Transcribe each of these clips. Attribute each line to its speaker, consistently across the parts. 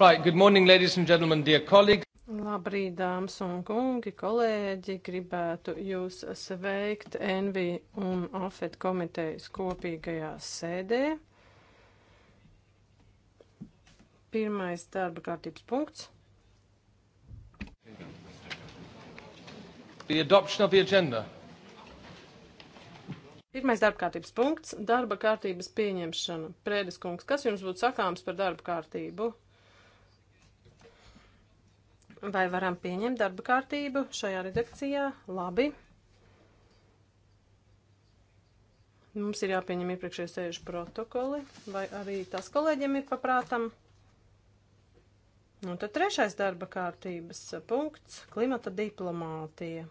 Speaker 1: Right, good morning, ladies and gentlemen, dear colleagues.
Speaker 2: Labrīt, dāmas un kungi, kolēģi! Gribētu jūs sveikt NV un AFET komitejas kopīgajā sēdē. Pirmais darba kārtības punkts.
Speaker 1: The adoption of the agenda.
Speaker 2: Pirmais darba kārtības punkts - darba kārtības pieņemšana. Prēdes kungs, kas jums būtu sakāms par darba kārtību? Vai varam pieņemt darba kārtību šajā redakcijā? Labi. Mums ir jāpieņem iepriekšējie sēžu protokoli, vai arī tas kolēģiem ir paprātam. Nu, tad trešais darba kārtības punkts - klimata diplomātija.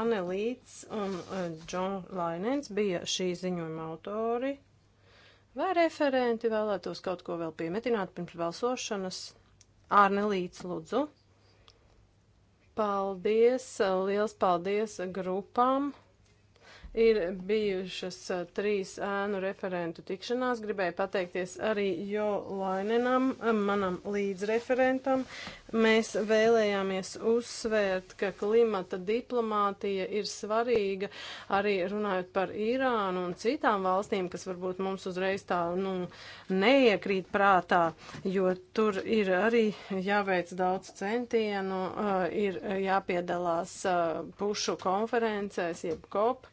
Speaker 2: Anne Līts un e, Džon uh, Lainens bija šī ziņojuma autori. Vai referenti vēlētos kaut ko vēl piemetināt pirms balsošanas? Ārnelīts, lūdzu. Paldies, liels paldies grupām Ir bijušas trīs ēnu referentu tikšanās. Gribēju pateikties arī Jo Lainenam, manam līdzreferentam. Mēs vēlējāmies uzsvērt, ka klimata diplomātija ir svarīga arī runājot par Irānu un citām valstīm, kas varbūt mums uzreiz tā nu, neiekrīt prātā, jo tur ir arī jāveic daudz centienu, ir jāpiedalās pušu konferencēs, jeb kop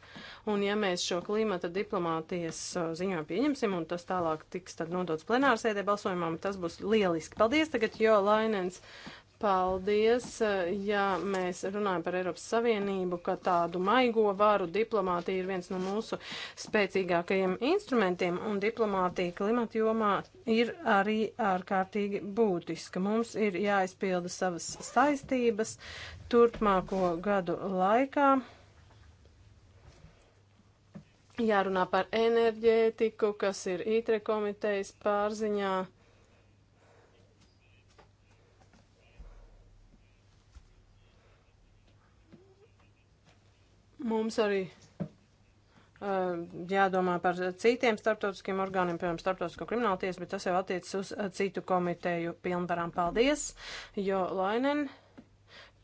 Speaker 2: Un ja mēs šo klimata diplomātijas uh, ziņojumu pieņemsim un tas tālāk tiks tad nodots plenārsēdē balsojumam, tas būs lieliski. Paldies tagad, jo Lainens. Paldies, uh, ja mēs runājam par Eiropas Savienību, ka tādu maigo varu diplomātija ir viens no mūsu spēcīgākajiem instrumentiem, un diplomātija klimata jomā ir arī ārkārtīgi būtiska. Mums ir jāizpilda savas saistības turpmāko gadu laikā. Jārunā par enerģētiku, kas ir ITRE komitejas pārziņā. Mums arī eh, jādomā par citiem starptautiskiem orgāniem, piemēram, starptautisko kriminālu tiesu, bet tas jau attiecas uz eh, citu komiteju pilnvarām. Paldies, jo Lainen.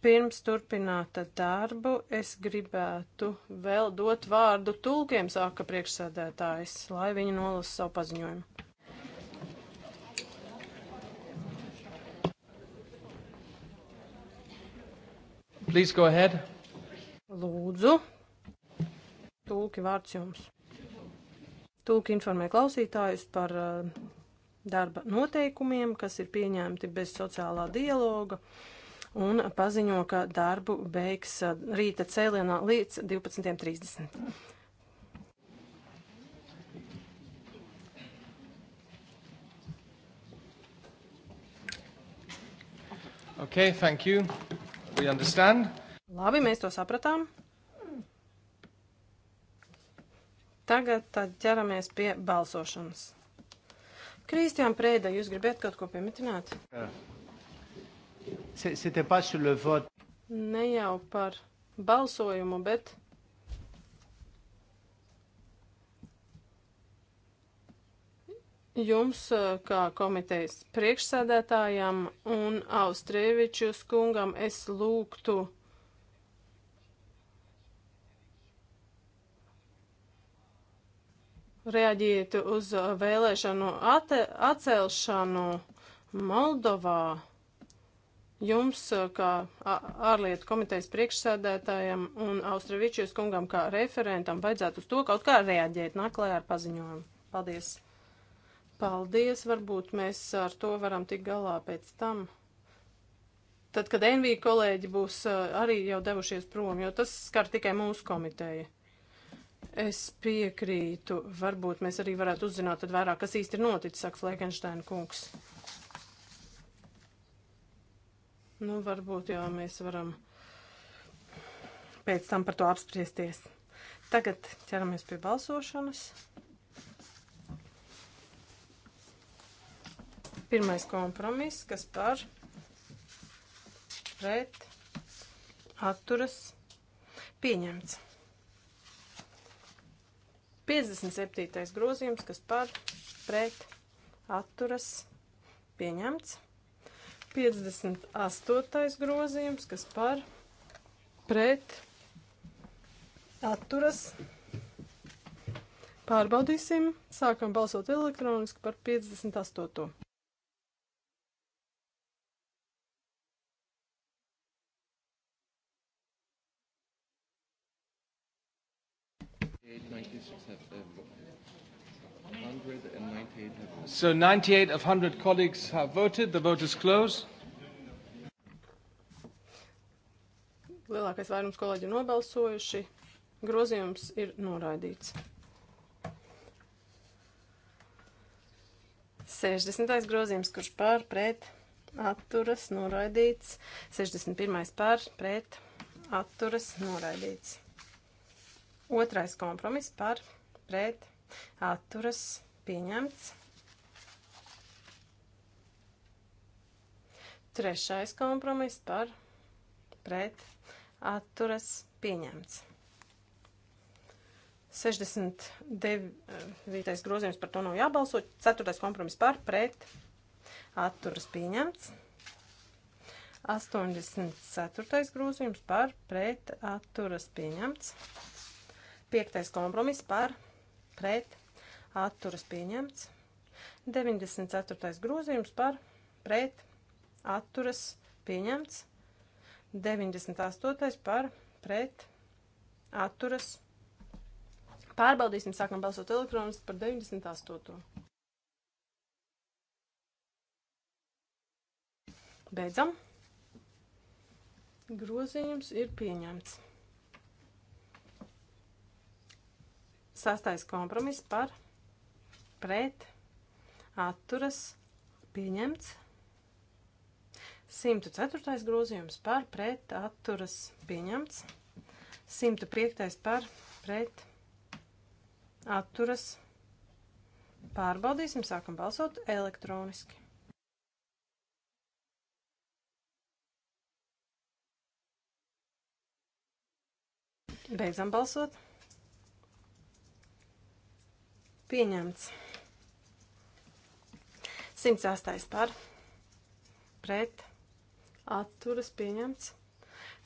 Speaker 2: Pirms turpināt darbu, es gribētu vēl dot vārdu tulkiem, sāka priekšsēdētājs, lai viņi nolasa savu paziņojumu.
Speaker 1: Please go ahead.
Speaker 2: Lūdzu, tulki vārds jums. Tulki informē klausītājus par uh, darba noteikumiem, kas ir pieņemti bez sociālā dialoga. Uh, un paziņo, ka darbu beigs uh, rīta cēlienā līdz 12.30.
Speaker 1: Okay, thank you. We understand.
Speaker 2: Labi, mēs to sapratām. Tagad tad ķeramies pie balsošanas. Kristiāna Prēda, jūs gribētu kaut ko piemitināt? Jā. Yeah. C'était pas sur le vote. Ne jau par balsojumu, bet jums, eh, kā komitejas priekšsēdētājam un Austrievičus kungam, es lūgtu reaģēt uz vēlēšanu atcelšanu Moldovā jums, eh, kā ārlietu komitejas priekšsēdētājam un Austravičijas kungam, kā referentam, vajadzētu uz to kaut kā reaģēt, naklē ar paziņojumu. Paldies! Paldies! Varbūt mēs ar to varam tik galā pēc tam. Tad, kad NV kolēģi būs eh, arī jau devušies prom, jo tas skar tikai mūsu komiteju. Es piekrītu. Varbūt mēs arī varētu uzzināt tad vairāk, kas īsti ir noticis, saka Flegensteina kungs. Nu, varbūt jau mēs varam pēc tam par to apspriesties. Tagad ķeramies pie balsošanas. Pirmais kompromiss, kas par pret atturas pieņemts. 57. grozījums, kas par pret atturas pieņemts. 58. grozījums, kas par pret atturas. Pārbaudīsim. Sākam balsot elektroniski par 58.
Speaker 1: So 98 of 100 colleagues have voted. The vote is closed.
Speaker 2: Lielākais vairums kolēģi ir nobalsojuši. Grozījums ir noraidīts. 60. grozījums, kurš pār pret atturas noraidīts. 61. pār pret atturas noraidīts. Otrais kompromiss par pret atturas pieņemts. Trešais kompromiss par pret atturas pieņemts. 69. grozījums par to nav jābalso. 4. kompromiss par pret atturas pieņemts. 84. grozījums par pret atturas pieņemts. 5. kompromiss par pret atturas pieņemts. 94. grozījums par pret atturas pieņemts. 98. par pret atturas. Pārbaudīsim, sākam balsot elektroniski par 98. Beidzam. Grozījums ir pieņemts. Sastais kompromiss par pret atturas pieņemts. 104. grozījums par pret atturas pieņemts. 105. par pret atturas pārbaudīsim, sākam balsot elektroniski. Beidzam balsot. Pieņemts. 108. par pret atturas pieņemts.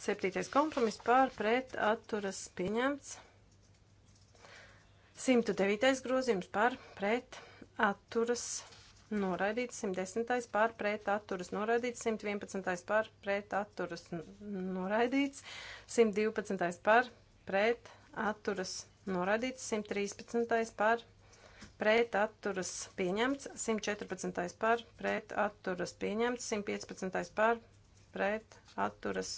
Speaker 2: Septītais kompromiss par pret atturas pieņemts. 109. grozījums par pret atturas noraidīts, 110. par pret atturas noraidīts, 111. par pret atturas noraidīts, 112. par pret atturas noraidīts, 113. par pret atturas pieņemts, 114. par pret atturas pieņemts, 115. par pret atturas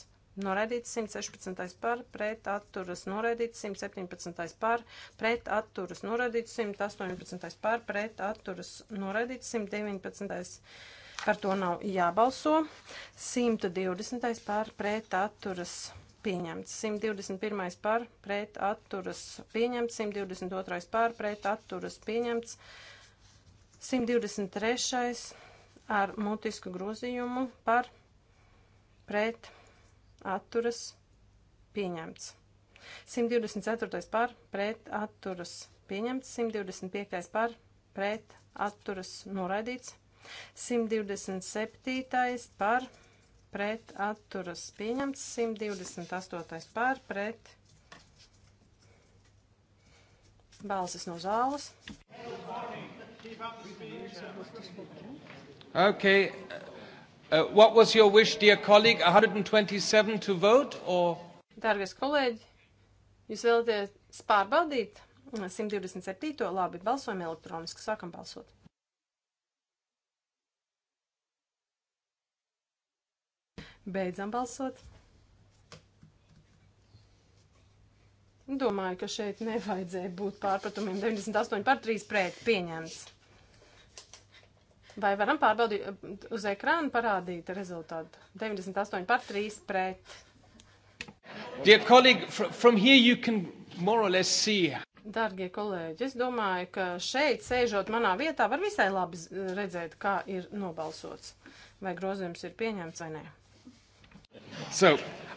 Speaker 2: noraidīts 116. par, pret atturas noraidīts 117. par, pret atturas noraidīts 118. par, pret atturas noraidīts 119. Par to nav jābalso. 120. par, pret atturas pieņemts. 121. par, pret atturas pieņemts. 122. par, pret atturas pieņemts. 123. ar mutisku grozījumu par, pret pret atturas pieņemts. 124. par pret atturas pieņemts, 125. par pret atturas noraidīts, 127. par pret atturas pieņemts, 128. par pret balsis no zāles. Okay.
Speaker 1: Uh, what was your wish, dear colleague? 127 to vote or?
Speaker 2: Dārgais kolēģi, jūs vēlaties pārbaudīt 127. Labi, balsojam elektroniski, sākam balsot. Beidzam balsot. Domāju, ka šeit nevajadzēja būt pārpratumiem 98 par 3 pret pieņemts. Vai varam pārbaudīt uz ekrānu parādīt rezultātu? 98 par 3 pret.
Speaker 1: Dear colleague, from here you can more or less see.
Speaker 2: Dargie kolēģi, es domāju, ka šeit sēžot manā vietā var visai labi redzēt, kā ir nobalsots. Vai grozījums ir pieņemts vai nē.
Speaker 1: So,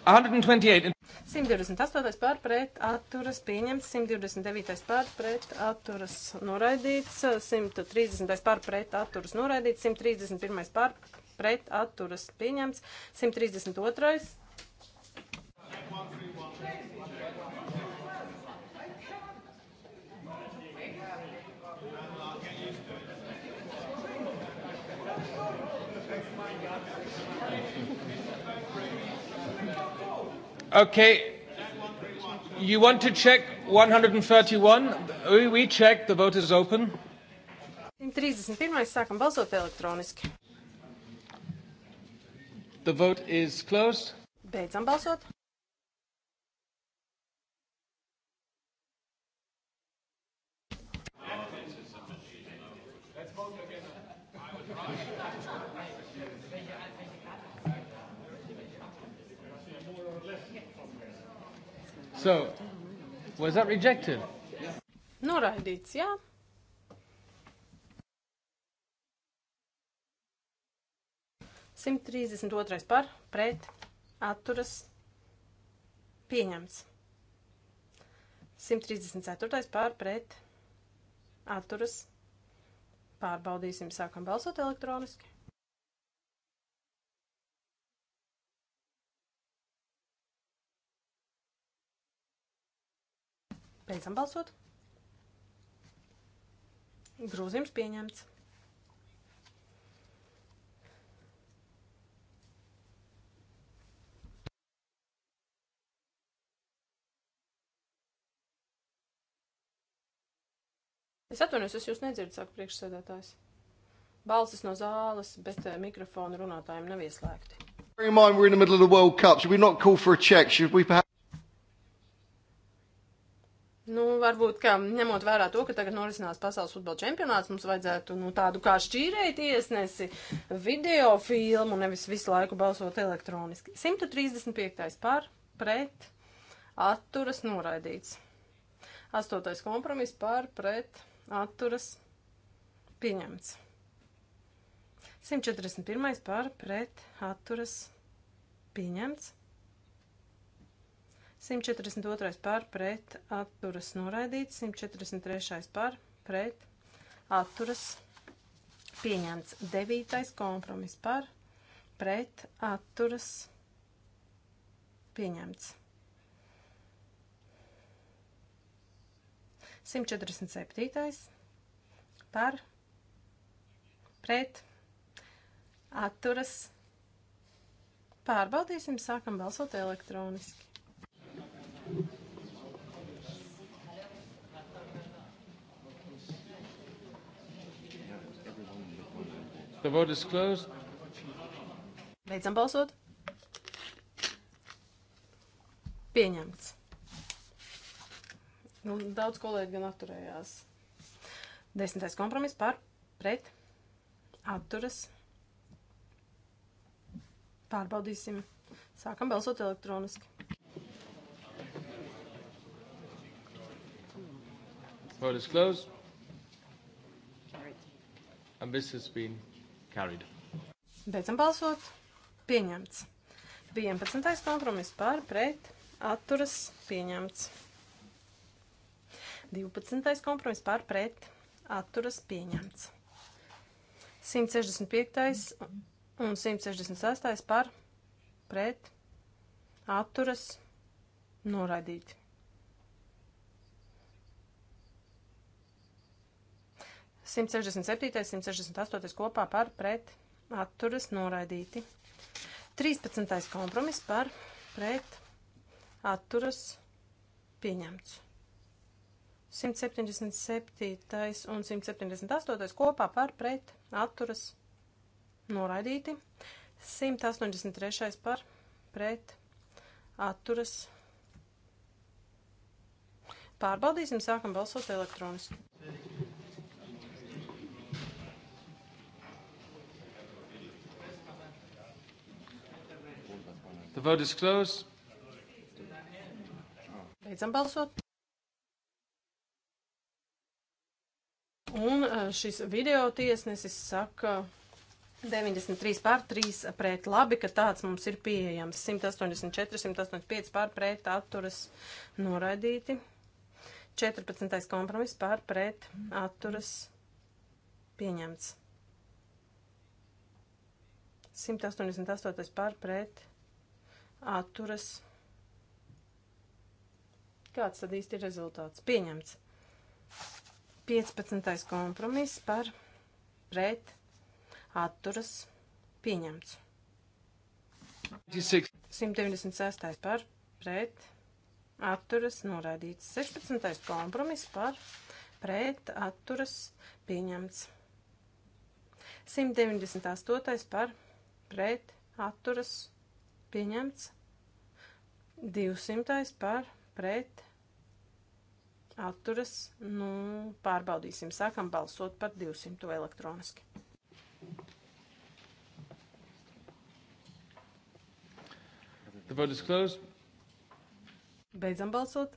Speaker 1: 128.
Speaker 2: 128. pār pret atturas pieņemts, 129. pār pret atturas noraidīts, 130. pār pret atturas noraidīts, 131. pār pret atturas pieņemts, 132.
Speaker 3: 131.
Speaker 1: Okay. You want to check 131? We, we check. The vote is open.
Speaker 2: 131. Sākam balsot elektroniski.
Speaker 1: The vote is closed.
Speaker 2: Beidzam balsot.
Speaker 1: So, was that rejected?
Speaker 2: Noraidīts, jā. Simt trīsdesmit otrais par, pret, atturas, pieņemts. Simt trīsdesmit ceturtais par, pret, atturas, pārbaudīsim, sākam balsot elektroniski. Beidzam balsot. Grūzījums pieņemts. Es atvainojos, es jūs nedzirdu, saka priekšsēdētājs. Balsis no zāles, bet eh, mikrofonu runātājiem nav ieslēgti.
Speaker 1: Bear in mind, we're in the middle of the World Cup. Should we not call for a check? Should we perhaps?
Speaker 2: Nu, varbūt, ka ņemot vērā to, ka tagad norisinās pasaules futbola čempionāts, mums vajadzētu nu, tādu kā šķīrēju tiesnesi, video filmu, nevis visu laiku balsot elektroniski. 135. par, pret, atturas noraidīts. 8. kompromiss par, pret, atturas pieņemts. 141. par, pret, atturas pieņemts. 142. par pret atturas noraidīts, 143. par pret atturas pieņemts, 9. kompromis par pret atturas pieņemts. 147. par pret atturas pārbaudīsim, sākam balsot elektroniski. The vote is closed. Beidzam balsot. Pieņemts. Nu, daudz kolēģi gan atturējās. Desmitais kompromiss par pret atturas. Pārbaudīsim. Sākam balsot elektroniski.
Speaker 1: Vote is closed. And this has been carried.
Speaker 2: Beidzam balsot. Pieņemts. 11. kompromiss par pret atturas pieņemts. 12. kompromiss par pret atturas pieņemts. 165. un 168. par pret atturas noraidīti. 167. 168. kopā par pret atturas noraidīti. 13. kompromiss par pret atturas pieņemts. 177. un 178. kopā par pret atturas noraidīti. 183. par pret atturas. Pārbaudīsim, sākam balsot elektroniski.
Speaker 1: The vote is closed.
Speaker 2: Beidzam balsot. Un šis video tiesnesis saka 93 pār 3 pret labi, ka tāds mums ir pieejams. 184, 185 pār pret atturas noraidīti. 14. kompromiss pār pret atturas pieņemts. 188 pār pret atturas. Kāds tad īsti ir rezultāts? Pieņemts. 15. kompromiss par pret atturas pieņemts. 196. par pret atturas noraidīts. 16. kompromiss par pret atturas pieņemts. 198. par pret atturas pieņemts pieņemts. 200 par pret atturas. Nu, pārbaudīsim. Sākam balsot par 200 elektroniski.
Speaker 1: The vote is closed.
Speaker 2: Beidzam balsot.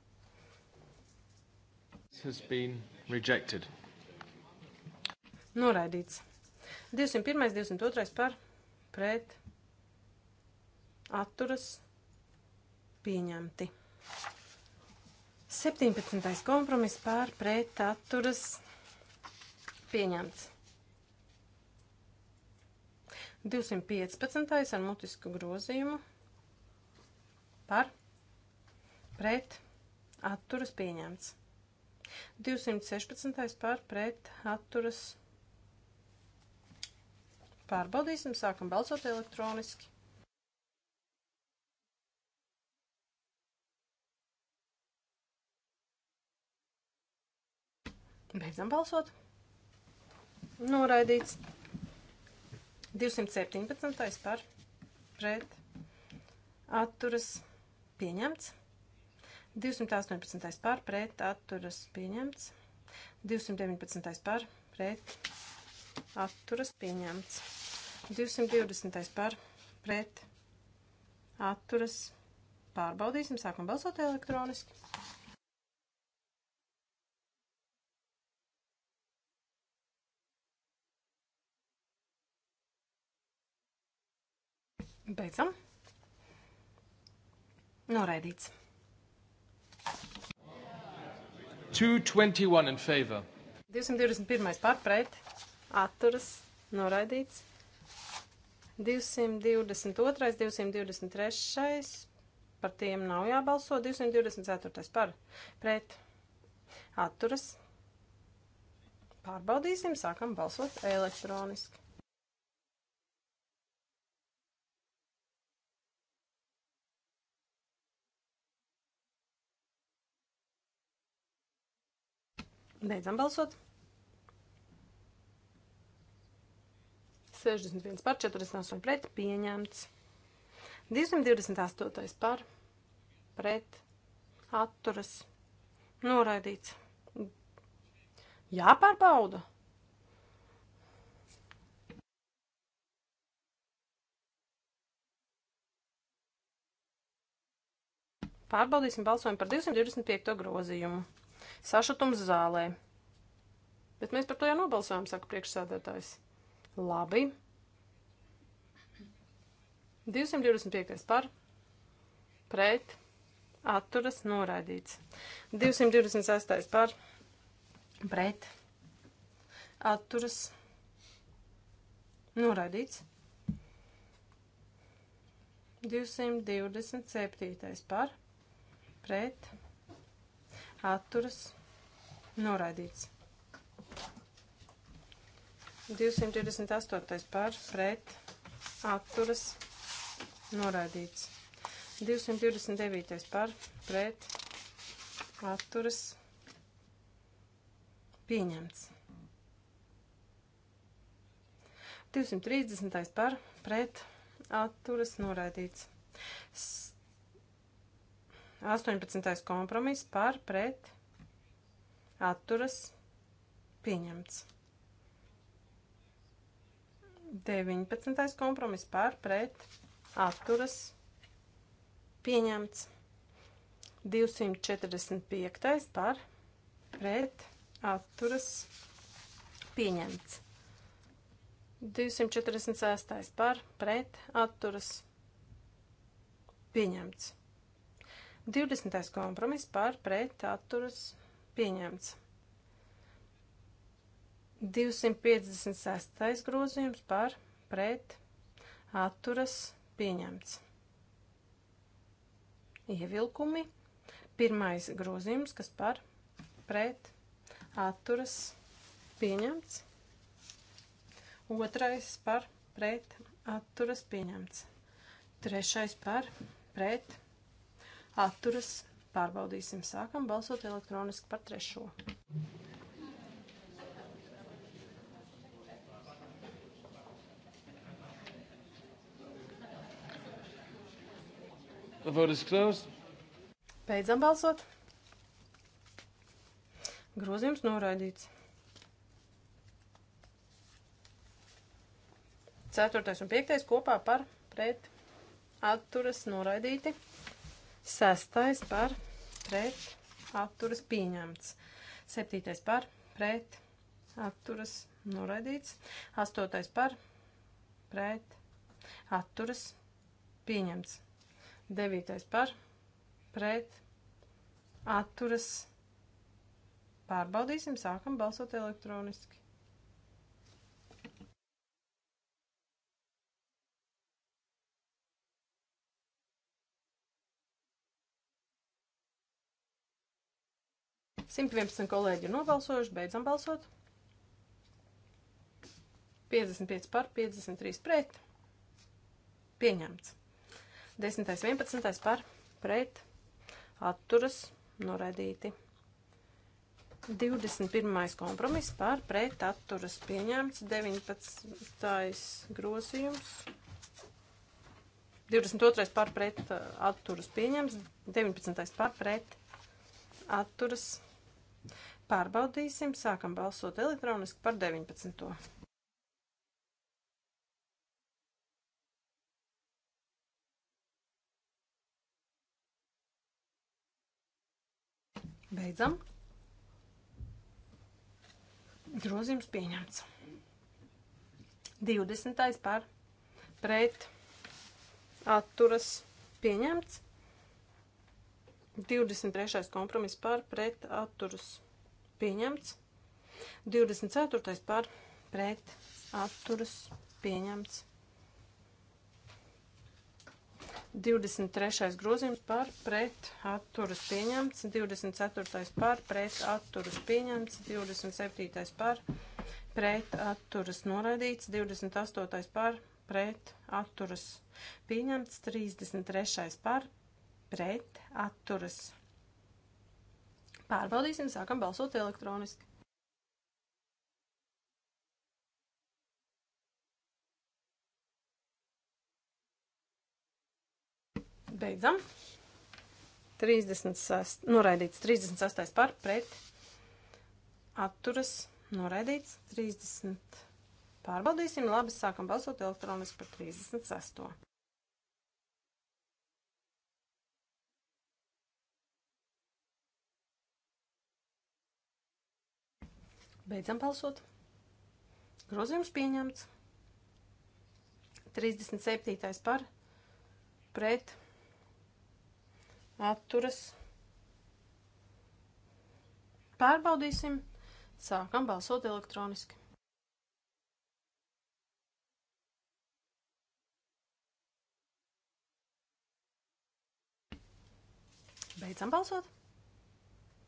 Speaker 1: This has been rejected.
Speaker 2: Noraidīts. 201, 202 par pret atturas pieņemti. 17. kompromiss pār pret atturas pieņemts. 215. ar mutisku grozījumu par pret atturas pieņemts. 216. par pret atturas pārbaudīsim, sākam balsot elektroniski. Beidzam balsot. Noraidīts. 217. par pret atturas pieņemts. 218. par pret atturas pieņemts. 219. par pret atturas pieņemts. 220. par pret atturas pārbaudīsim. Sākam balsot elektroniski. Beidzam. Noraidīts.
Speaker 1: 221 in favor.
Speaker 2: 221 pārpret, atturas, noraidīts. 222, 223, par tiem nav jābalso. 224 par, pret, atturas. Pārbaudīsim, sākam balsot elektroniski. Beidzam balsot. 61 par 48 pret pieņemts. 228 par pret atturas noraidīts. Jāpārbauda. Pārbaudīsim balsojumu par 225. grozījumu sašutums zālē. Bet mēs par to jau nobalsojām, saka priekšsēdētājs. Labi. 225. par, pret, atturas, noraidīts. 226. par, pret, atturas, noraidīts. 227. par, pret, atturas noraidīts. 228. par pret atturas noraidīts. 229. par pret atturas pieņemts. 230. par pret atturas noraidīts. 18. kompromiss par pret atturas pieņemts. 19. kompromiss par pret atturas pieņemts. 245. par pret atturas pieņemts. 246. par pret atturas pieņemts. 20. kompromiss par pret atturas pieņemts. 256. grozījums par pret atturas pieņemts. Ievilkumi. Pirmais grozījums, kas par pret atturas pieņemts. Otrais par pret atturas pieņemts. Trešais par pret atturas pieņemts atturas pārbaudīsim. Sākam balsot elektroniski par trešo.
Speaker 1: The vote is closed.
Speaker 2: Beidzam balsot. Grozījums noraidīts. Ceturtais un piektais kopā par pret atturas noraidīti. Sestais par pret atturas pieņemts. Septītais par pret atturas noraidīts. Astotais par pret atturas pieņemts. Devītais par pret atturas pārbaudīsim, sākam balsot elektroniski. 111 kolēģi ir nobalsojuši, beidzam balsot. 55 par, 53 pret. Pieņemts. 10. 11. par, pret. Atturas noraidīti. 21. kompromiss par, pret. Atturas pieņemts. 19. grozījums. 22. par, pret. Atturas pieņemts. 19. par, pret. Atturas pieņemts Pārbaudīsim, sākam balsot elektroniski par 19. Beidzam. Grozījums pieņemts. 20. par pret atturas pieņemts. 23. kompromiss par pret atturas pieņemts pieņemts. 24. par pret atturas pieņemts. 23. grozījums par pret atturas pieņemts, 24. par pret atturas pieņemts, 27. par pret atturas noraidīts, 28. par pret atturas pieņemts, 33. par pret atturas Pārbaudīsim, sākam balsot elektroniski. Beidzam. 36, noraidīts 36 par pret. Atturas noraidīts 30. Pārbaudīsim, labi, sākam balsot elektroniski par 36. Beidzam balsot. Grozījums pieņemts. 37. par pret atturas. Pārbaudīsim. Sākam balsot elektroniski. Beidzam balsot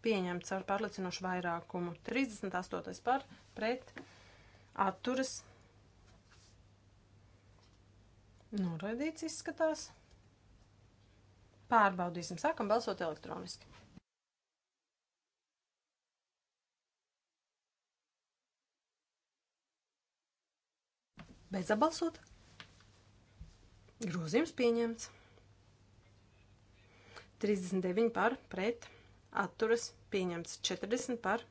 Speaker 2: pieņemts ar pārliecinošu vairākumu. 38. par pret atturas noraidīts izskatās. Pārbaudīsim, sākam balsot elektroniski.
Speaker 3: Beidzot balsot.
Speaker 2: Grozījums pieņemts. 39 par pret atturas pieņemts 40 par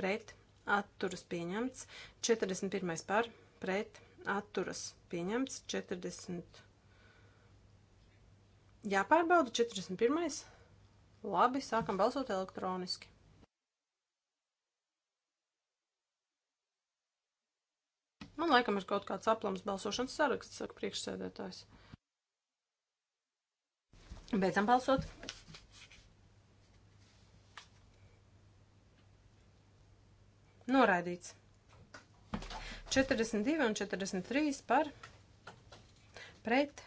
Speaker 2: pret atturas pieņemts 41 par pret atturas pieņemts 40. Jāpārbauda 41. Labi, sākam balsot elektroniski. Man laikam ir kaut kāds aplams balsošanas saraksts, saka priekšsēdētājs. Beidzam balsot. Noraidīts. 42 un 43 par pret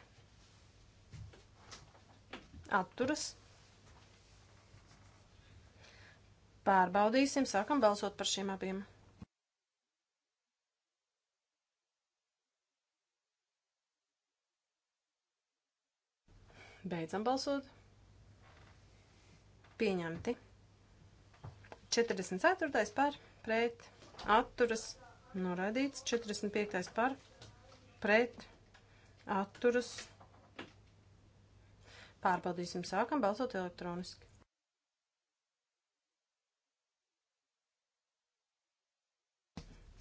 Speaker 2: atturas. Pārbaudīsim, sākam balsot par šiem abiem. Beidzam balsot. Pieņemti. 44. par pret pret atturas noraidīts. 45. par pret atturas. Pārbaudīsim, sākam balsot elektroniski.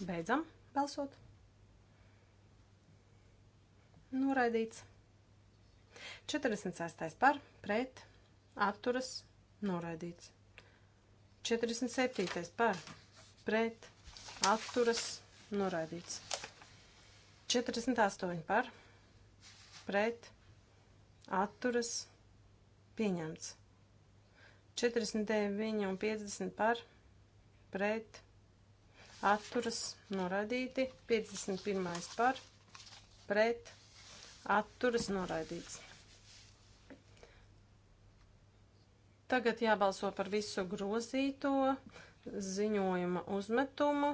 Speaker 2: Beidzam balsot. Noraidīts. 46. par, pret, atturas, noraidīts. 47. par, pret atturas noraidīts. 48 par pret atturas pieņemts. 49 un 50 par pret atturas noraidīti. 51 par pret atturas noraidīts. Tagad jābalso par visu grozīto ziņojuma uzmetumu.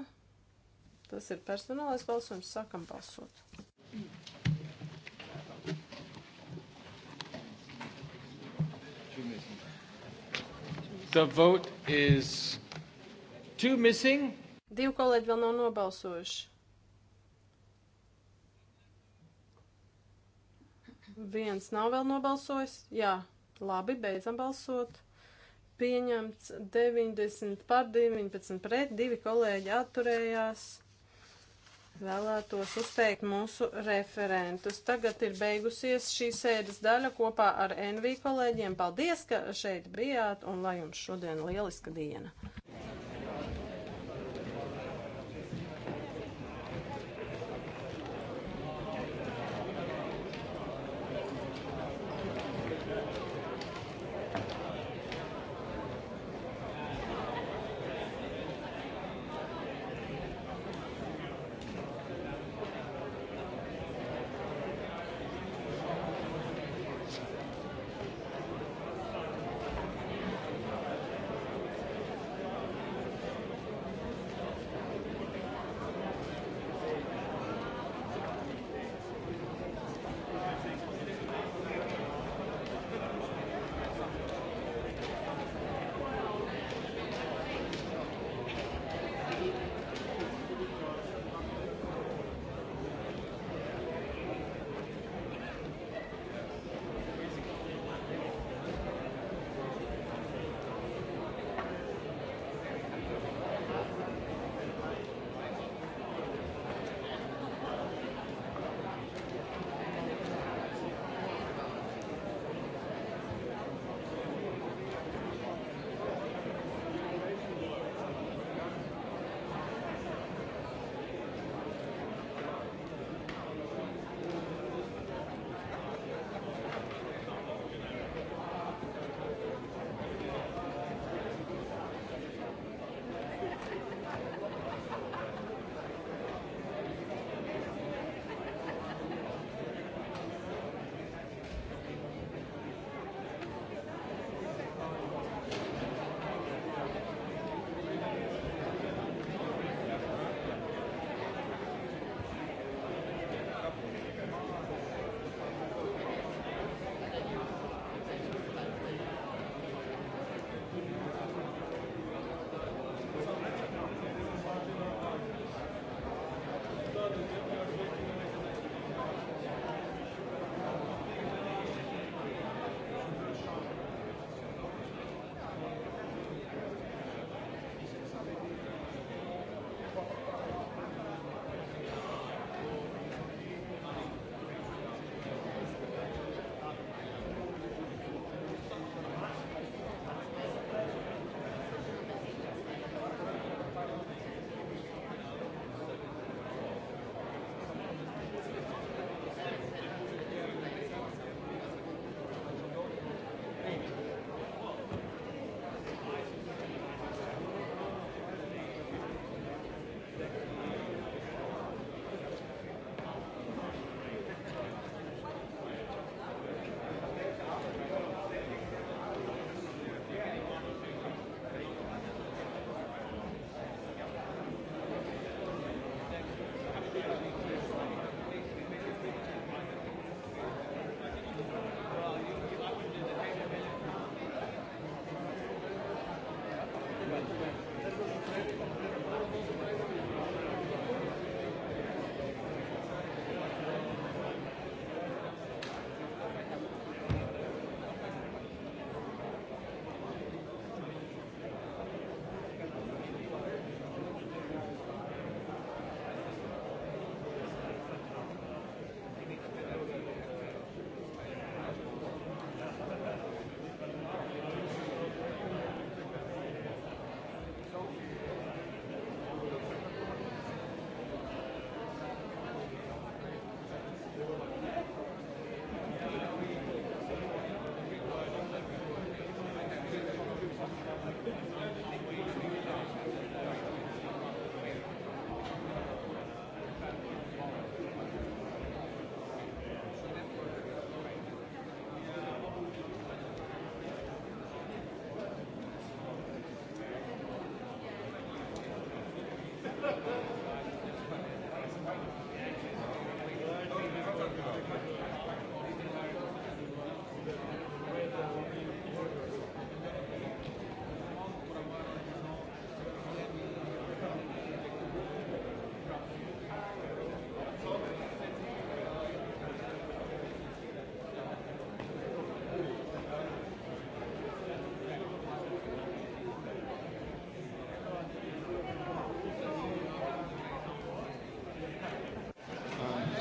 Speaker 2: Tas ir personālais balsojums. Sākam balsot.
Speaker 1: The vote is two missing.
Speaker 2: Divi kolēģi vēl nav nobalsojuši. Viens nav vēl nobalsojis. Jā, labi, beidzam balsot pieņemts 90 par 19 pret, divi kolēģi atturējās. Vēlētos uzteikt mūsu referentus. Tagad ir beigusies šī sēdes daļa kopā ar NV kolēģiem. Paldies, ka šeit bijāt un lai jums šodien lieliska diena!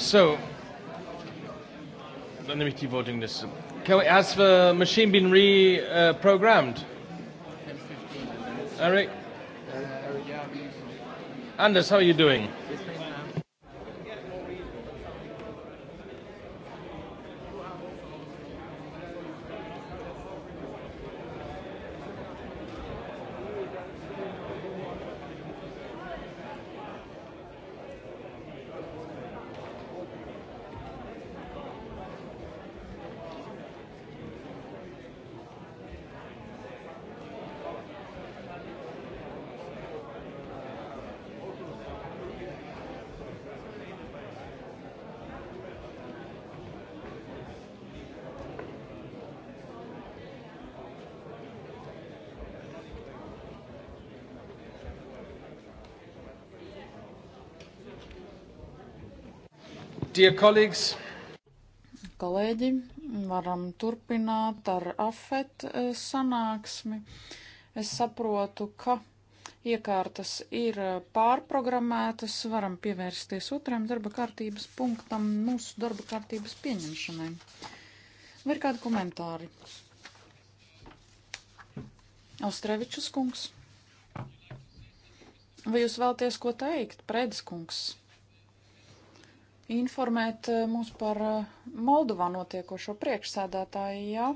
Speaker 1: So, dann nehme ich die Voting Liste. Can we, has the machine been reprogrammed? Uh, Eric? Anders, how are you doing? Dear colleagues,
Speaker 3: kolēģi, varam turpināt ar afet eh, sanāksmi. Es saprotu, ka iekārtas ir eh, pārprogrammētas, varam pievērsties otram darba kārtības punktam, mūsu darba kārtības pieņemšanai. Vai ir kādi komentāri? Austrevičus kungs. Vai jūs vēlties ko teikt, Prēdes kungs? informēt eh, mūs par eh, Moldovā notiekošo priekšsēdētāju, ja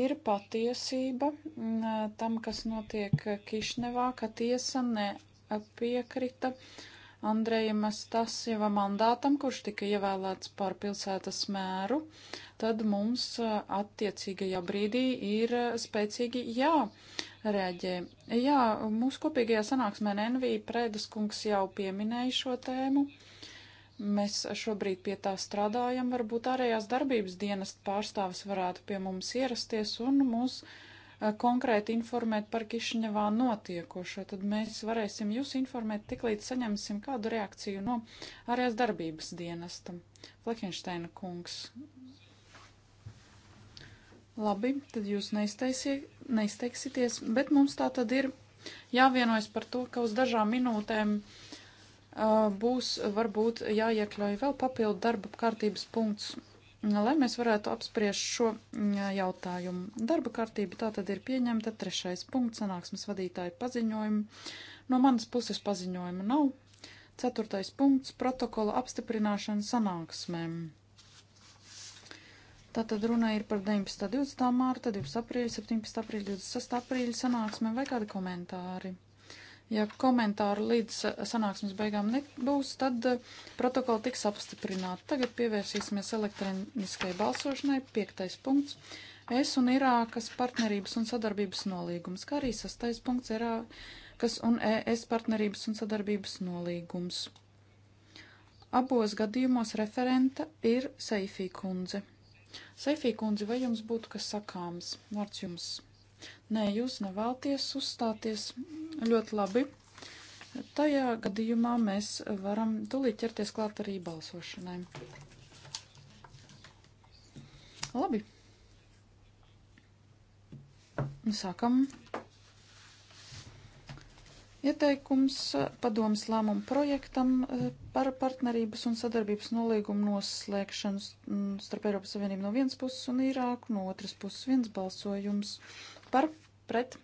Speaker 3: ir patiesība mm, eh, tam, kas notiek Kišnevā, ka tiesa nepiekrita Andrejam Stasjeva mandātam, kurš tika ievēlēts par pilsētas mēru, tad mums attiecīgajā brīdī ir spēcīgi jā reaģē. Jā, mūsu kopīgajā sanāksmē NV Prēdas kungs jau pieminēja šo tēmu. Uh, Mēs šobrīd pie tā strādājam. Varbūt ārējās darbības dienas pārstāvis varētu pie mums ierasties un mūs eh, konkrēti informēt par Kišņevā notiekošo. Tad mēs varēsim jūs informēt tiklīdz saņemsim kādu reakciju no ārējās darbības dienesta. Flekensteina kungs. Labi, tad jūs neizteiksieties, bet mums tā tad ir jāvienojas par to, ka uz dažām minūtēm. Uh, būs varbūt jāiekļauj vēl papildu darba kārtības punkts, lai mēs varētu apspriest šo jautājumu. Darba kārtība tā tad ir pieņemta, trešais punkts, sanāksmes vadītāja paziņojumi. No manas puses paziņojuma nav. Ceturtais punkts - protokola apstiprināšana sanāksmēm. Tātad runa ir par 19. 20. mārta, 20. aprīļa, 17. aprīļa, 26. aprīļa sanāksmēm vai kādi komentāri. Ja komentāru līdz eh, sanāksmes beigām nebūs, tad eh, protokoli tiks apstiprināti. Tagad pievērsīsimies elektroniskai balsošanai. Piektais punkts. Es un Irākas partnerības un sadarbības nolīgums, kā arī sastais punkts Irākas un ES partnerības un sadarbības nolīgums. Abos gadījumos referenta ir Seifī kundze. Seifī kundze, vai jums būtu kas sakāms? Vārds jums. Nē, jūs nevēlties uzstāties ļoti labi. Tajā gadījumā mēs varam tulīt ķerties klāt arī balsošanai. Labi. Sākam. Ieteikums padomas lēmumu projektam eh, par partnerības un sadarbības nolīgumu noslēgšanu starp Eiropas Savienību no vienas puses un Irāku no otras puses viens balsojums. Uh, par pret.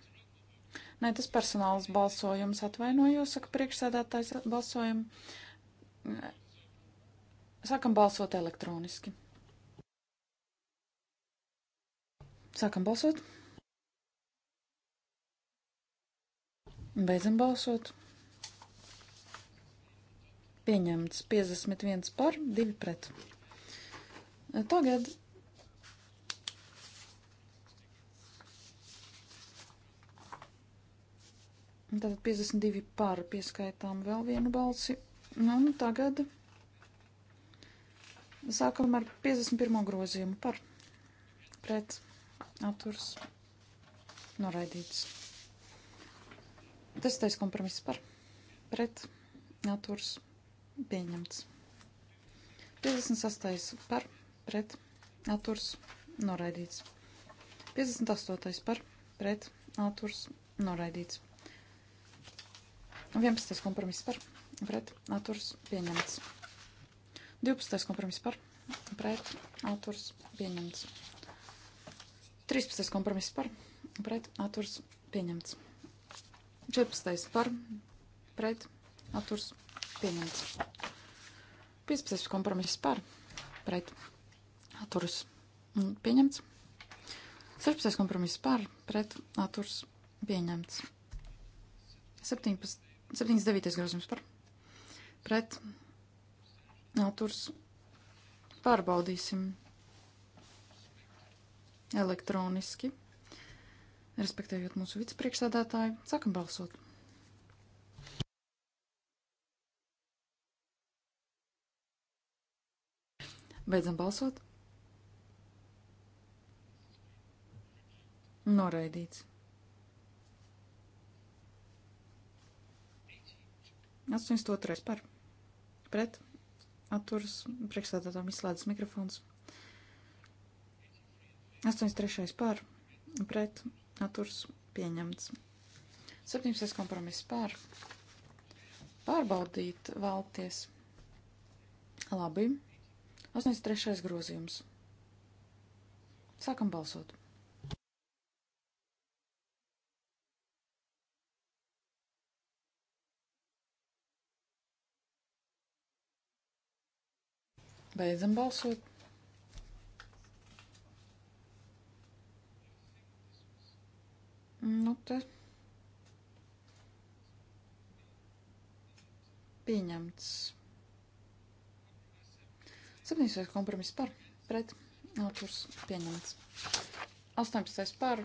Speaker 3: Nē, tas personāls balsojums atvainojos, saka priekšsēdētājs balsojumu. Sākam balsot elektroniski. Sākam balsot. Beidzam balsot. Pieņemts 51 par, 2 pret. Tagad Tātad 52 par pieskaitām vēl vienu balsi. Un nu, nu, tagad sākam ar 51. grozījumu par pret atturs noraidīts. Testais kompromiss par pret atturs pieņemts. 56. par pret atturs noraidīts. 58. par pret atturs noraidīts. 11. kompromiss par pret atturs pieņemts. 12. kompromiss par pret atturs pieņemts. 13. kompromiss par pret atturs pieņemts. 14. par pret atturs pieņemts. 15. kompromiss par pret atturs pieņemts. 16. kompromiss par pret atturs pieņemts. 17. 79. grozījums par pret atturs pārbaudīsim elektroniski, respektējot mūsu vicepriekšsēdētāju. Sākam balsot! Beidzam balsot. Noraidīts. 82. par pret atturas priekšstādātām izslēdzas mikrofons. 83. par pret atturas pieņemts. 17. kompromiss par pārbaudīt vēlties. Labi. 83. grozījums. Sākam balsot. Beidzam balsot. Nu te. Pieņemts. 7. kompromiss par, pret, atturs, pieņemts. 18. par,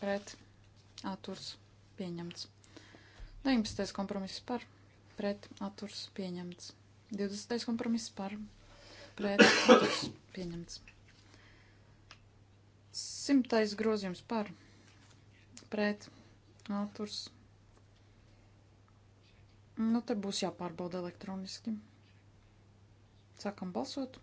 Speaker 3: pret, atturs, pieņemts. 19. kompromiss par, pret, atturs, pieņemts. 20. kompromiss par, pret pret atturas pieņemts. Simtais grozījums par pret atturas. Nu, te būs jāpārbauda elektroniski. Sākam balsot.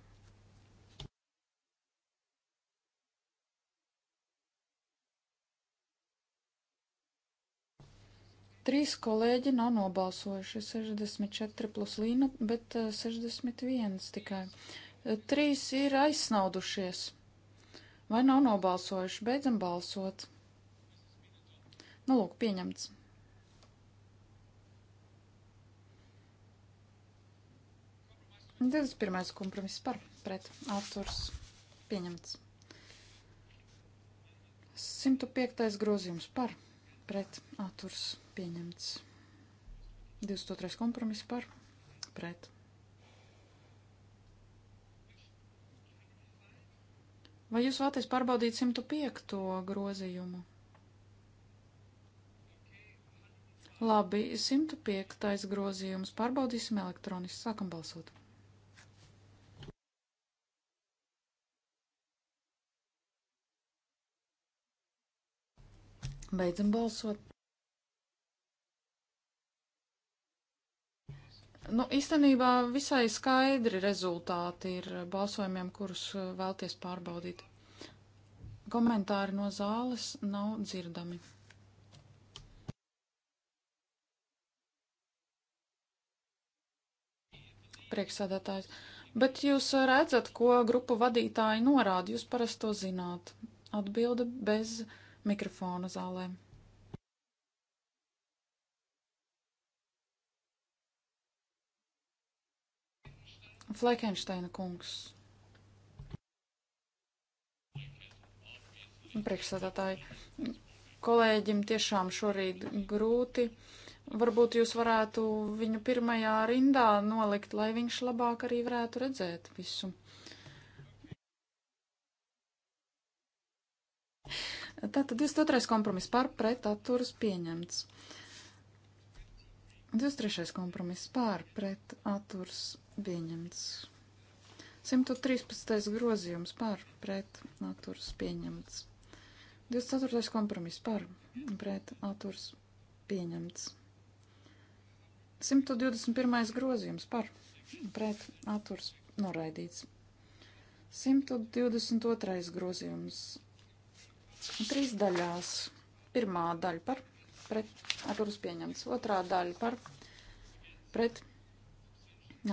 Speaker 3: Trīs kolēģi nav nobalsojuši 64 plus Līna, bet 61 eh, tikai. Eh, trīs ir aizsnaudušies vai nav nobalsojuši. Beidzam balsot. Nu, lūk, pieņemts. Un 21. kompromiss par pret atturs pieņemts. 105. grozījums par pret pret atturs pieņemts. 22. kompromiss par pret. Vai jūs vēlaties pārbaudīt 105. grozījumu? Labi, 105. grozījums pārbaudīsim elektroniski. Sākam balsot. Beidzam balsot. Nu, īstenībā visai skaidri rezultāti ir balsojumiem, kurus uh, vēlties pārbaudīt. Komentāri no zāles nav dzirdami. Priekšsēdētājs. Bet jūs redzat, ko grupu vadītāji norāda, jūs parasti to zināt. Atbilde bez mikrofona zālē. Flekensteina kungs. Priekšsēdētāji, kolēģim tiešām šorīt grūti. Varbūt jūs varētu viņu pirmajā rindā nolikt, lai viņš labāk arī varētu redzēt visu. Tātad 22. kompromiss par pret atturas pieņemts. 23. kompromiss par pret atturas pieņemts. 113. grozījums par pret atturas pieņemts. 24. kompromiss par pret atturas pieņemts. 121. grozījums par pret atturas noraidīts. 122. grozījums Trīs daļās. Pirmā daļa par pret atturus pieņemts. Otrā daļa par pret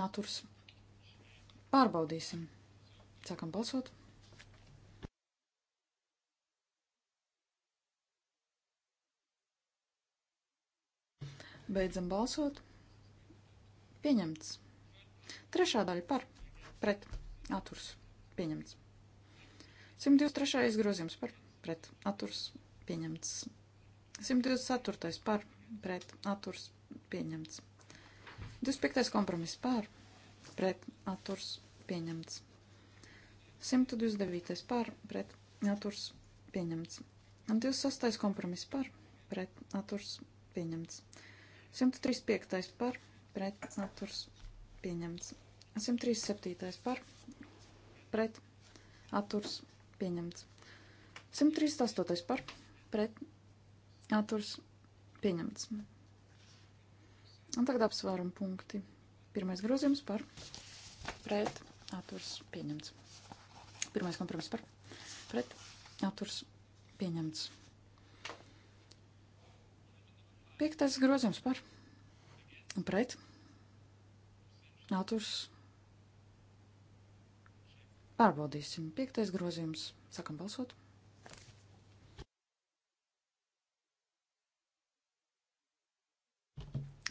Speaker 3: atturus. Pārbaudīsim. Sākam balsot. Beidzam balsot. Pieņemts. Trešā daļa par pret atturs. Pieņemts. 123. grozījums par pret pret atturs pieņemts. 124. par pret atturs pieņemts. 25. kompromiss par pret atturs pieņemts. 129. par pret atturs pieņemts. 26. kompromiss par pret atturs pieņemts. 135. par pret atturs pieņemts. 137. par pret atturs pieņemts. 138. par pret atturs pieņemts. Un tagad apsvērumu punkti. Pirmais grozījums par pret atturs pieņemts. Pirmais kompromiss par pret atturs pieņemts. Piektais grozījums par pret atturs pārbaudīsim. Piektais grozījums. Sākam balsot.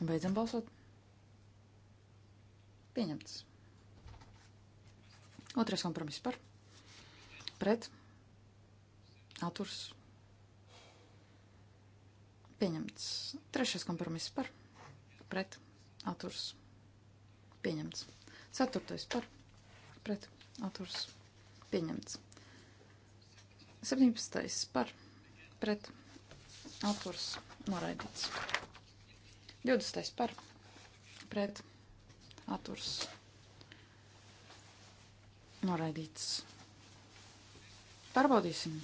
Speaker 3: Beidzam balsot. Pieņemts. Otrais kompromiss par. Pret. Atturs. Pieņemts. Trešais kompromiss par. Pret. Atturs. Pieņemts. Ceturtais par. Pret. Atturs. Pieņemts. 17. par. Pret. Atturs. Noraidīts. 20. par pret atturs noraidīts. Pārbaudīsim.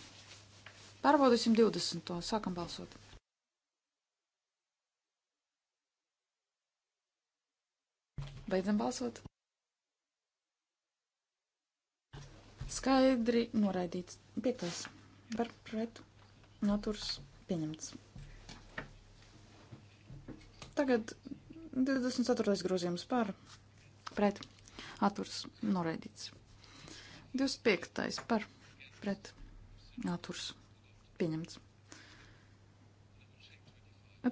Speaker 3: Pārbaudīsim 20. To. Sākam balsot. Beidzam balsot. Skaidri noraidīts. Piektais. Var pret. Noturs pieņemts. Tagad 24. grozījums par pret atturs noraidīts. 25. par pret atturs pieņemts.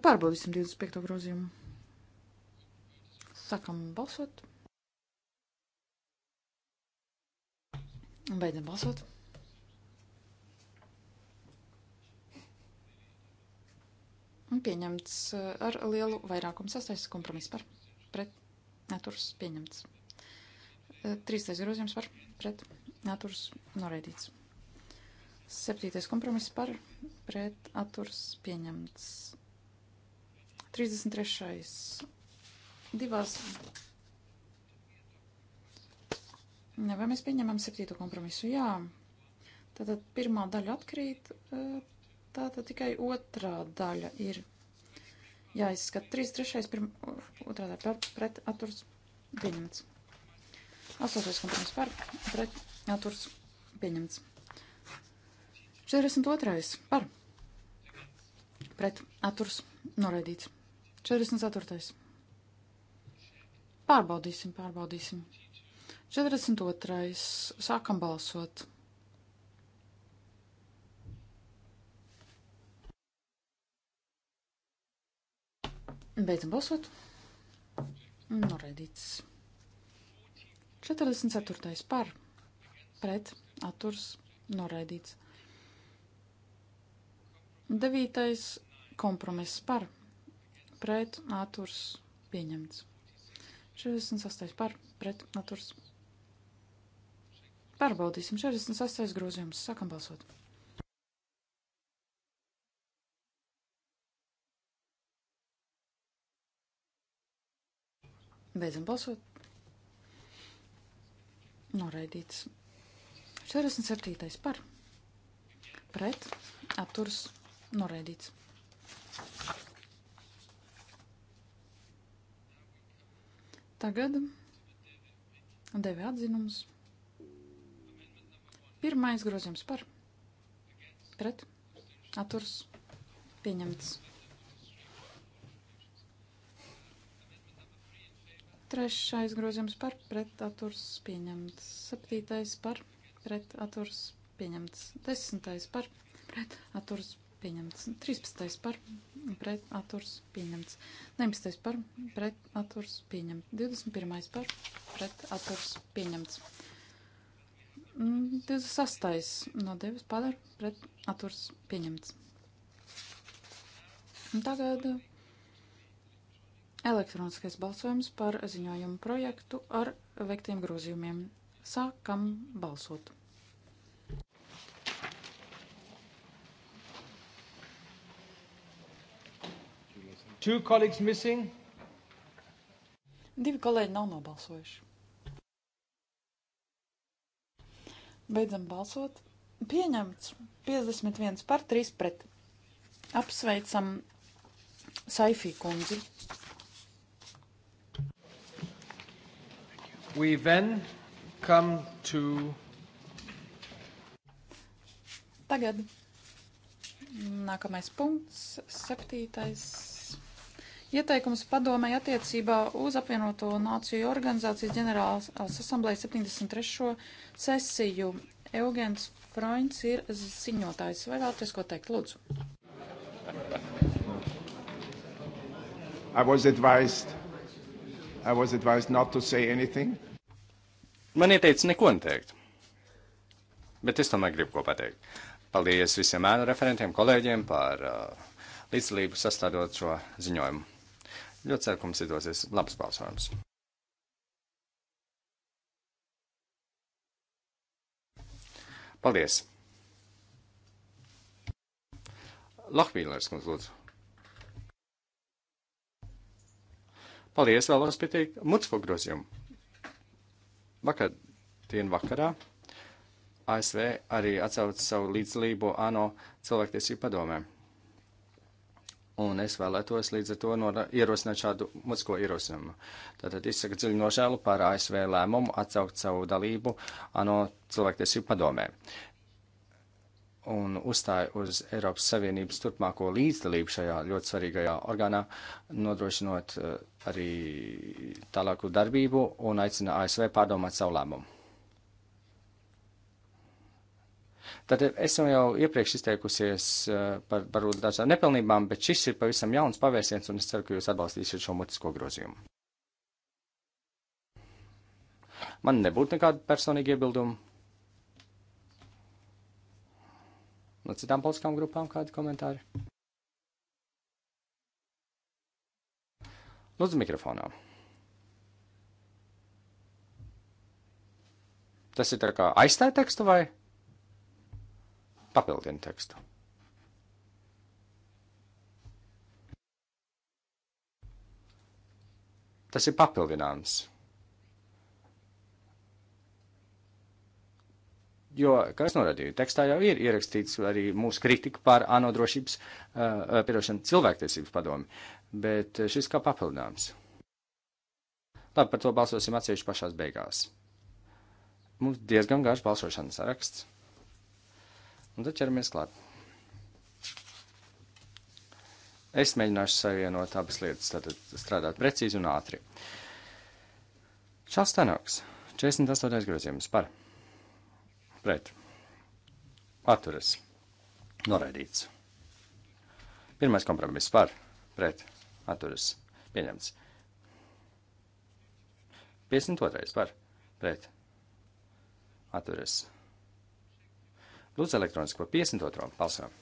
Speaker 3: Pārbaudīsim 25. grozījumu. Sākam balsot. Beidzam balsot. un pieņemts eh, ar lielu vairākumu sastais kompromiss par pret naturs pieņemts. Eh, trīstais grozījums par pret naturs noraidīts. Septītais kompromiss par pret atturs pieņemts. 33. Divās. Ne, vai mēs pieņemam septīto kompromisu? Jā. Tātad pirmā daļa atkrīt, eh, Tā tad tikai otrā daļa ir jāizskata. 3, 3, 1, otrā daļa par pret atturs pieņemts. 8. kompromiss par pret atturs pieņemts. 42. par pret atturs noraidīts. 44. Pārbaudīsim, pārbaudīsim. 42. Sākam balsot. Beidzam balsot. Noraidīts. 44. par pret atturs noraidīts. 9. kompromiss par pret atturs pieņemts. 68. par pret atturs. Pārbaudīsim 68. grozījums. Sākam balsot. Beidzam balsot. Noraidīts. 47. par. Pret. Atturs. Noraidīts. Tagad devi atzinums. Pirmais grozījums par. Pret. Atturs. Pieņemts. Trešais grozījums par pretaturs pieņemts. Septītais par pretaturs pieņemts. Desmitais par pretaturs pieņemts. Trīspadsmitais par pretaturs pieņemts. Nemestais par pretaturs pieņemts. Divdesmit pirmais par pretaturs pieņemts. 28. no 9 padara pretaturs pieņemts. Un tagad Elektroniskais balsojums par ziņojumu projektu ar veiktiem grozījumiem. Sākam balsot! Two colleagues missing. Divi kolēģi nav nobalsojuši. Beidzam balsot. Pieņemts 51 par 3 pret. Apsveicam Saifī kundzi.
Speaker 1: We then come to.
Speaker 3: Tagad nākamais punkts, septītais. Ieteikums padomai attiecībā uz apvienoto nāciju organizācijas ģenerālas asamblējas 73. sesiju. Eugens Freunds ir ziņotājs. Vai vēlaties ko teikt? Lūdzu.
Speaker 4: I was advised I was advised not to say anything. Man ieteica neko neteikt. Bet es tomēr gribu ko pateikt. Paldies visiem ēnu referentiem, kolēģiem par uh, līdzdalību sastādot šo ziņojumu. Ļoti ceru, ka mums izdosies labs balsojums. Paldies! Lohvīlērs, lūdzu. Paldies, vēlos pieteikt Mucko grozījumu. Vakar, dienu vakarā, ASV arī atcauca savu līdzdalību ANO cilvēktiesību padomē. Un es vēlētos līdz ar to ierosināt šādu mucko ierosinājumu. Tātad izsaka dziļu nožēlu par ASV lēmumu atsaukt savu dalību ANO cilvēktiesību padomē un uzstāja uz Eiropas Savienības turpmāko līdzdalību šajā ļoti svarīgajā orgānā, nodrošinot eh, arī tālāku darbību un aicina ASV pārdomāt savu lēmumu. Tad esmu jau iepriekš izteikusies eh, par varbūt dažām nepilnībām, bet šis ir pavisam jauns pavērsiens, un es ceru, ka jūs atbalstīsiet šo mutisko grozījumu. Man nebūtu nekādu personīgu iebildumu. No citām politiskām grupām kādi komentāri? Lūdzu, mikrofonā. Tas ir tā kā aizstāja tekstu vai papildina tekstu? Tas ir papildinājums. Jo, kā es norādīju, tekstā jau ir ierakstīts arī mūsu kritika par ANO drošības, uh, pierošanu cilvēktiesības padomi, bet šis kā papildinājums. Labi, par to balsosim atsevišķi pašās beigās. Mums diezgan garš balsošanas saraksts. Un tad ķeramies klāt. Es mēģināšu savienot abas lietas, tātad strādāt precīzi un ātri. Čāls Tanoks, 48. grozījums par pret, atturas, noraidīts. Pirmais kompromiss par, pret, atturas, pieņemts. 52. par, pret, atturas. Lūdzu elektroniski par 52. balsām.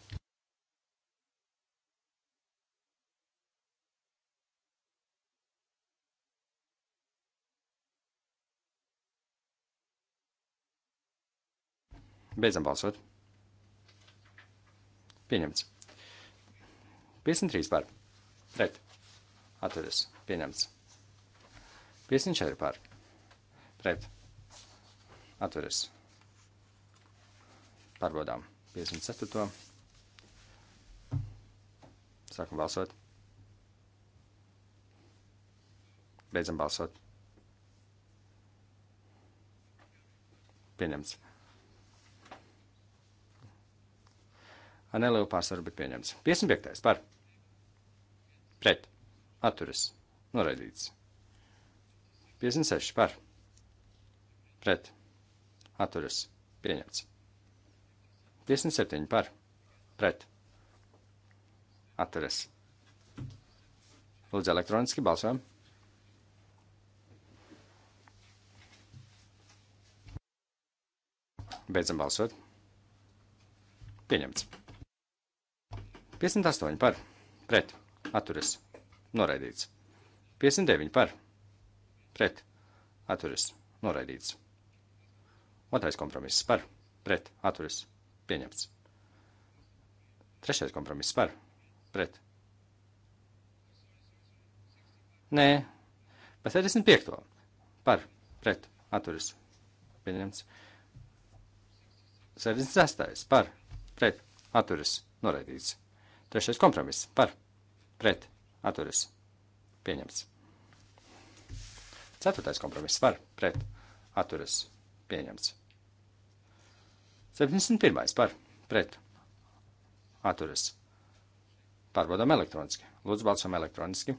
Speaker 4: Beidzam balsot. Pieņemts. 53 par. Pret. Atveries. Pieņemts. 54 par. Pret. Atveries. Pārbaudām. 54. Sākam balsot. Beidzam balsot. Pieņemts. ar nelielu pārsvaru bija pieņemts. 55. par pret atturas noraidīts. 56. par pret atturas pieņemts. 57. par pret atturas. Lūdzu, elektroniski balsojam. Beidzam balsot. Pieņemts. 58 par, pret, atturas, noraidīts. 59 par, pret, atturas, noraidīts. Otrais kompromiss par, pret, atturas, pieņemts. Trešais kompromiss par, pret. Nē, bet 65. par, pret, atturas, pieņemts. 76. par, pret, atturas, noraidīts. Trešais kompromiss par pret atturas pieņemts. Ceturtais kompromiss par pret atturas pieņemts. 71. par pret atturas. Pārbaudām elektroniski. Lūdzu, balsojam elektroniski.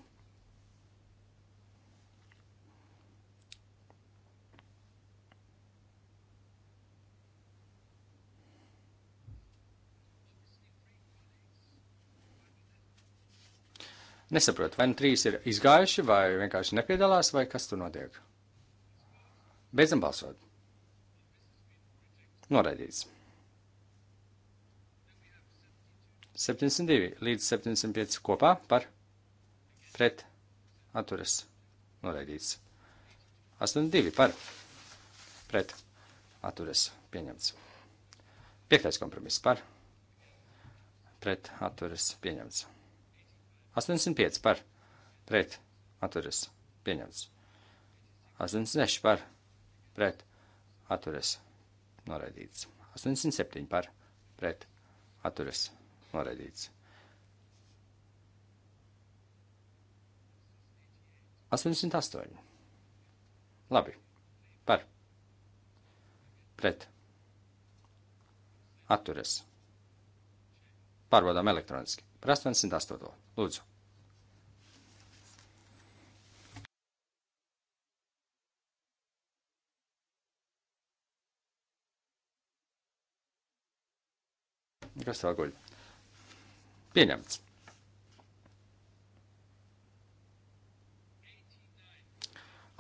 Speaker 4: Nesaprotu, vai nu trīs ir izgājuši, vai vienkārši nepiedalās, vai kas tur notiek. Beidzam balsot. Noraidīts. 72 līdz 75 kopā par pret atturas noraidīts. 82 par pret atturas pieņemts. Piektais kompromiss par pret atturas pieņemts. 85 par pret atturas pieņemts. 86 par pret atturas noraidīts. 87 par pret atturas noraidīts. 88. Labi. Par. Pret. Atturas. Pārbaudām elektroniski. Par 88. Lūdzu. Kas vēl guļ? Pieņemts.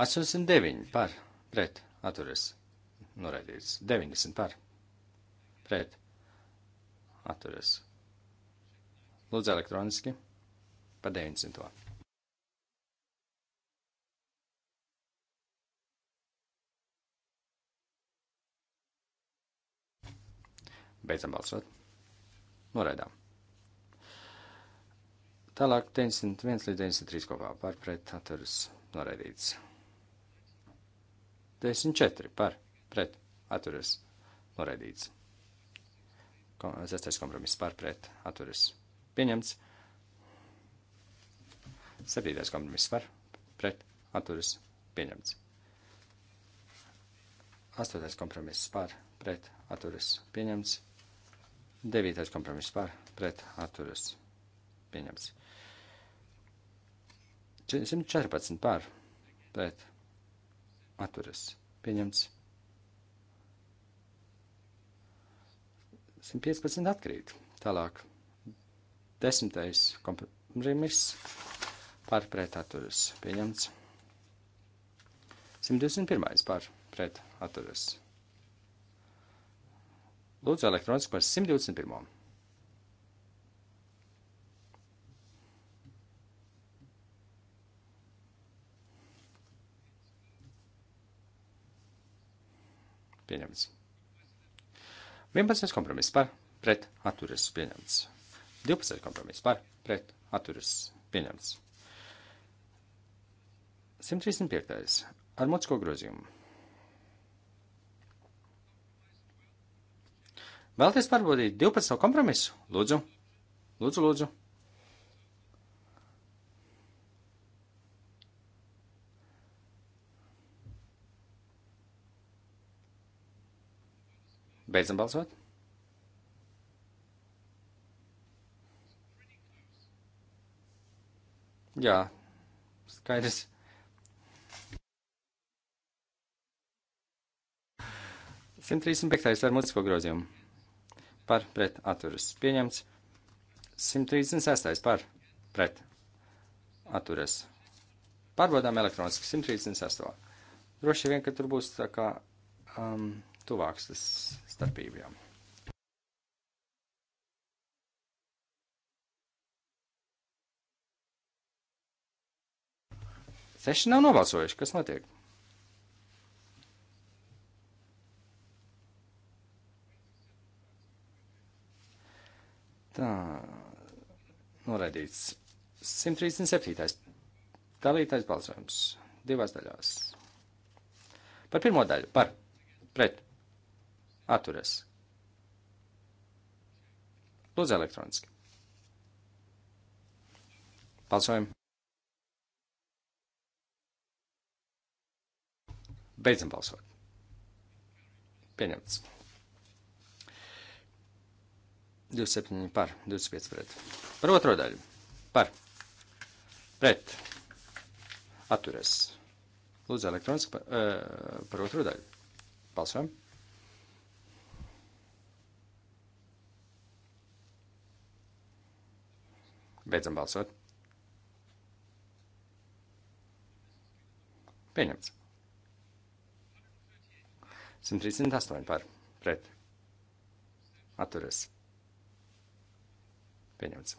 Speaker 4: 89 par, pret, atturies, noraidīts. 90 par, pret, atturies. Lūdzu elektroniski pa 90. Beidzam balsot. Noraidām. Tālāk 91 līdz 93 kopā par pret atturas noraidīts. 94 par pret atturas noraidīts. Sestais kompromiss par pret atturas pieņemts. Septītais kompromiss par pret atturas pieņemts. Astotais kompromiss par pret atturas pieņemts. Devītais kompromiss par pret atturas pieņemts. 114 par pret atturas pieņemts. 115 atkrīt. Tālāk. Desmitais kompromiss par pret atturas pieņemts. 121. par pret atturas. Lūdzu elektroniski par 121. Pieņemts. 11. kompromiss par pret atturas pieņemts. 12. kompromiss par pret atturas pieņemts. 135. ar mutisko grozījumu. Vēlties pārbaudīt 12. kompromisu? Lūdzu, lūdzu, lūdzu. Beidzam balsot. Jā, skaidrs. 135. ar mutisko grozījumu. Par pret atturas pieņemts. 136. par pret atturas. Pārbaudām elektroniski 136. Droši vien, ka tur būs tā kā um, tuvāks tas starpībām. Seši nav nobalsojuši. Kas notiek? Tā, noraidīts. 137. Dalītais balsojums. Divās daļās. Par pirmo daļu. Par. Pret. Atturies. Lūdzu elektroniski. Balsojam. Beidzam balsot. Pieņemts. 27 par, 25 pret. Par otro daļu. Par. Pret. Atturēs. Lūdzu, elektroniski par, uh, e, par otro daļu. Balsojam. Beidzam balsot. Pieņemts. 138 par pret. Atturies. Pieņemts.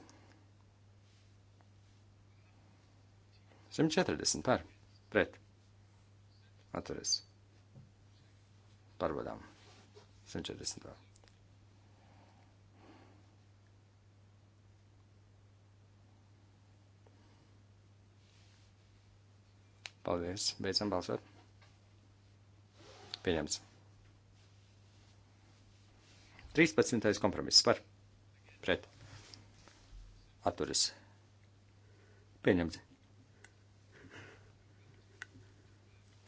Speaker 4: 140 par. Pret. Atturies. Parvadām. 140 par. Paldies. Beidzam balsot. Pieņemts. 13. kompromiss par. Pret atturas. Pieņemts.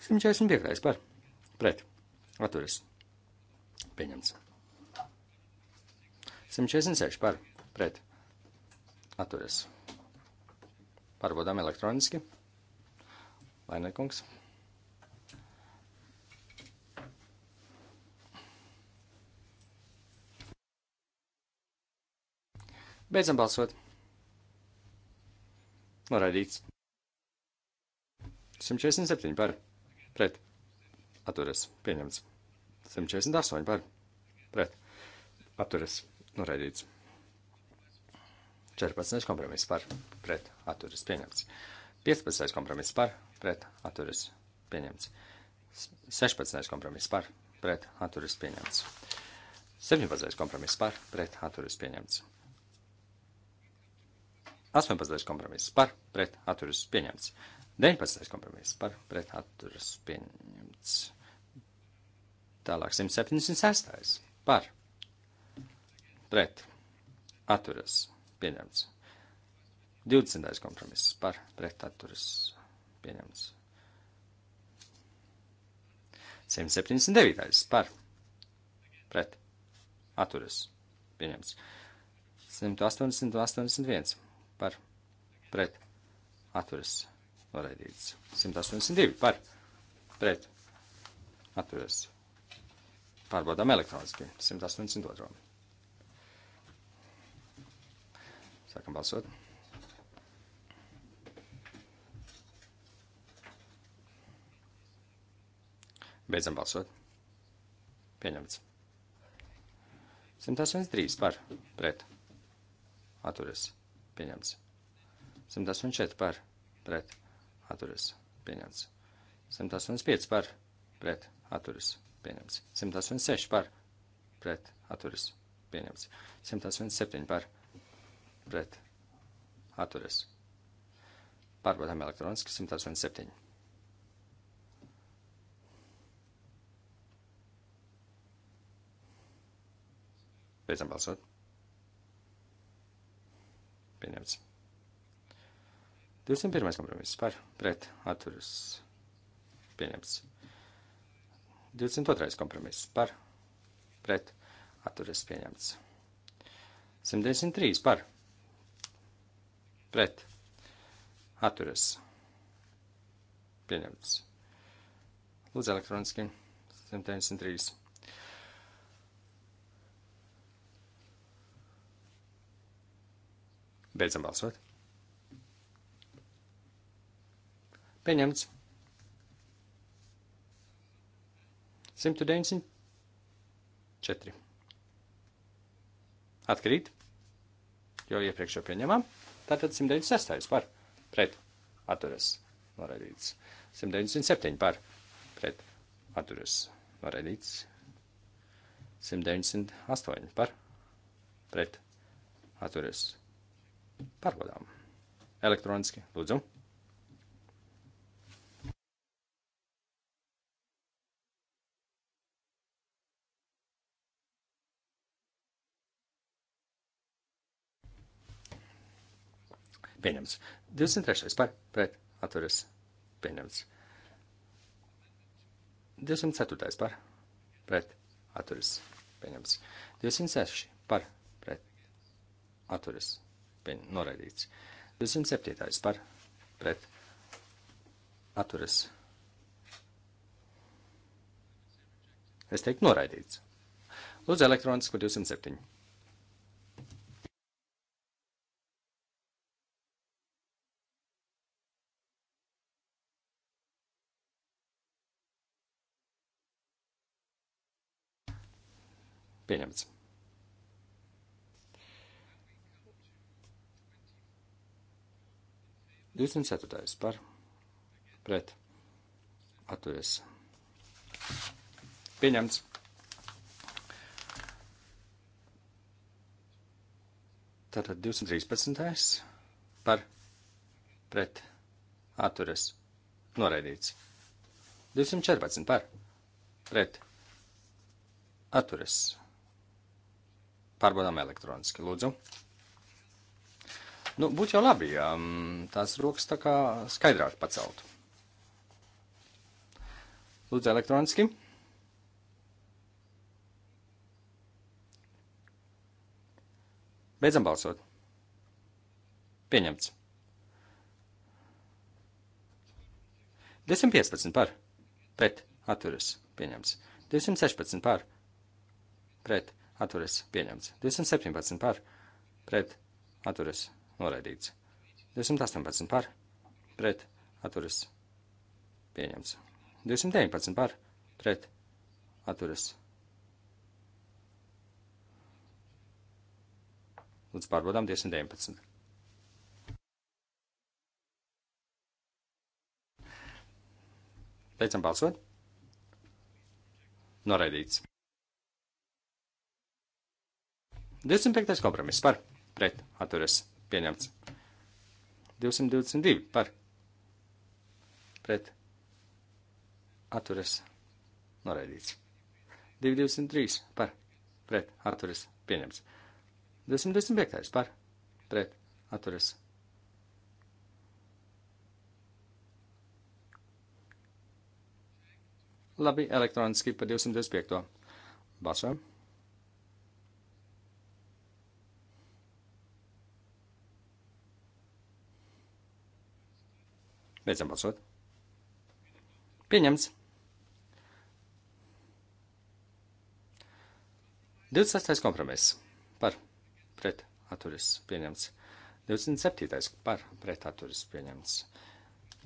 Speaker 4: 145. par pret atturas. Pieņemts. 146 par pret atturas. Pārbaudām elektroniski. Lainekungs. Beidzam balsot. Noraidīts. 147 par. Pret. Atturas. Pieņemts. 148 par. Pret. Atturas. Noraidīts. 14. kompromiss par. Pret. Atturas. Pieņemts. 15. kompromiss par. Pret. Atturas. Pieņemts. 16. kompromiss par. Pret. Atturas. Pieņemts. 17. kompromiss par. Pret. Atturas. Pieņemts. 18. kompromiss par pret atturas pieņemts. 19. kompromiss par pret atturas pieņemts. Tālāk 176. par pret atturas pieņemts. 20. kompromiss par pret atturas pieņemts. 179. par pret atturas pieņemts. 180, 181 par pret atturas noraidīts. 182 par pret atturas. Pārbaudām elektroniski. 182. Sākam balsot. Beidzam balsot. Pieņemts. 183 par pret atturas pieņemts. 184 par pret atturas pieņemts. 185 par pret atturas pieņemts. 186 par pret atturas pieņemts. 187 par pret atturas. Pārbaudām elektroniski 187. Beidzam balsot pieņemts. 21. kompromiss par pret atturas pieņemts. 22. kompromiss par pret atturas pieņemts. 193 par pret atturas pieņemts. Lūdzu elektroniski 193. Beidzam balsot. Pieņemts. 194. Atkrīt, jo iepriekš jau pieņemām. Tātad 196 par pret atturas noraidīts. 197 par pret atturas noraidīts. 198 par pret atturas noraidīts. Pārbaudām. Elektroniski, lūdzu. Pieņemts. 23. par pret atturas. Pieņemts. 204. par pret atturas. Pieņemts. 206. par pret atturas noraidīts. 27. par pret atturas. Es teiktu noraidīts. Lūdzu elektronisku 207. Pieņemts. 24. par pret atturies. Pieņemts. Tātad 213. par pret atturies. Noraidīts. 214 par pret atturies. Pārbaudām elektroniski, lūdzu. Nu, būtu jau labi, ja mm, tās rokas tā kā skaidrāk paceltu. Lūdzu, elektroniski. Beidzam balsot. Pieņemts. 215 par, pret, atturas, pieņemts. 216 par, pret, atturas, pieņemts. 217 par, pret, atturas, Noraidīts. 218 par. Pret. Atturas. Pieņemts. 219 par. Pret. Atturas. Lūdzu, pārbaudām 219. Beidzam balsot. Noraidīts. 25. kompromiss par pret atturas pieņemts. 222 par pret atturas noraidīts. 223 par pret atturas pieņemts. 225 par pret atturas. Labi, elektroniski par 225. Balsojam. Beidzam balsot. Pieņemts. 26. kompromiss par pret atturis pieņemts. 27. par pret atturis pieņemts.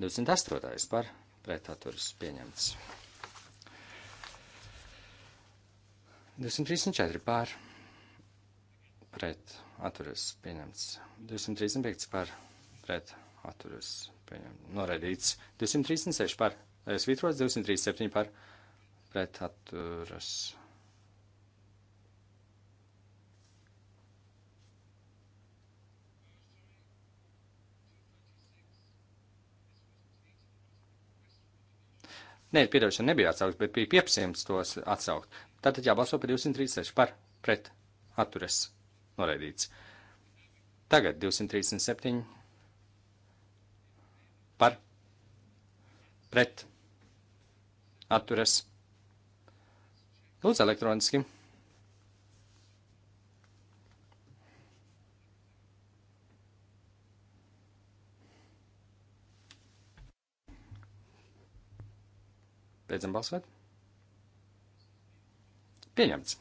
Speaker 4: 28. par pret atturis pieņemts. 234 par pret atturis pieņemts. 235 par pret atturis pieņemts atturas pieņem. Noraidīts 236 par. Eh, svītrots 237 par. Pret atturas. Nē, piedošana nebija atsaukt, bet bija 500 tos atsaukt. Tātad jābalso par 236 par pret atturas noraidīts. Tagad 237 par pret atturas. Lūdzu elektroniski. Beidzam balsot. Pieņemts.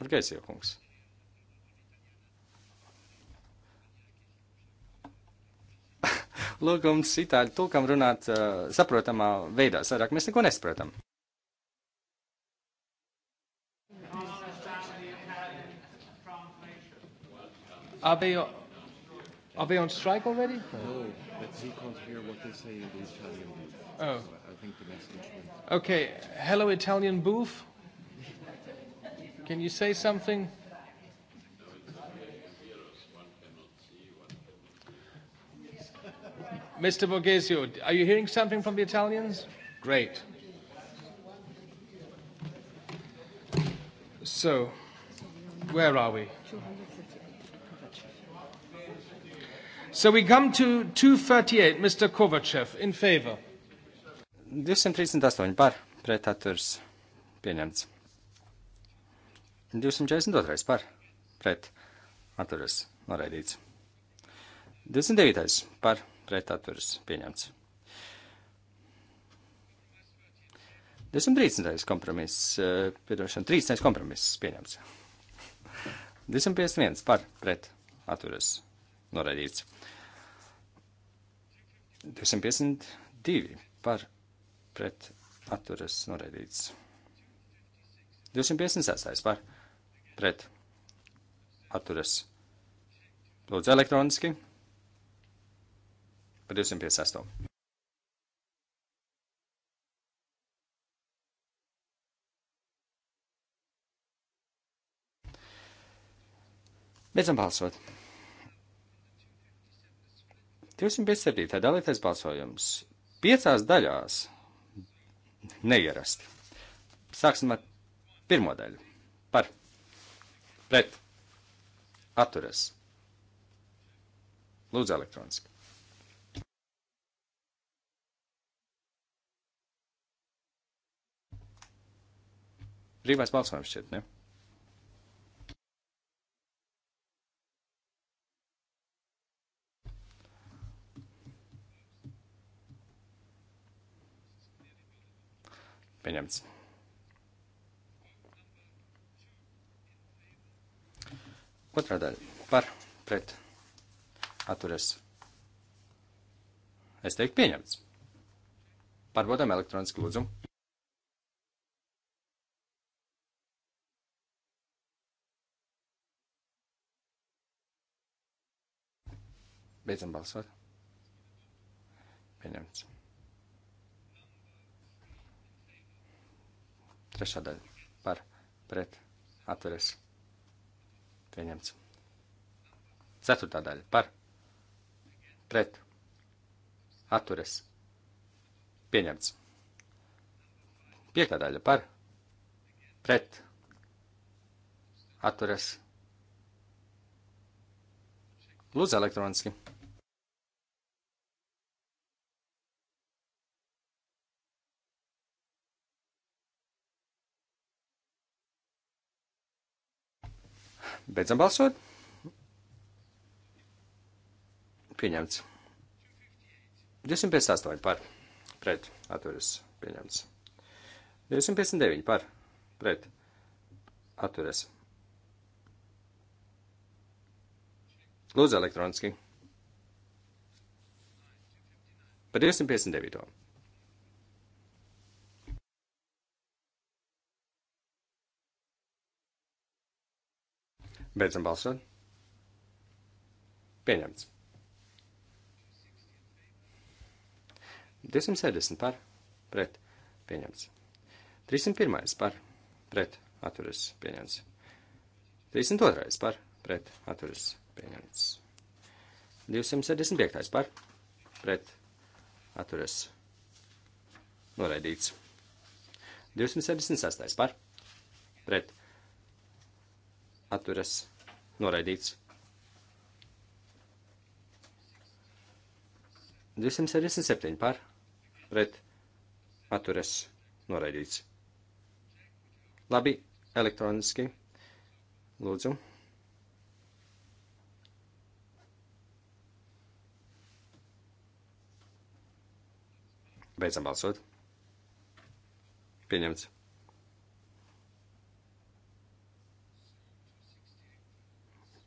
Speaker 4: Urgais jau kungs. lūgums itāļu tulkam runāt uh, saprotamā veidā, sarāk mēs neko
Speaker 1: nesaprotam. Are they, are they on strike already? No, but he can't hear what they say in the Italian booth. Oh. So I think the message went. Okay, hello Italian booth. Can you say something? Mr. Borghesio, are you hearing something from the Italians? Great. So, where are we? So we come to 238, Mr. Kovachev, in favor. 238
Speaker 4: par, pret atturs pieņemts. 242 par, pret atturs noraidīts. 29. par, pret atturs pretaturas pieņemts. 213. kompromiss, eh, piedošana, 13. kompromiss pieņemts. 251 par pret atturas noraidīts. 252 par pret atturas noraidīts. 256 par pret atturas. Lūdzu elektroniski. Par 256. Beidzam balsot. 257. dalītais balsojums. Piecās daļās. Neierasti. Sāksim ar pirmo daļu. Par. Pret. Atturas. Lūdzu elektroniski. Brīvais balsojums šķiet, ne? Pieņemts. Otrā daļa par pret atturies. Es teiktu pieņemts. Pārbaudām elektroniski lūdzu. Beidzam balsot. Pieņemts. Trešā daļa par pret atveres. Pieņemts. Ceturtā daļa par pret atveres. Pieņemts. Piektā daļa par pret atveres. Lūdzu elektroniski. Beidzam balsot. Pieņemts. 258 par. Pret. Atveres. Pieņemts. 259 par. Pret. Atveres. Lūdzu elektroniski. Par 259. Beidzam balsot. Pieņemts. 270 par, pret, pieņemts. 301 par, pret, atturas, pieņemts. 302 par, pret, atturas, pieņemts. 275 par, pret, atturas, noraidīts. 276 par, pret, atturas noraidīts. 267 par pret atturas noraidīts. Labi, elektroniski. Lūdzu. Beidzam balsot. Pieņemts.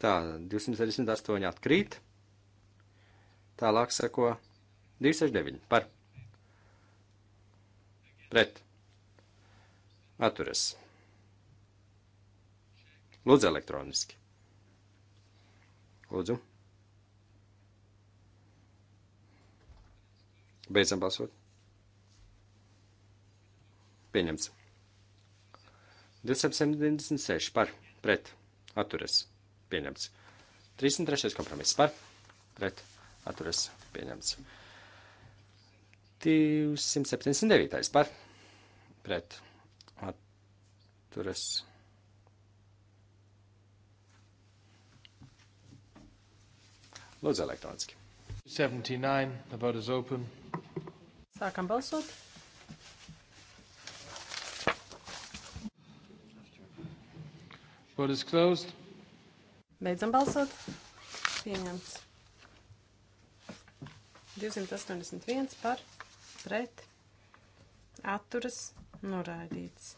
Speaker 4: Tā, 268 atkrīt. Tālāk sako 269 par pret atturas. Lūdzu elektroniski. Lūdzu. Beidzam balsot. Pieņemts. 276 par pret atturas pieņemts. 33. kompromiss par, pret, atturas pieņemts. 279. par, pret, atturas pieņemts.
Speaker 1: Lūdzu, elektroniski. 79, the vote is open.
Speaker 2: Sākam balsot.
Speaker 1: Vote is closed.
Speaker 2: Beidzam balsot. Pieņemts. 281 par pret atturas noraidīts.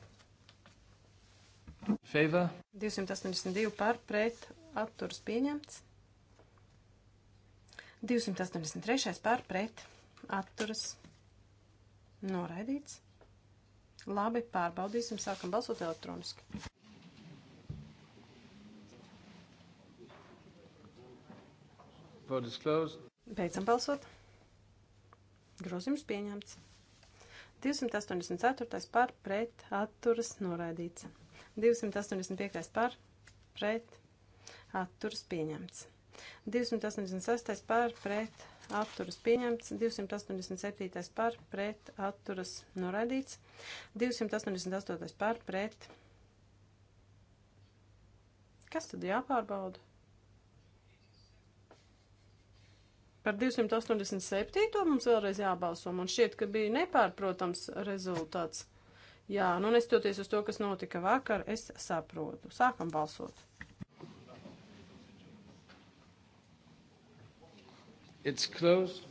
Speaker 2: Favor. 282 par pret atturas pieņemts. 283 par pret atturas noraidīts. Labi, pārbaudīsim, sākam balsot elektroniski.
Speaker 1: Vote is closed.
Speaker 2: Beidzam balsot. Grozījums pieņemts. 284. par pret atturas noraidīts. 285. par pret atturas pieņemts. 286. par pret atturas pieņemts. 287. par pret atturas noraidīts. 288. par pret. Kas tad jāpārbauda? Par 287. mums vēlreiz jābalso. Man šķiet, ka bija nepārprotams rezultāts. Jā, nu nestoties uz to, kas notika vakar, es saprotu. Sākam balsot. It's closed.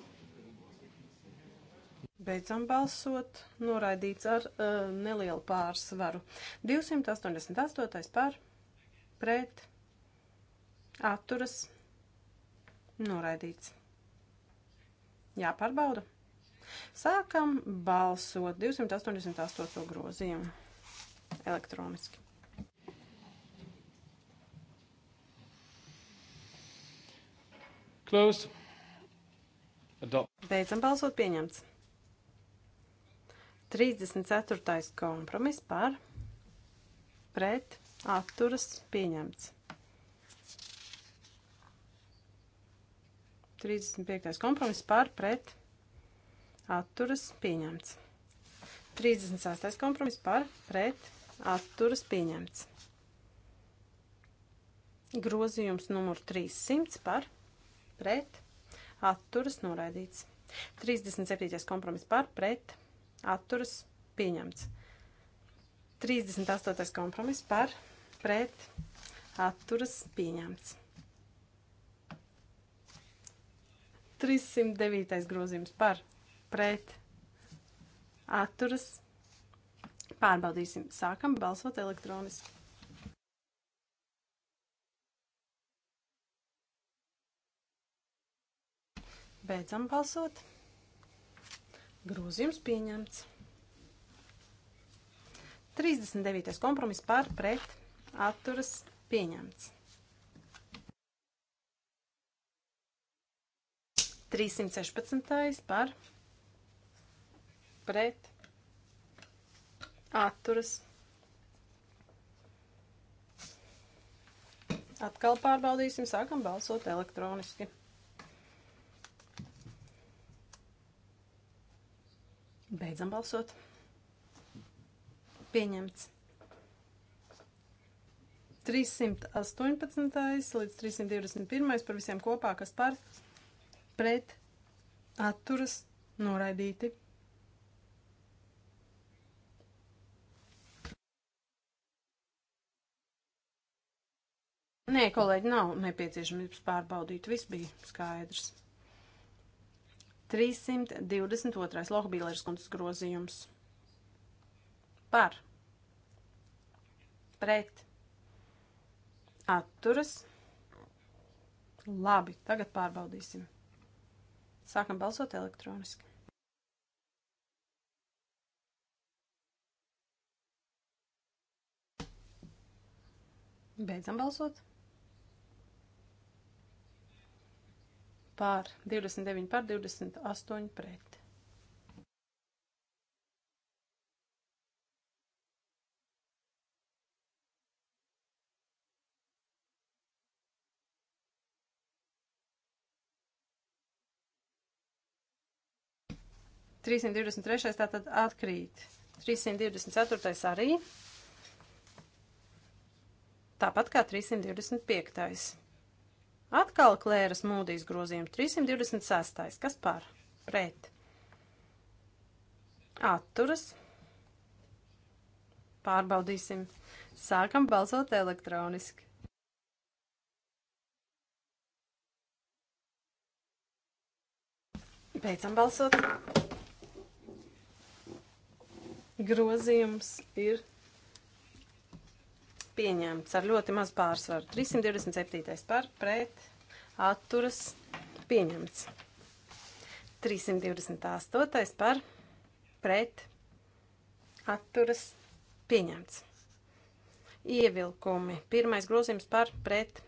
Speaker 2: Beidzam balsot, noraidīts ar uh, nelielu pārsvaru. 288 par, pret, atturas, noraidīts. Jāpārbauda. Sākam balsot 288. grozījumu elektroniski. Closed. Adopt. Beidzam balsot pieņemts. 34. kompromiss par pret atturas pieņemts. 35. kompromiss par pret atturas pieņemts. 36. kompromiss par pret atturas pieņemts. Grozījums numur 300 par pret atturas noraidīts. 37. kompromiss par pret atturas pieņemts. 38. kompromiss par pret atturas pieņemts. 309. grozījums par pret atturas. Pārbaudīsim. Sākam balsot elektroniski. Beidzam balsot. Grozījums pieņemts. 39. kompromiss par pret atturas pieņemts. 316. par pret atturas. Atkal pārbaudīsim, sākam balsot elektroniski. Beidzam balsot. Pieņemts. 318. līdz 321. par visiem kopā, kas par pret atturas noraidīti. Nē, kolēģi, nav nepieciešams pārbaudīt. Viss bija skaidrs. 322. Lohbīlērs kundzes grozījums. Par. Pret. Atturas. Labi, tagad pārbaudīsim. Sākam balsot elektroniski. Beidzam balsot. Pār 29 pār 28 pret. 323. tātad atkrīt. 324. arī. Tāpat kā 325. Atkal klēras mūdīs grozījums. 326. Kas par? Pret. Atturas. Pārbaudīsim. Sākam balsot elektroniski. Beidzam balsot grozījums ir pieņemts ar ļoti maz pārsvaru. 327. par pret atturas pieņemts. 328. par pret atturas pieņemts. Ievilkumi. Pirmais grozījums par pret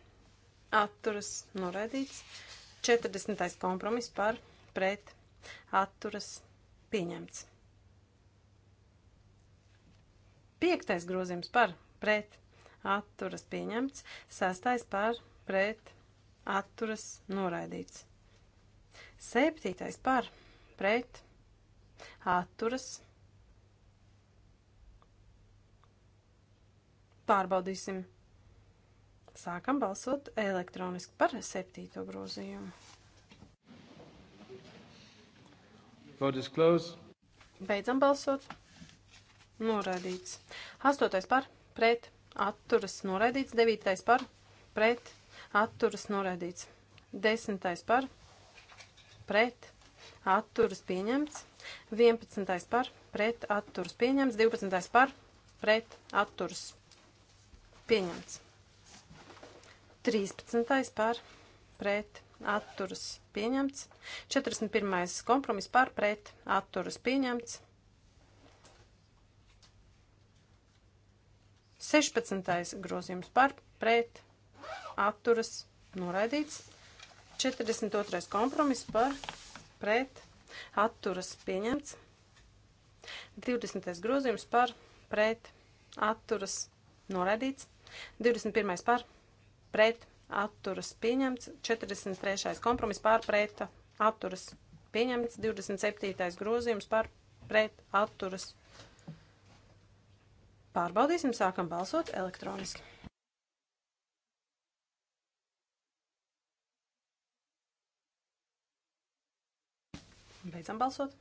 Speaker 2: atturas noraidīts. 40. kompromiss par pret atturas pieņemts. Piektais grozījums par pret atturas pieņemts. Sastais par pret atturas noraidīts. Septītais par pret atturas. Pārbaudīsim. Sākam balsot elektroniski par septīto grozījumu.
Speaker 1: Vote is closed.
Speaker 2: Beidzam balsot noraidīts. 8. par pret atturas noraidīts. 9. par pret atturas noraidīts. 10. par pret atturas pieņemts. 11. par pret atturas pieņemts. 12. par pret atturas pieņemts. 13. par pret atturas pieņemts. 41. kompromiss par pret atturas pieņemts. 16. grozījums par pret atturas noraidīts. 42. kompromiss par pret atturas pieņemts. 20. grozījums par pret atturas noraidīts. 21. par pret atturas pieņemts. 43. kompromiss par pret atturas pieņemts. 27. grozījums par pret atturas pieņemts Pārbaudīsim, sākam balsot elektroniski. Beidzam balsot.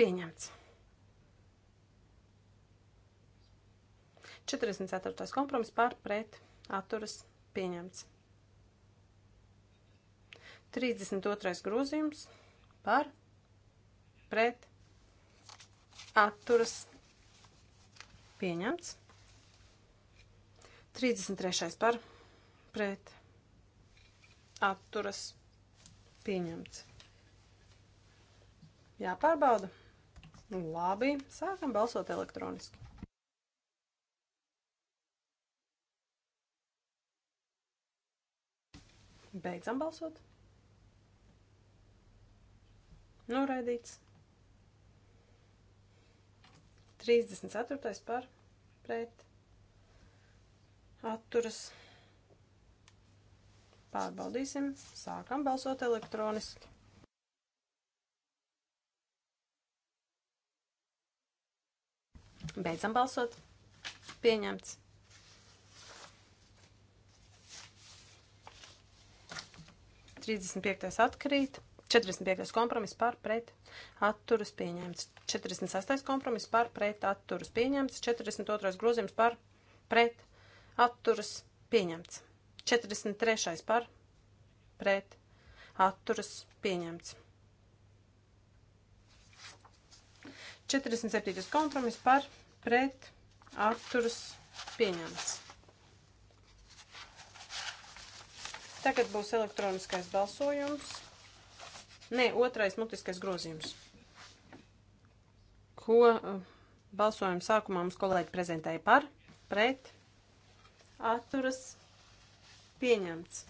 Speaker 2: Pieņemts. 44. kompromiss par pret atturas pieņemts. 32. grozījums par pret atturas pieņemts Pieņemts. 33. par pret atturas pieņemts. Jāpārbauda. Labi, sākam balsot elektroniski. Beidzam balsot. Noraidīts. 34. par pret atturas. Pārbaudīsim, sākam balsot elektroniski. Beidzam balsot. Pieņemts. Trīsdesmit piektais atkrīt. Četrdesmit piektais kompromiss par pret atturas pieņemts. 48. kompromiss par pret atturas pieņemts. 42. grozījums par pret atturas pieņemts. 43. par pret atturas pieņemts. 47. kompromiss par pret atturas pieņemts. Tagad būs elektroniskais balsojums. Nē, otrais mutiskais grozījums. Ko eh, balsojuma sākumā mums kolēģi prezentēja par, pret, atturas, pieņemts.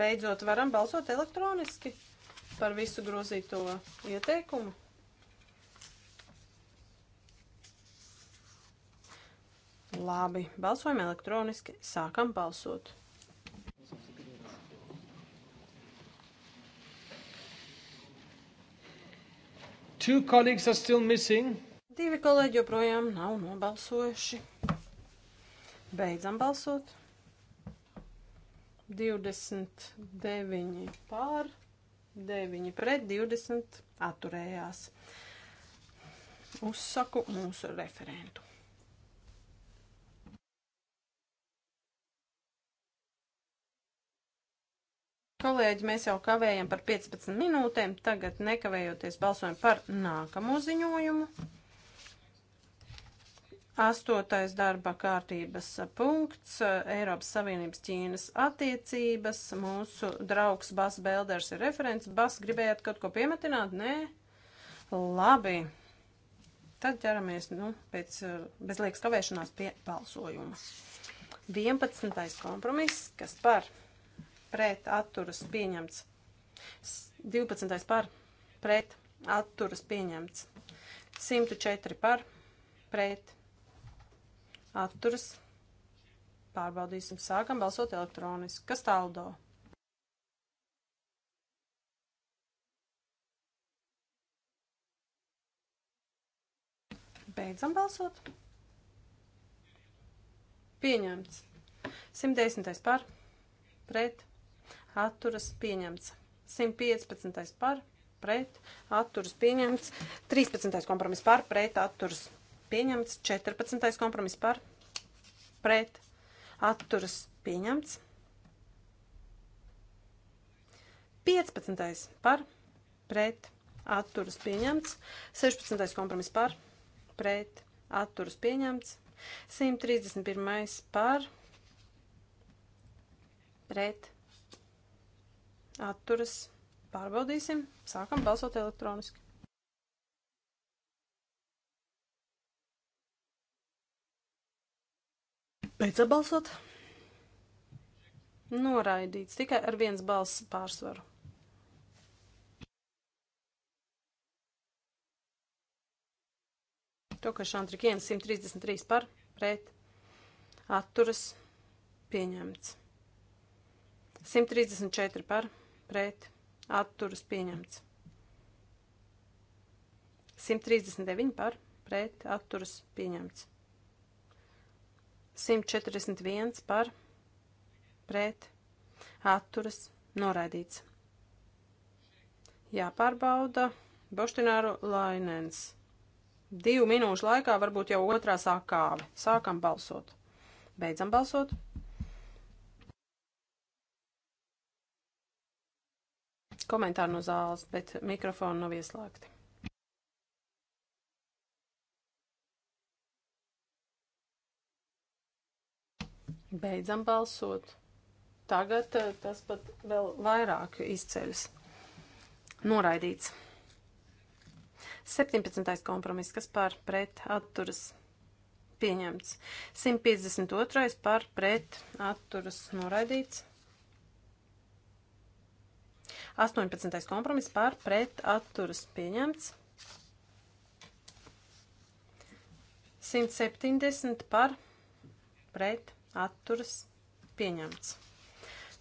Speaker 2: Beidzot varam balsot elektroniski par visu grozīto ieteikumu. Labi, balsojam elektroniski, sākam balsot.
Speaker 1: Two colleagues are still missing.
Speaker 2: Divi kolēģi joprojām nav nobalsojuši. Beidzam balsot. 29 pār, 9 pret, 20 atturējās. Uzsaku mūsu referentu. Kolēģi, mēs jau kavējam par 15 minūtēm, tagad nekavējoties balsojam par nākamo ziņojumu. Astotais darba kārtības punkts - Eiropas Savienības Ķīnas attiecības. Mūsu draugs Bas Belders ir referents. Bas, gribējāt kaut ko piemetināt? Nē? Labi. Tad ķeramies, nu, pēc bezliekas kavēšanās pie balsojuma. 11. kompromiss, kas par? pret atturas pieņemts. 12. par pret atturas pieņemts. 104 par pret atturas pārbaudīsim. Sākam balsot elektroniski. Kas tāldo? Beidzam balsot. Pieņemts. 110. par pret atturas pieņemts. 115. par pret atturas pieņemts. 13. kompromiss par pret atturas pieņemts. 14. kompromiss par pret atturas pieņemts. 15. par pret atturas pieņemts. 16. kompromiss par pret atturas pieņemts. 131. par pret atturas pieņemts pret atturas pārbaudīsim. Sākam balsot elektroniski. Beidzot balsot. Noraidīts tikai ar viens balss pārsvaru. To, ka Šantrikienas 133 par pret atturas pieņemts. 134 par pret atturas pieņemts. 139 par pret atturas pieņemts. 141 par pret atturas noraidīts. Jāpārbauda Boštināru Lainens. Divu minūšu laikā varbūt jau otrā sākāve. Sākam balsot. Beidzam balsot. daži komentāri no zāles, bet mikrofoni nav ieslēgti. Beidzam balsot. Tagad eh, tas pat vēl vairāk izceļas. Noraidīts. 17. kompromiss, kas par pret atturas pieņemts. 152. par pret atturas noraidīts. 18. kompromiss par pret atturas pieņemts. 170 par pret atturas pieņemts.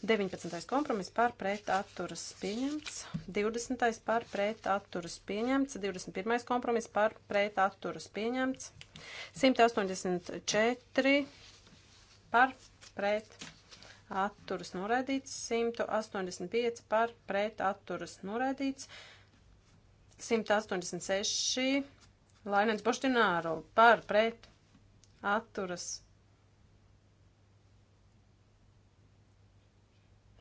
Speaker 2: 19. kompromiss par pret atturas pieņemts, 20. par pret atturas pieņemts, 21. kompromiss par pret atturas pieņemts, 184 par pret atturas noraidīts, 185 par pret atturas noraidīts, 186 Lainēns Boštināro par pret atturas.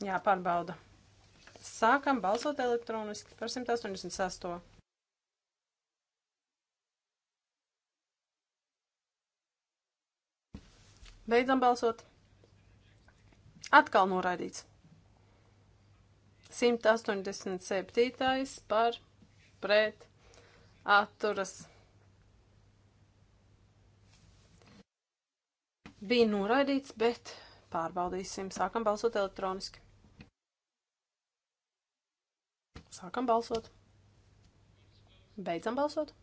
Speaker 2: Jā, pārbauda. Sākam balsot elektroniski par 188. Beidzam balsot. Atkal noraidīts. 187. par pret atturas. Bija noraidīts, bet pārbaudīsim. Sākam balsot elektroniski. Sākam balsot. Beidzam balsot.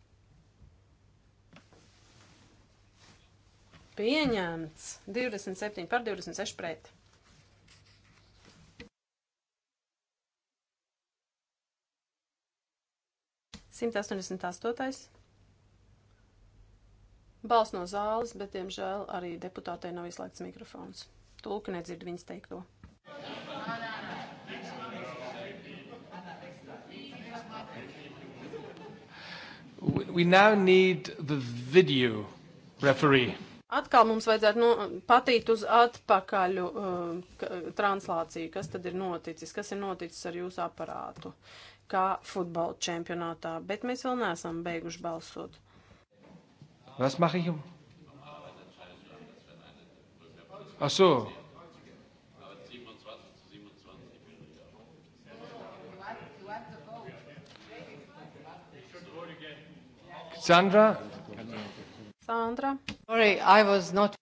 Speaker 2: Pieņemts 27 par 26 pret. 188. Balsts no zāles, bet, diemžēl, arī deputātei nav izslēgts mikrofons. Tulka nedzird viņas teikto.
Speaker 1: We now need the video referee.
Speaker 2: Atkal mums vajadzētu no, patīt uz atpakaļ uh, translāciju, kas tad ir noticis, kas ir noticis ar jūsu aparātu. Uh, kā futbola čempionātā, bet mēs vēl neesam beiguši balsot.
Speaker 1: Was mache ich? Um? Ach so.
Speaker 2: Sandra? Sandra? Sorry, I was not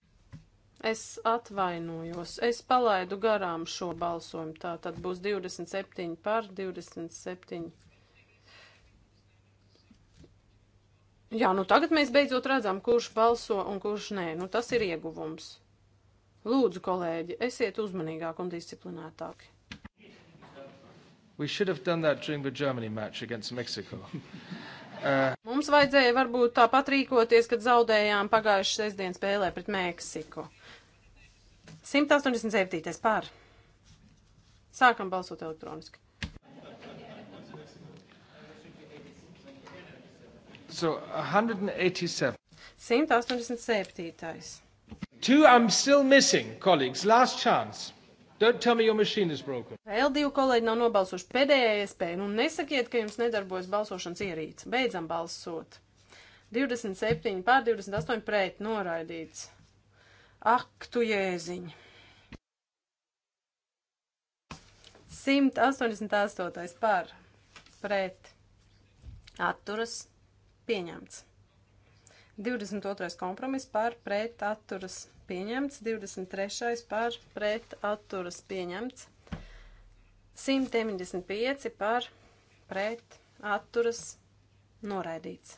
Speaker 2: Es atvainojos, es palaidu garām šo balsojumu. Tā tad būs 27 pār 27. Jā, nu tagad mēs beidzot redzam, kurš balso un kurš nē. Nu tas ir ieguvums. Lūdzu, kolēģi, esiet uzmanīgāk un disciplinētāki.
Speaker 1: We should have done that during the Germany match against Mexico. Uh,
Speaker 2: Mums vajadzēja varbūt tāpat rīkoties, kad zaudējām pagājušas sestdienas spēlē pret Meksiku. Uh, 187. pār. Sākam balsot elektroniski. So 187. 187. Two
Speaker 1: I'm still missing, colleagues. Last chance. Don't tell me your machine is broken.
Speaker 2: Vēl divi kolēģi nav nobalsojuši pēdējā iespēja. Nu nesakiet, ka jums nedarbojas balsošanas ierīce. Beidzam balsot. 27 pār 28 pret noraidīts. Ak, tu jēziņ! 188. par pret atturas pieņemts. 22. kompromiss par pret atturas pieņemts. 23. par pret atturas pieņemts. 195 par pret atturas noraidīts.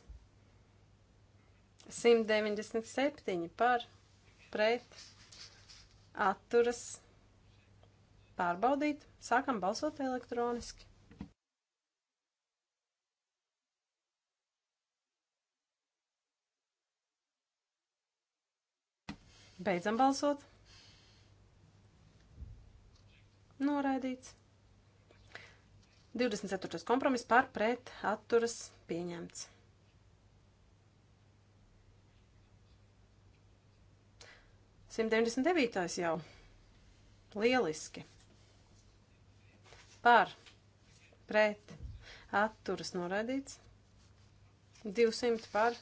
Speaker 2: 197 par pret pret, atturas, pārbaudīt. Sākam balsot elektroniski. Beidzam balsot. Noraidīts. 24. kompromiss par pret atturas pieņemts. 199. jau. Lieliski. Par, pret, atturas noraidīts. 200 par,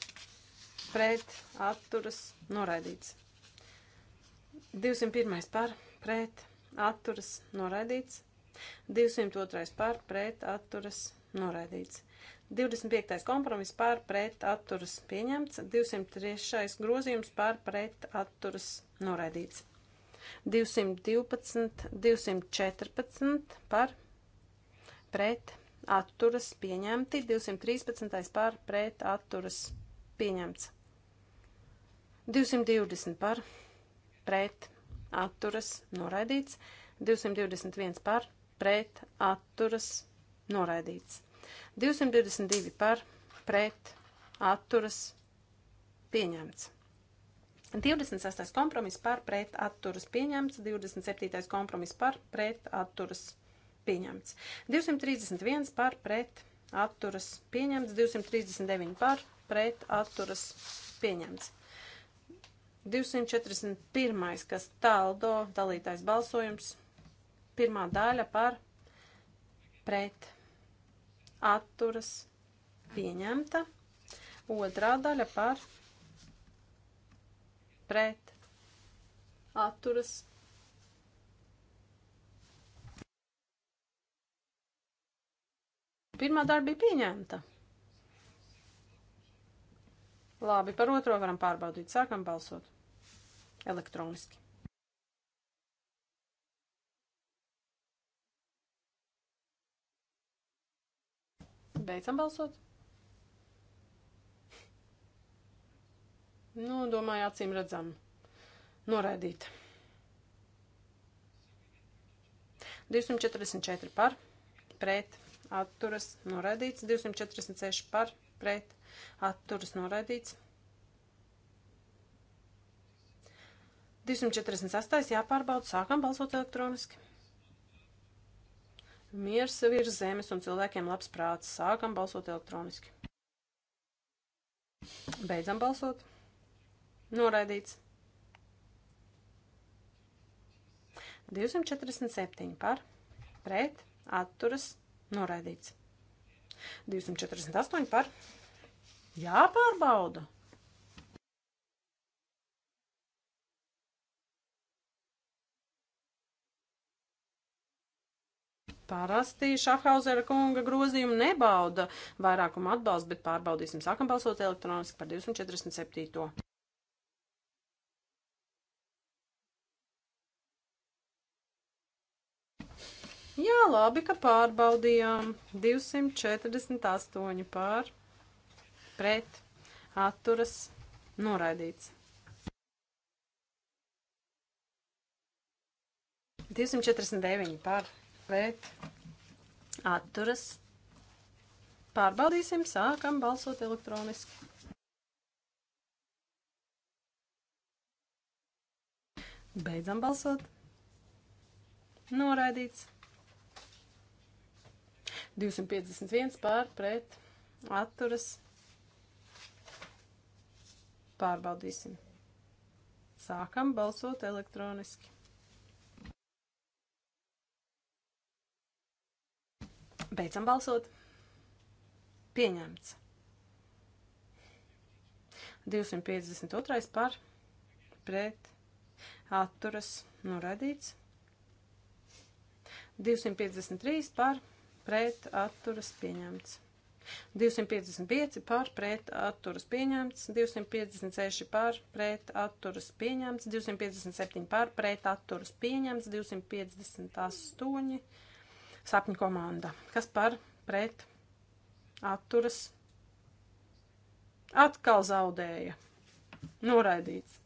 Speaker 2: pret, atturas noraidīts. 201 par, pret, atturas noraidīts. 202 par, pret, atturas noraidīts. 25. kompromiss pār pret atturas pieņemts, 203. grozījums pār pret atturas noraidīts. 212, 214 par pret atturas pieņemti, 213. par pret atturas pieņemts. 220 par pret atturas noraidīts, 221 par pret atturas noraidīts. 222 par pret atturas pieņemts. 26. kompromiss par pret atturas pieņemts, 27. kompromiss par pret atturas pieņemts, 231 par pret atturas pieņemts, 239 par pret atturas pieņemts. 241. kas tāldo dalītais balsojums, pirmā daļa par pret atturas atturas pieņemta. Otrā daļa par pret atturas pieņemta. Pirmā darba bija pieņemta. Labi, par otro varam pārbaudīt. Sākam balsot elektroniski. Beidzam balsot. Nu, domāju, acīm redzam. Noraidīt. 244 par, pret, atturas, noraidīts. 246 par, pret, atturas, noraidīts. 248 jāpārbauda, sākam balsot elektroniski. Miers virs zemes un cilvēkiem labs prāts. Sākam balsot elektroniski. Beidzam balsot. Noraidīts. 247 par, pret, atturas, noraidīts. 248 par. Jāpārbauda. Parasti Šafhauzera kunga grozījumi nebauda vairākuma atbalstu, bet pārbaudīsim. Sākam balsot elektroniski par 247. Jā, labi, ka pārbaudījām 248 pār, pret, atturas, noraidīts. 249 pār, pret atturas. Pārbaudīsim, sākam balsot elektroniski. Beidzam balsot. Noraidīts. 251 pār pret atturas. Pārbaudīsim. Sākam balsot elektroniski. Beidzam balsot. Pieņemts. 252. par pret atturas noraidīts. 253 par pret atturas pieņemts. 255 par pret atturas pieņemts, 256 par pret atturas pieņemts, 257 par pret atturas pieņemts, 258 sapņu komanda. Kas par pret atturas atkal zaudēja. Noraidīts.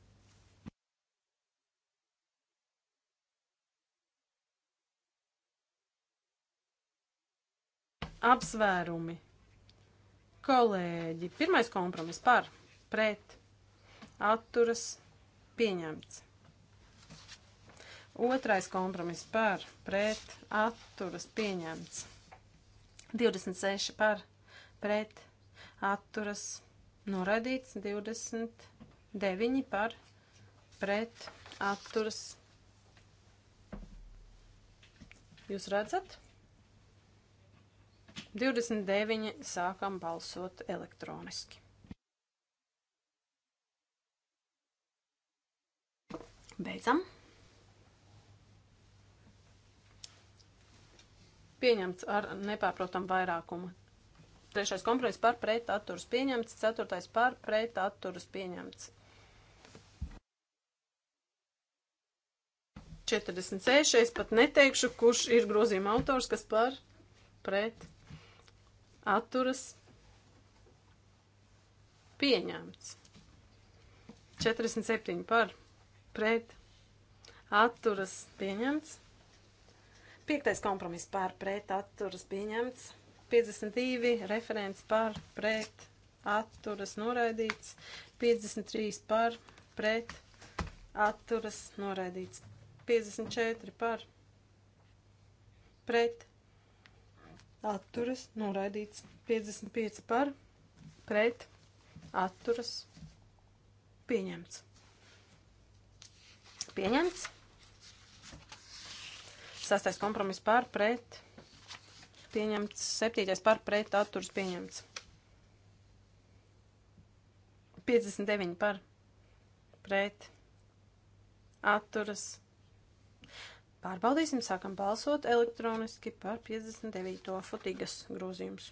Speaker 2: Apsvērumi. Kolēģi, pirmais kompromiss par, pret, atturas, pieņemts. Otrais kompromiss par pret atturas pieņemts. 26 par pret atturas noraidīts. 29 par pret atturas. Jūs redzat? 29 sākam balsot elektroniski. Beidzam. Pieņemts ar nepārprotam vairākumu. Trešais kompromiss par pret atturas pieņemts, ceturtais par pret atturas pieņemts. 46. Es pat neteikšu, kurš ir grozījuma autors, kas par pret atturas pieņemts. 47 par pret atturas pieņemts. Piektais kompromiss pār pret atturas pieņemts. 52 referents pār pret atturas noraidīts. 53 pār pret atturas noraidīts. 54 pār pret atturas noraidīts. 55 pār pret atturas pieņemts. Pieņemts. Sastais kompromiss par pret pieņemts. Septītais par pret atturs pieņemts. 59 par pret atturas. Pārbaudīsim, sākam balsot elektroniski par 59. fotīgas grozījums.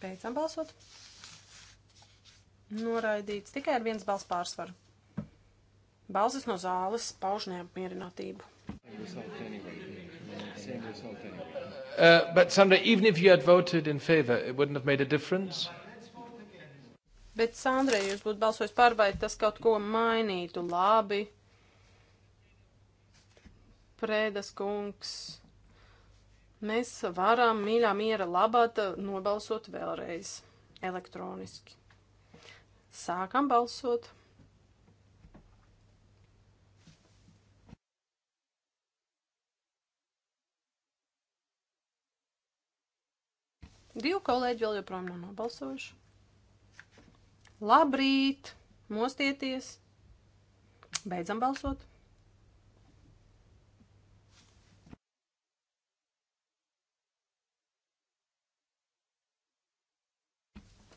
Speaker 2: Beidzam balsot. Noraidīts tikai ar viens balss pārsvaru. Balzas no zāles pauž neapmierinātību.
Speaker 1: Uh, but Sandra, even if you had voted in favor, it wouldn't have made a difference.
Speaker 2: Bet, Sandra, ja jūs būtu balsojis par, vai tas kaut ko mainītu labi? Prēdas kungs, mēs varam mīļā miera labāt nobalsot vēlreiz elektroniski. Sākam balsot. Divi kolēģi vēl joprojām nav nobalsojuši. Labrīt! Mostieties! Beidzam balsot!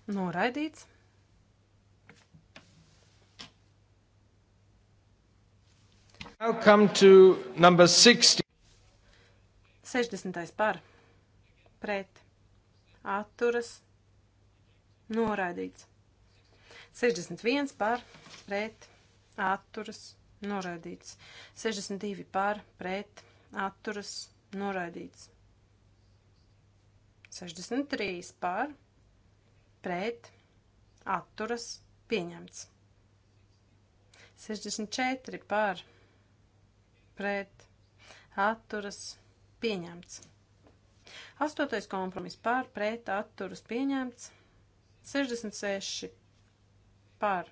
Speaker 2: Noraidīts. Now
Speaker 1: come to number 60.
Speaker 2: 60. par. Pret atturas noraidīts. 61 par pret atturas noraidīts. 62 par pret atturas noraidīts. 63 par pret atturas pieņemts. 64 par pret atturas pieņemts. Astotais kompromiss par pret atturas pieņemts. 66 par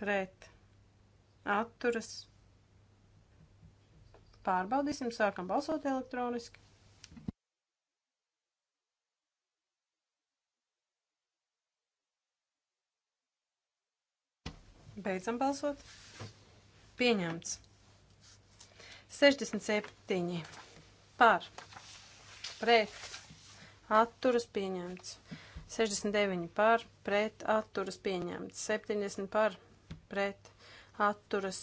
Speaker 2: pret atturas. Pārbaudīsim, sākam balsot elektroniski. Beidzam balsot. Pieņemts. 67 par pret atturas pieņemts. 69 par pret atturas pieņemts. 70 par pret atturas.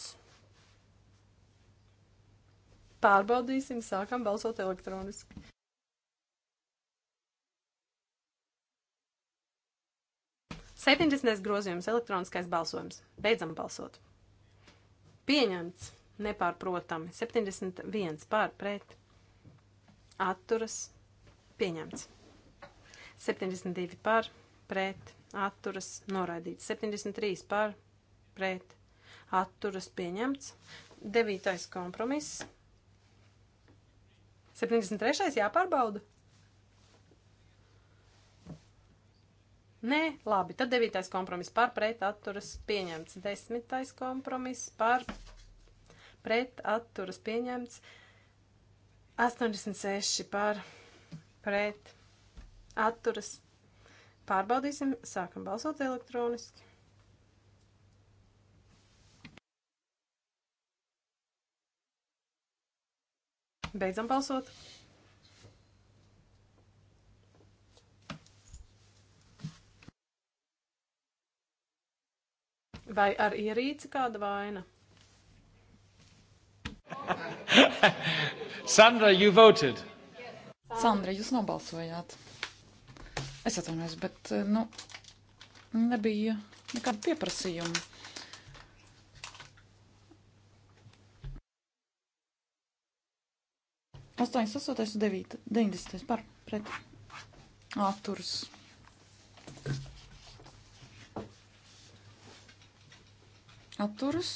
Speaker 2: Pārbaudīsim, sākam balsot elektroniski. Septiņdesmitais grozījums, elektroniskais balsojums. Beidzam balsot. Pieņemts, nepārprotami. 71 pār pret atturas pieņemts. 72 par, pret, atturas noraidīts. 73 par, pret, atturas pieņemts. 9. kompromiss. 73. jāpārbauda. Nē, labi, tad 9. kompromiss par pret atturas pieņemts. 10. kompromiss par pret atturas pieņemts. 86 par pret atturas. Pārbaudīsim, sākam balsot elektroniski. Beidzam balsot. Vai ar ierīci kāda vaina?
Speaker 1: Sandra, you voted.
Speaker 3: Sandra, jūs nobalsojāt. Es atvainojos, bet, eh, nu, nebija nekāda pieprasījuma. Astoņas, astotais, devīta, deviņdesmitais par pret atturs. Atturs,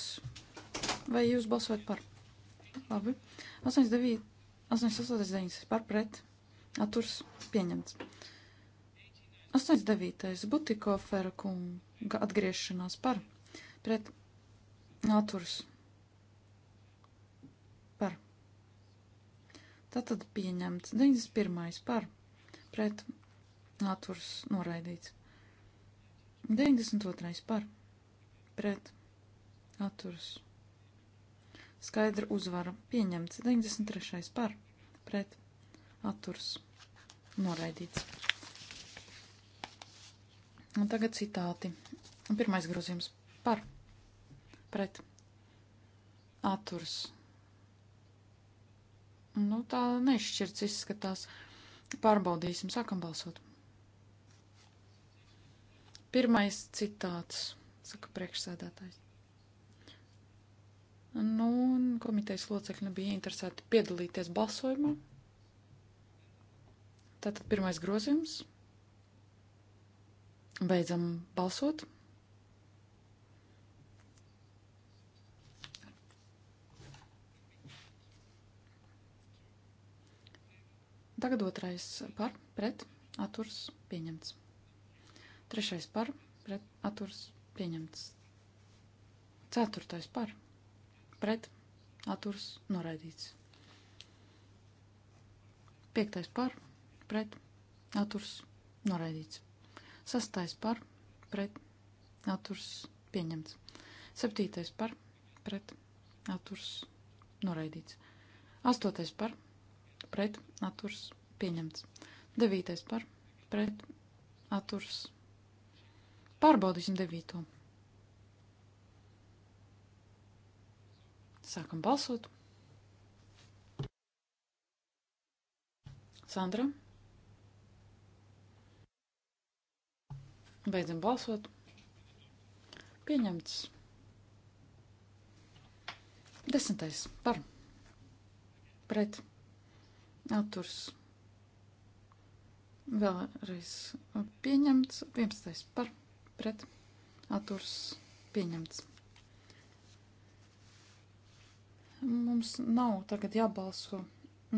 Speaker 3: vai jūs balsojat par? Labi. 89, 89 par pret atturs pieņemts. 89. Butikofera kunga atgriešanās par pret atturs par. Tātad pieņemts. 91. par pret atturs noraidīts. 92. par pret atturs noraidīts. Skaidra uzvara. Pieņemts. 93. par. Pret. Atturs. Noraidīts. Un tagad citāti. Pirmais grozījums par. Pret. Atturs. Nu, tā nešķirts izskatās. Pārbaudīsim, sākam balsot. Pirmais citāts, saka priekšsēdētājs. Nu, un komitejas locekļi nu bija interesēti piedalīties balsojumā. Tātad pirmais grozījums. Beidzam balsot. Tagad otrais par, pret, atturs, pieņemts. Trešais par, pret, atturs, pieņemts. Ceturtais par, pret pret atturs noraidīts. Piektais par pret atturs noraidīts. Sastais par pret atturs pieņemts. Septītais par pret atturs noraidīts. Astotais par pret atturs pieņemts. Devītais par pret atturs. Pārbaudīsim devīto. Sākam balsot. Sandra. Beidzam balsot. Pieņemts. Desmitais par. Pret. Atturs. Vēlreiz pieņemts. Vienpadsmitais par. Pret. Atturs. Pieņemts. Mums nav tagad jābalso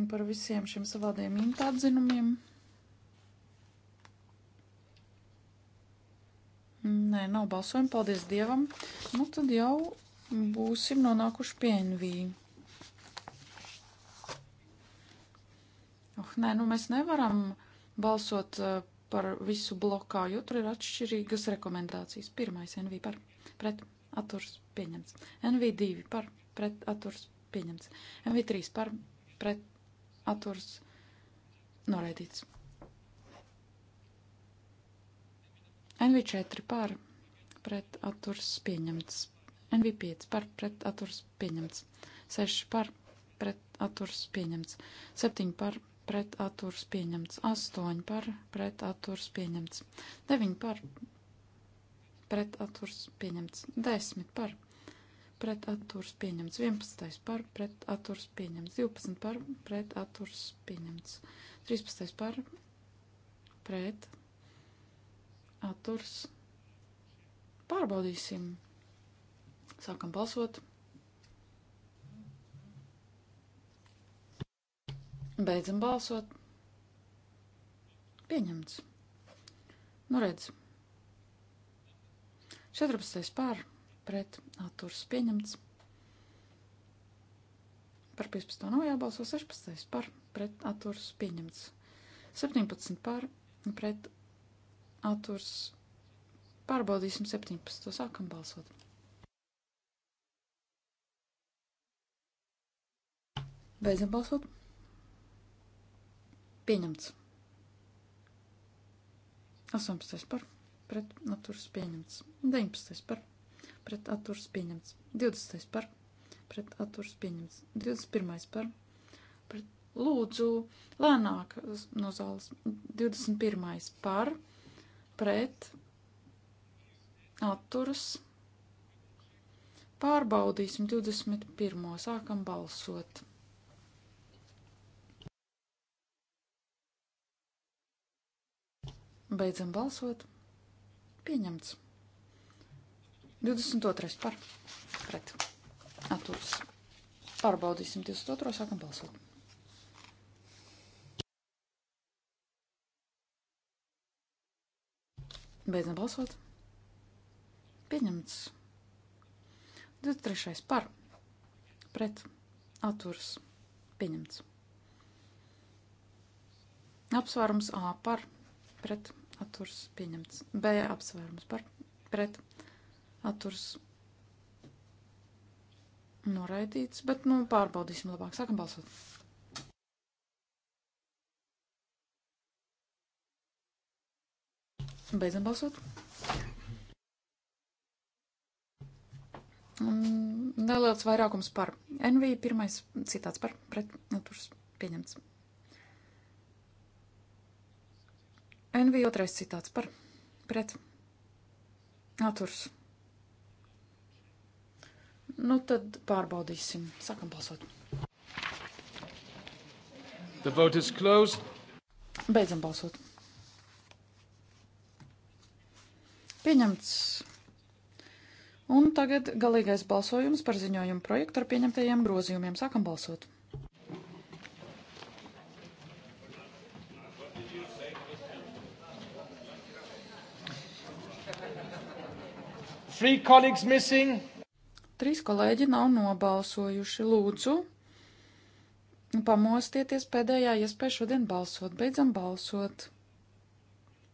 Speaker 3: par visiem šiem savādiem intatzinumiem. Nē, nav balsojumi, paldies Dievam. Nu, tad jau būsim nonākuši pie NV. Oh, nē, nu mēs nevaram balsot eh, par visu blokā, jo tur ir atšķirīgas rekomendācijas. Pirmais NV par pret atturs pieņemts. NV2 par pret atturs pieņemts. MV3 par pret atturs noraidīts. NV4 par pret atturs pieņemts. NV5 par pret atturs pieņemts. 6 par pret atturs pieņemts. 7 par pret atturs pieņemts. 8 par pret atturs pieņemts. 9 par pret atturs pieņemts. 10 par pret atturs pieņemts 11. par pret atturs pieņemts 12. par pret atturs pieņemts 13. par pret atturs pārbaudīsim. Sākam balsot. Beidzam balsot. Pieņemts. Nu redz. 14. pār pret atturs pieņemts. Par 15. nav jābalso 16. par pret atturs pieņemts. 17 par pret atturs pārbaudīsim 17. sākam balsot. Beidzam balsot. Pieņemts. 18. par pret atturs pieņemts. 19. par pret pret atturs pieņemts. 20. par pret atturs pieņemts. 21. par pret lūdzu lēnāk no zāles. 21. par pret atturs pārbaudīsim 21. sākam balsot. Beidzam balsot. Pieņemts. 22. par pret atturas. Pārbaudīsim 22. sākam balsot. Beidzam balsot. Pieņemts. 23. par pret atturas. Pieņemts. Apsvērums A par pret atturs pieņemts. B apsvērums par pret atturs noraidīts, bet nu pārbaudīsim labāk. Sākam balsot. Beidzam balsot. Neliels vairākums par NV, pirmais citāts par pret, atturs pieņemts. NV otrais citāts par pret, atturs pieņemts Nu tad pārbaudīsim. Sākam balsot.
Speaker 1: The vote is closed.
Speaker 3: Beidzam balsot. Pieņemts. Un tagad galīgais balsojums par ziņojumu projektu ar pieņemtajiem grozījumiem. Sākam balsot. Three colleagues missing. Trīs kolēģi nav nobalsojuši. Lūdzu, pamostieties pēdējā iespēja šodien balsot. Beidzam balsot.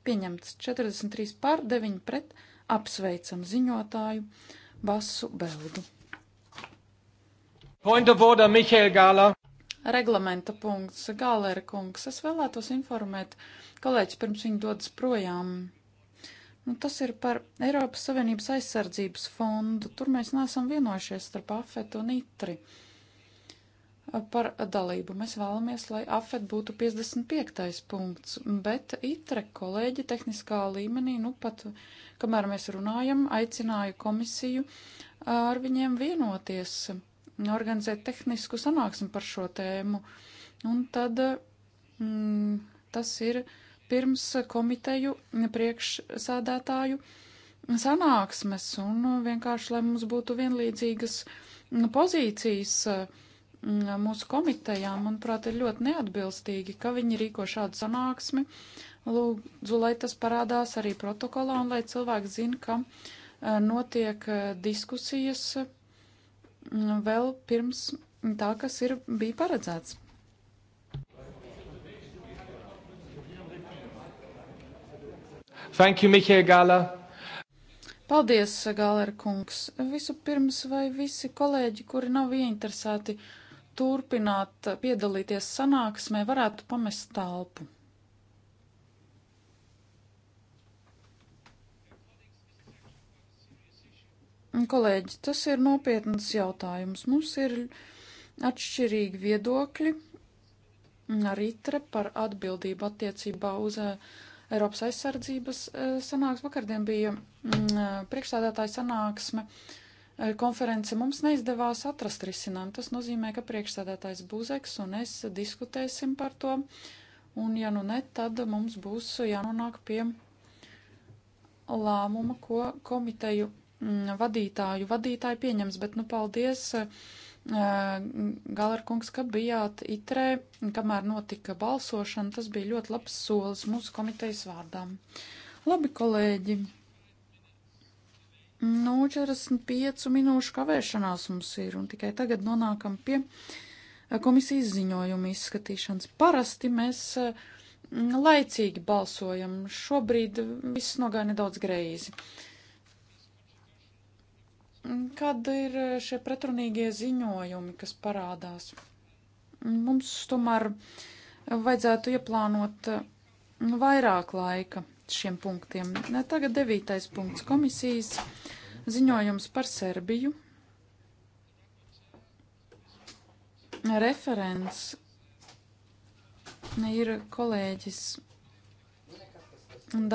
Speaker 3: Pieņemts 43 pār 9 pret. Apsveicam ziņotāju Basu Beldu.
Speaker 1: Point of order, Mihail Gala.
Speaker 3: Reglamenta punkts, Gālēra kungs. Es vēlētos informēt kolēģis pirms viņa dodas projām Nu, tas ir par Eiropas Savienības aizsardzības fondu. Tur mēs neesam vienojušies starp AFET un ITRI par dalību. Mēs vēlamies, lai AFET būtu 55. punkts, bet ITRE kolēģi tehniskā līmenī, nu pat, kamēr mēs runājam, aicināju komisiju ar viņiem vienoties, organizēt tehnisku sanāksmi par šo tēmu. Un tad mm, tas ir. Uh, pirms komiteju priekšsādātāju sanāksmes un vienkārši, lai mums būtu vienlīdzīgas pozīcijas mūsu komitejā, manuprāt, ir ļoti neatbilstīgi, ka viņi rīko šādu sanāksmi. Lūdzu, lai tas parādās arī protokolā un lai cilvēki zina, ka e, notiek e, diskusijas vēl pirms tā, kas ir bija paredzēts.
Speaker 1: Thank you, Mihail Gala.
Speaker 3: Paldies, Galera kungs. Vispirms, vai visi kolēģi, kuri nav ieinteresēti turpināt piedalīties sanāksmē, varētu pamest telpu? Kolēģi, tas ir nopietns jautājums. Mums ir atšķirīgi viedokļi arī tre par atbildību attiecībā uz uh, Eiropas aizsardzības e, sanāksme. Vakardien bija mm, e, priekšstādātāja sanāksme e, konference. Mums neizdevās atrast risinājumu. Tas nozīmē, ka priekšstādātājs Buzeks un es diskutēsim par to. Un, ja nu ne, tad mums būs jānonāk pie lēmuma, ko komiteju mm, vadītāju vadītāji pieņems. Bet, nu, paldies! Uh, Galerkungs, ka bijāt itrē, kamēr notika balsošana. Tas bija ļoti labs solis mūsu komitejas vārdām. Labi, kolēģi. Nu, 45 minūšu kavēšanās mums ir, un tikai tagad nonākam pie komisijas ziņojuma izskatīšanas. Parasti mēs laicīgi balsojam, šobrīd viss nogāja nedaudz greizi. Uh, Kāda ir šie pretrunīgie ziņojumi, kas parādās? Mums tomēr vajadzētu ieplānot uh, vairāk laika šiem punktiem. Tagad devītais punkts komisijas ziņojums par Serbiju. Referents ir kolēģis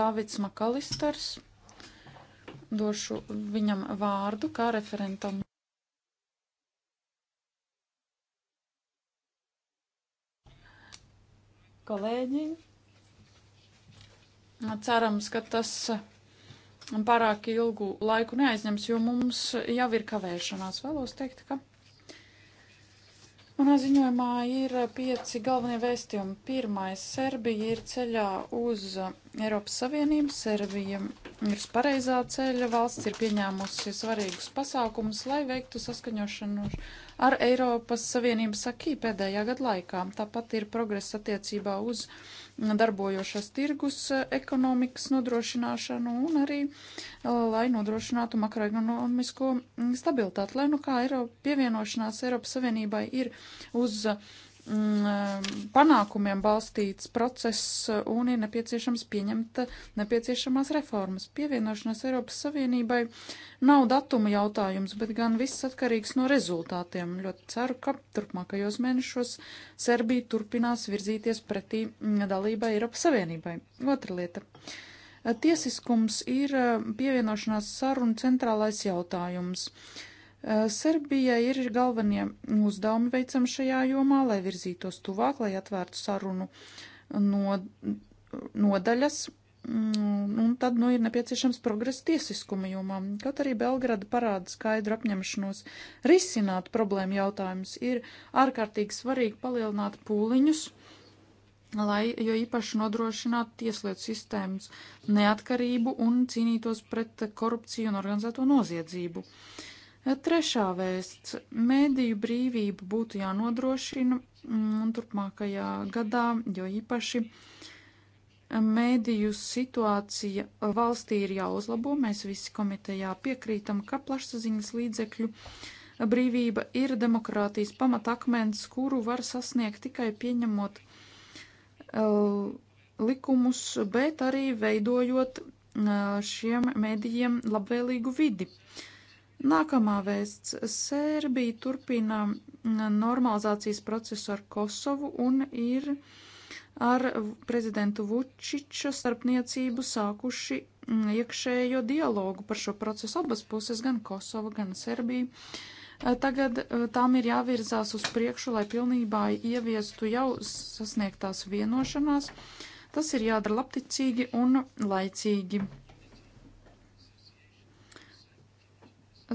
Speaker 3: Davids Makalisters došu viņam vārdu kā referentam. Kolēģi, cerams, ka tas pārāk ilgu laiku neaizņems, jo mums jau ir kavēšanās. Vēlos teikt, ka manā ziņojumā ir pieci galvenie vēstījumi. Pirmais, Serbija ir ceļā uz Eiropas Savienība, Serbija ir uz pareizā ceļa, valsts ir pieņēmusi svarīgus pasākumus, lai veiktu saskaņošanu ar Eiropas Savienības akī pēdējā gada laikā. Tāpat ir progress attiecībā uz darbojošās tirgus ekonomikas nodrošināšanu un arī, eh, lai nodrošinātu makroekonomisko stabilitāti, lai nu kā Eiropa, pievienošanās Eiropas Savienībai ir uz Mm, eh, panākumiem balstīts process eh, un ir nepieciešams pieņemt eh, nepieciešamās reformas. Pievienošanās Eiropas Savienībai nav datuma jautājums, bet gan viss atkarīgs no rezultātiem. Ļoti ceru, ka turpmākajos mēnešos Serbija turpinās virzīties pretī mm, dalībai Eiropas Savienībai. Otra lieta. Tiesiskums ir pievienošanās sarunu centrālais jautājums. Uh, Eh, Serbijai ir galvenie uzdevumi veicam šajā jomā, lai virzītos tuvāk, lai atvērtu sarunu no, nodaļas. Mm, un tad, nu, ir nepieciešams progress tiesiskuma jomā. Kaut arī Belgrada parāda skaidru apņemšanos risināt problēmu jautājumus, ir ārkārtīgi svarīgi palielināt pūliņus, lai jo īpaši nodrošinātu tieslietu sistēmas neatkarību un cīnītos pret korupciju un organizēto noziedzību. Uh, Trešā vēsts - mēdīju brīvība būtu jānodrošina mm, un turpmākajā gadā, jo īpaši mēdīju mm, situācija valstī ir jāuzlabo. Mēs visi komitejā piekrītam, ka plašsaziņas līdzekļu brīvība ir demokrātijas pamatakmens, kuru var sasniegt tikai pieņemot eh, likumus, bet arī veidojot eh, šiem mēdījiem labvēlīgu vidi. Nākamā vēsts. Sērbija turpina normalizācijas procesu ar Kosovu un ir ar prezidentu Vučiča starpniecību sākuši mm, iekšējo dialogu par šo procesu abas puses, gan Kosova, gan Serbija. Eh, tagad eh, tām ir jāvirzās uz priekšu, lai pilnībā ieviestu jau sasniegtās vienošanās. Tas ir jādara labticīgi un laicīgi.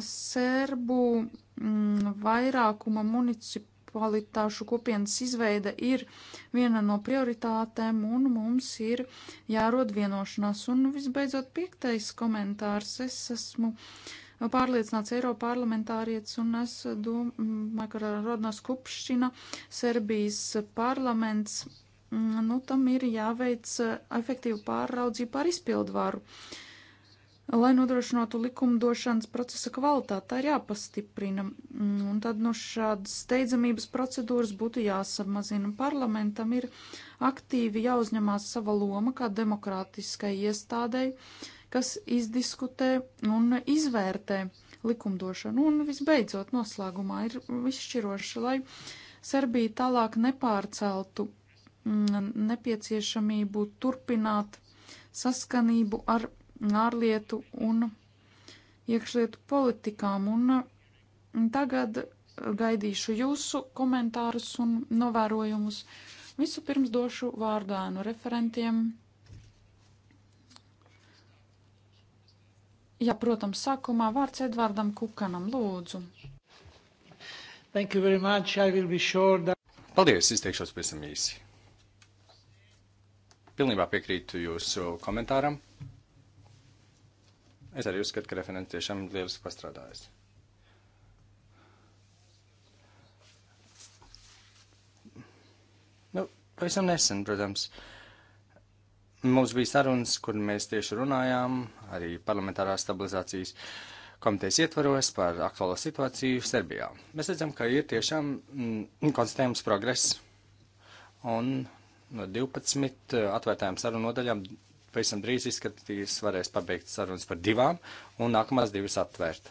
Speaker 3: Sērbu m, mm, vairākuma municipalitāšu kopienas izveida ir viena no prioritātēm, un mums ir jārod vienošanās. Un visbeidzot, piektais komentārs. Es esmu pārliecināts Eiropa parlamentārietis, un es domāju, ka Rodnas Kupšina, Serbijas parlaments, mm, nu tam ir jāveic efektīva pārraudzība par izpildvaru. Uh, Lai nodrošinātu likumdošanas procesa kvalitāti, tā ir jāpastiprina, mm, un tad no šādas steidzamības procedūras būtu jāsamazina. Parlamentam ir aktīvi jāuzņemās sava loma kā demokrātiskai iestādēji, kas izdiskutē un izvērtē likumdošanu. Un visbeidzot, noslēgumā ir izšķiroši, lai Serbija tālāk nepārceltu mm, nepieciešamību turpināt saskanību ar ārlietu un iekšlietu politikām. Un tagad gaidīšu jūsu komentārus un novērojumus. Visu pirms došu vārdu ēnu referentiem. Jā, protams, sākumā vārds Edvardam Kukanam, lūdzu. Thank you very much.
Speaker 4: I will be sure that... Paldies, izteikšos pēc tam īsi. Pilnībā piekrītu jūsu komentāram. Es arī uzskatu, ka referents tiešām lieliski pastrādājas. Nu, pavisam nesen, protams, mums bija sarunas, kur mēs tieši runājām arī parlamentārās stabilizācijas komitejas ietvaros par aktuālo situāciju Serbijā. Mēs redzam, ka ir tiešām mm, konstatējums progress un no 12 eh, atvērtājām sarunu nodaļām pavisam drīz izskatīs, varēs pabeigt sarunas par divām un nākamās divas atvērt.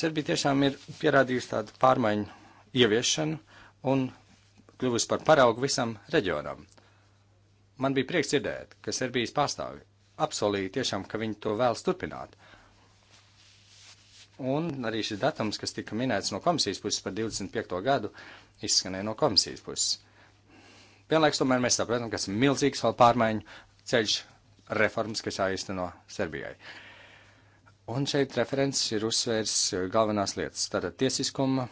Speaker 4: Serbija tiešām ir pierādījusi tādu pārmaiņu ieviešanu un kļuvusi par paraugu visam reģionam. Man bija prieks dzirdēt, ka Serbijas pārstāvi apsolīja tiešām, ka viņi to vēlas turpināt. Un arī šis datums, kas tika minēts no komisijas puses par 25. gadu, izskanēja no komisijas puses. Vienlaiks tomēr mēs saprotam, ka tas ir milzīgs vēl pārmaiņu ceļš reformas, kas jāizteno Serbijai. Un šeit referents ir uzsvērs galvenās lietas - tātad tiesiskuma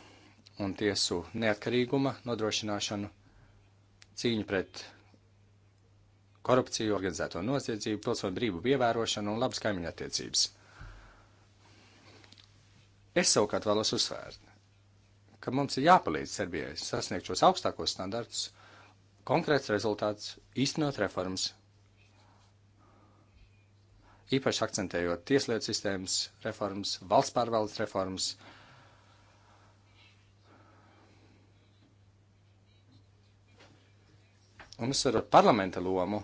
Speaker 4: un tiesu neatkarīguma nodrošināšanu, cīņu pret korupciju, organizēto noziedzību, pilsoņu brīvību ievērošanu un labas kaimiņa attiecības. Es savukārt vēlos uzsvērt, ka mums ir jāpalīdz Serbijai sasniegt šos augstākos standartus konkrēts rezultāts īstenot reformas. Īpaši akcentējot tieslietu sistēmas reformas, valsts pārvaldes reformas. Un uzsverot parlamenta lomu,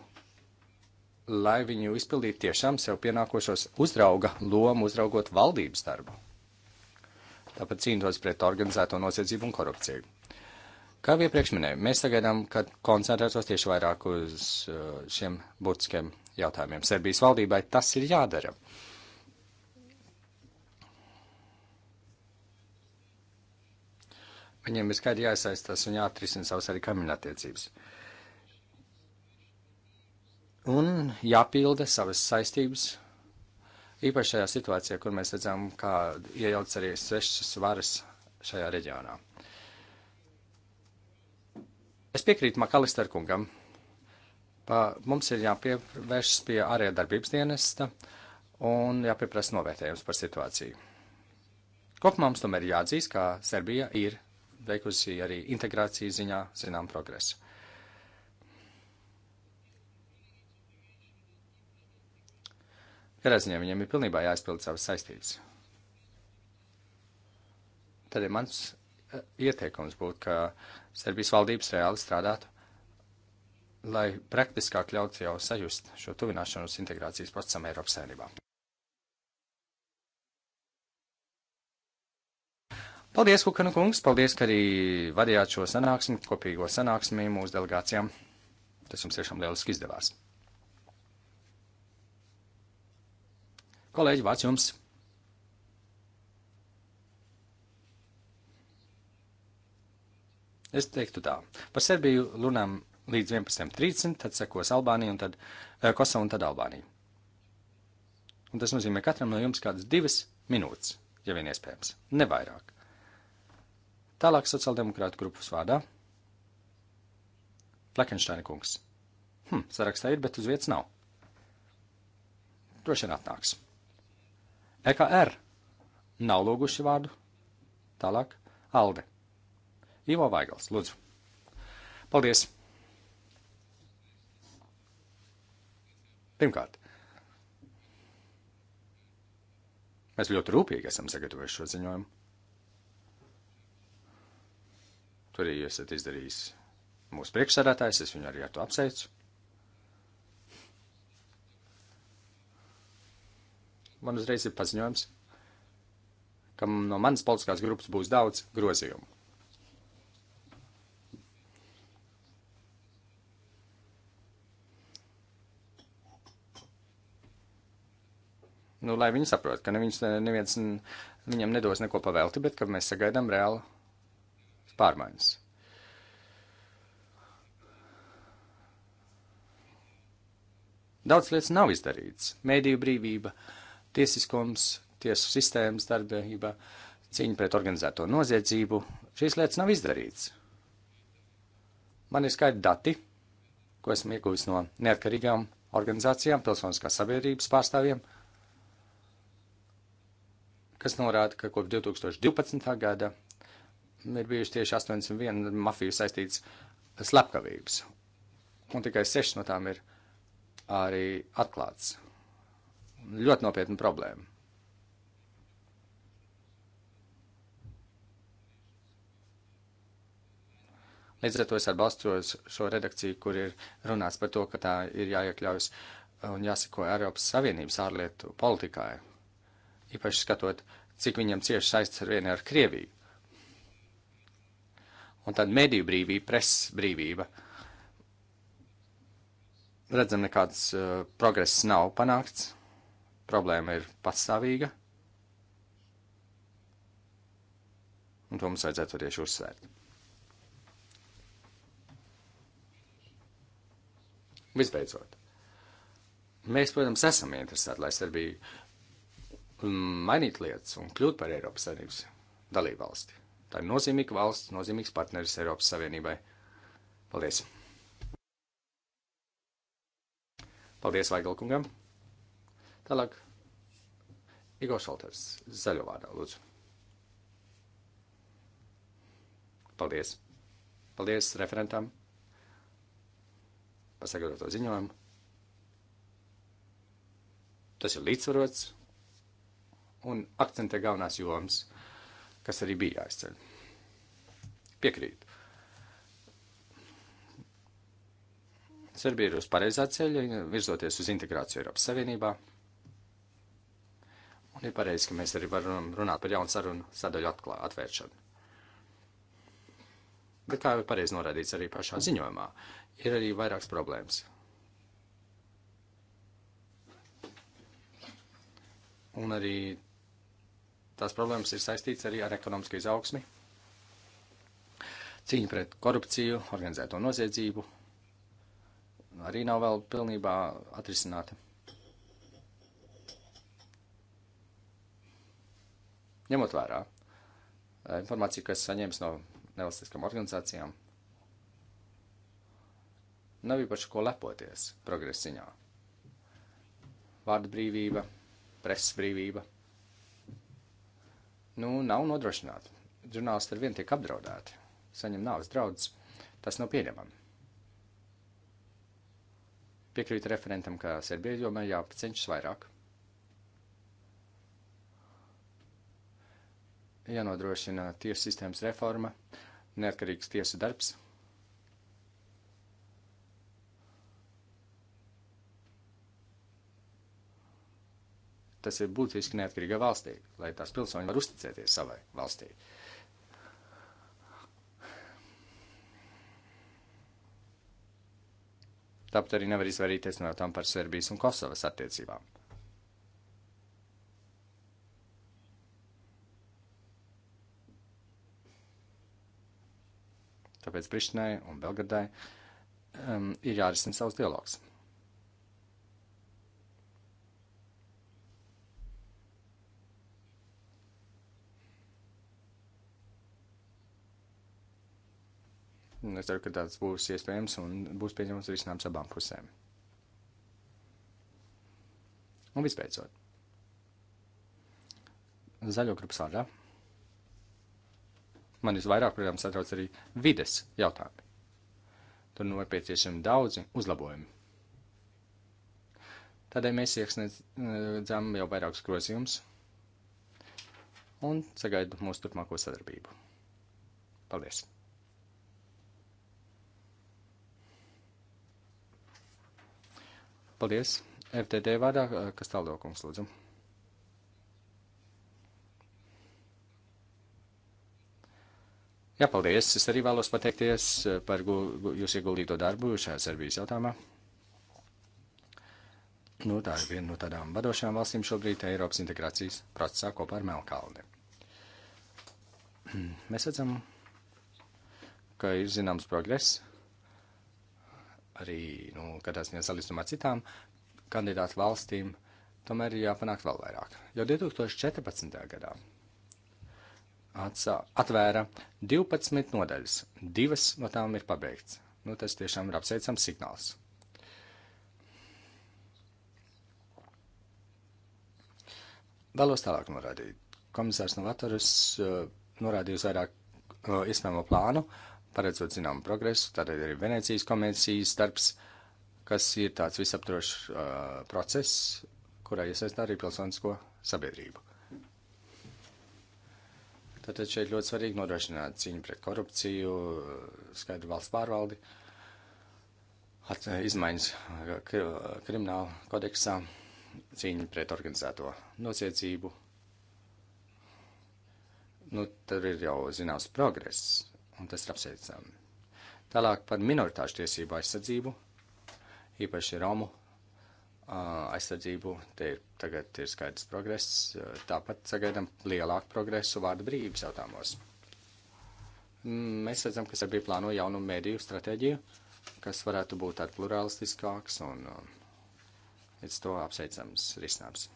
Speaker 4: lai viņu izpildītu tiešām sev pienākošos uzrauga lomu, uzraugot valdības darbu. Tāpat cīnītos pret organizēto noziedzību un korupciju. Kā jau iepriekš minēju, mēs sagaidām, ka koncentrētos tieši vairāk uz uh, šiem būtiskiem jautājumiem. Serbijas valdībai tas ir jādara. Viņiem ir skaidri jāiesaistās un jāatrisina savas arī kaimiņattiecības. Un jāpilda savas saistības, īpaši šajā situācijā, kur mēs redzam, kā iejauc arī svešas varas šajā reģionā. Es piekrītu Makalister kungam. Pa, mums ir jāpievēršas pie ārējā darbības dienesta un jāpieprasa novērtējums par situāciju. Kopumā mums tomēr jāatzīst, ka Serbija ir veikusi arī integrācijas ziņā zinām progresu. Garezņiem viņiem ir pilnībā jāizpild savas saistības. Tad ir mans eh, ieteikums būtu, ka Serbijas valdības reāli strādātu, lai praktiskāk ļauts jau sajust šo tuvināšanos integrācijas procesam Eiropas saimnībā. Paldies, Kukana kungs, paldies, ka arī vadījāt šo sanāksmi, kopīgo sanāksmi mūsu delegācijām. Tas jums tiešām lieliski izdevās. Kolēģi, vārds jums! Es teiktu tā. Par Serbiju runām līdz 11.30, tad sekos Albānija un tad eh, Kosova un tad Albānija. Un tas nozīmē katram no jums kādas divas minūtes, ja vien iespējams, nevairāk. Tālāk sociāldemokrāta grupas vārdā. Flekenšteina kungs. Hm, sarakstā ir, bet uz vietas nav. Droši vien atnāks. EKR er. nav lūguši vārdu. Tālāk Alde. Ivo Vaigls, lūdzu. Paldies! Pirmkārt, mēs ļoti rūpīgi esam sagatavojuši šo ziņojumu. Tur arī esat izdarījis mūsu priekšsēdētājs, es viņu arī ar to apsveicu. Man uzreiz ir paziņojums, ka no manas politiskās grupas būs daudz grozījumu. Nu, lai viņi saprot, ka neviens, neviens viņam nedos neko pavelti, bet ka mēs sagaidām reālu pārmaiņas. Daudz lietas nav izdarīts. Mēdīju brīvība, tiesiskums, tiesu sistēmas darbība, cīņa pret organizēto noziedzību. Šīs lietas nav izdarīts. Man ir skaidri dati, ko esmu iegūst no neatkarīgām organizācijām, pilsoniskās sabiedrības pārstāvjiem kas norāda, ka kopš 2012. gada ir bijuši tieši 81 mafijas saistīts slepkavības, un tikai 6 no tām ir arī atklāts. Ļoti nopietna problēma. Līdz ar to es atbalstu šo redakciju, kur ir runāts par to, ka tā ir jāiekļaujas un jāsako Eiropas Savienības ārlietu politikai īpaši skatot, cik viņam cieši saistas ar vienu ar Krieviju. Un tad mediju brīvība, presas brīvība. Redzam, nekāds uh, progress nav panākts, problēma ir pastāvīga, un to mums vajadzētu tieši uzsvērt. Visbeidzot, mēs, protams, esam interesēti, lai Serbija mainīt lietas un kļūt par Eiropas Savienības dalību valsti. Tā ir nozīmīga valsts, nozīmīgs partneris Eiropas Savienībai. Paldies! Paldies Vaigalkungam! Tālāk Igor Šalters, zaļo vārdā, lūdzu. Paldies! Paldies referentam! Pasakarot to ziņojumu! Tas ir līdzsvarots un akcentē galvenās jomas, kas arī bija jāizceļ. Piekrītu. Serbija ir uz pareizā ceļa, virzoties uz integrāciju Eiropas Savienībā. Un ir pareizi, ka mēs arī varam runāt par jaunu sarunu sadaļu atklā, atvēršanu. Bet kā jau ir pareizi norādīts arī pašā ziņojumā, ir arī vairākas problēmas. Un arī tās problēmas ir saistīts arī ar ekonomisku izaugsmi, cīņu pret korupciju, organizēto noziedzību, arī nav vēl pilnībā atrisināta. Ņemot vērā eh, informāciju, kas saņems no nevalstiskām organizācijām, nav īpaši ko lepoties progresiņā. Vārda brīvība, presas brīvība nu, nav nodrošināta. Žurnālisti ar vienu tiek apdraudēti, saņem nāves draudus. Tas nav pieņemami. Piekrīt referentam, ka Serbija jomē jāpacenšas vairāk. Jānodrošina tiesu sistēmas reforma, neatkarīgs tiesu darbs. Tas ir būtiski neatkarīga valstī, lai tās pilsoņi var uzticēties savai valstī. Tāpat arī nevar izvairīties no jautājuma par Serbijas un Kosovas attiecībām. Tāpēc Prištinai un Belgradai um, ir jārisina savs dialogs. Un es ceru, ka tāds būs iespējams un būs pieņemams risinājums abām pusēm. Un vispēcot. Zaļo grupas vārdā. Man visvairāk, protams, satrauc arī vides jautājumi. Tur nu nepieciešami daudzi uzlabojumi. Tādēļ mēs iesniedzam jau vairākus grozījumus un sagaidu mūsu turpmāko sadarbību. Paldies! Paldies. FTD vārdā, eh, kas tālāk, kungs, lūdzu. Jā, paldies. Es arī vēlos pateikties eh, par jūsu ieguldīto darbu šajā Serbijas jautājumā. Nu, tā ir viena no tādām vadošajām valstīm šobrīd Eiropas integrācijas procesā kopā ar Melkalni. Mēs redzam, ka ir zināms progress arī, nu, kādā ziņā salīdzinām ar citām kandidātu valstīm, tomēr ir jāpanāk vēl vairāk. Jau 2014. gadā atsā, atvēra 12 nodaļas, divas no tām ir pabeigts. Nu, tas tiešām ir apsveicams signāls. Vēlos tālāk norādīt. Komisārs Novatorus uh, eh, norādīja uz vairāk uh, iespējamo plānu uh, paredzot zināmu progresu, tad ir Venecijas konvencijas darbs, kas ir tāds visaptrošs uh, process, kurā iesaistā arī pilsonisko sabiedrību. Tātad šeit ļoti svarīgi nodrošināt cīņu pret korupciju, skaidru valsts pārvaldi, at, izmaiņas uh, kri, uh, krimināla kodeksā, cīņu pret organizēto nociedzību. Nu, tad ir jau zināms progress, un tas ir apsveicami. Tālāk par minoritāšu tiesību aizsardzību, īpaši Romu aizsardzību, te ir tagad ir skaidrs progress, tāpat sagaidām lielāku progresu vārdu brīvības jautājumos. Mm, mēs redzam, ka Serbija plāno jaunu mēdīju stratēģiju, kas varētu būt tāds plurālistiskāks un līdz to apsveicams risinājums.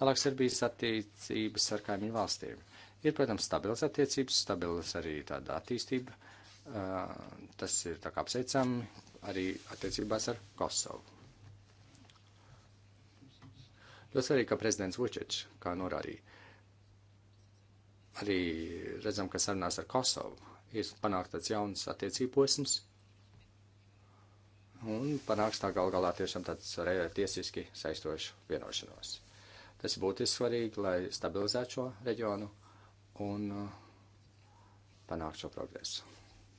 Speaker 4: Tālāk Serbijas attiecības ar kaimiņu valstīm. Ir, protams, stabilas attiecības, stabilas arī tāda attīstība. Tas ir tā kā apsveicami arī attiecībās ar Kosovu. Ļoti svarīgi, ka prezidents Vučičs, kā norādīja, arī redzam, ka sarunās ar Kosovu ir panākts tāds jauns attiecību posms. Un panāks tā gal galā tiešām tāds tiesiski saistošs vienošanos. Tas ir būtiski svarīgi, lai stabilizētu šo reģionu un uh, panākt šo progresu.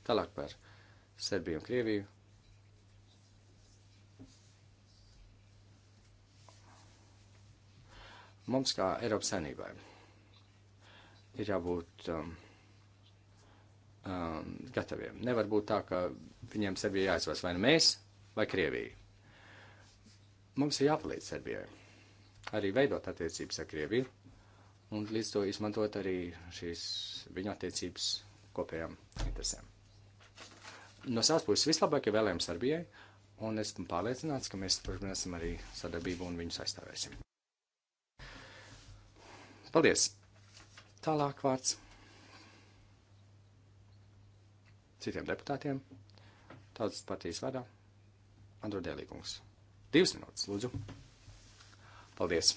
Speaker 4: Tālāk par Serbiju un Krieviju. Mums kā Eiropas saimnībai ir jābūt um, um, gataviem. Nevar būt tā, ka viņiem Serbija jāizvēlas vai nu mēs, vai Krievija. Mums ir jāpalīdz Serbijai. Arī veidot attiecības ar Krieviju un līdz to izmantot arī šīs viņa attiecības kopējām interesēm. No savas puses vislabākie vēlējumi Serbijai, un esmu pārliecināts, ka mēs turpināsim arī sadarbību un viņus aizstāvēsim. Paldies! Tālāk vārds citiem deputātiem. Tautas partijas vadā Andro Dēlīkungs. Divas minūtes, lūdzu. Paldies!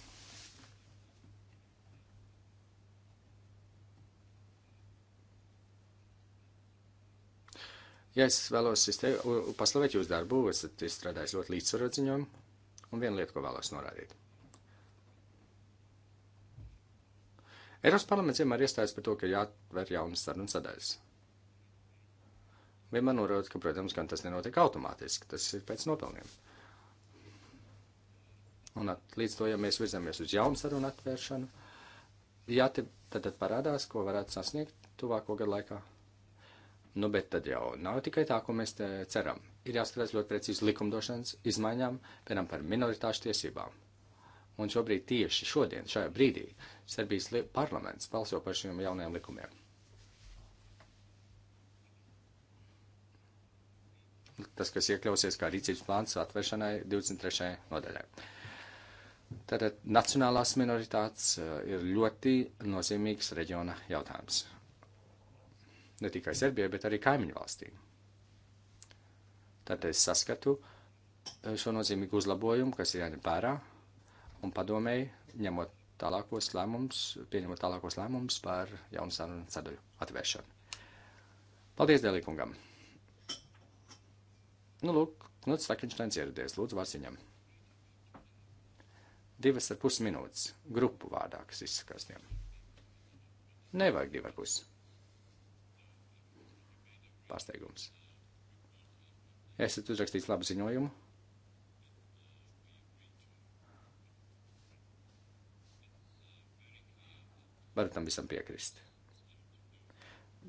Speaker 4: Ja es vēlos izte... paslavēt jūsu darbu, esat izstrādājis ļoti līdzsvarot ziņojumu, un viena lieta, ko vēlos norādīt. Eiropas parlaments vienmēr iestājas par to, ka jāatver jaunas sarunas sadaļas. Vienmēr norādot, ka, protams, gan tas nenotiek automātiski, tas ir pēc nopelniem. Un at, līdz to, ja mēs virzamies uz jaunu sarunu atvēršanu, jā, tad, tad parādās, ko varētu sasniegt tuvāko gadu laikā. Nu, bet tad jau nav tikai tā, ko mēs ceram. Ir jāskatās ļoti precīzi likumdošanas izmaiņām, piemēram, par minoritāšu tiesībām. Un šobrīd tieši šodien, šajā brīdī, Serbijas parlaments balso par šiem jaunajiem likumiem. Tas, kas iekļausies kā rīcības plāns atvēršanai 23. nodaļai. Tātad nacionālās minoritātes eh, ir ļoti nozīmīgs reģiona jautājums ne tikai Serbijai, bet arī kaimiņu valstīm. Tad es saskatu e, šo nozīmīgu uzlabojumu, kas ir jāņem vērā, un padomēji, ņemot tālākos lēmumus, pieņemot tālākos lēmumus par jaunu sarunu sadaļu atvēršanu. Paldies, Dēlīkungam! Nu, lūk, Knuts Rakinšteins ieradies, lūdzu, vārds viņam. Divas ar pus minūtes, grupu vārdā, kas izskastiem. Nevajag divi ar pusi pārsteigums. Esat uzrakstījis labu ziņojumu. Varu tam visam piekrist.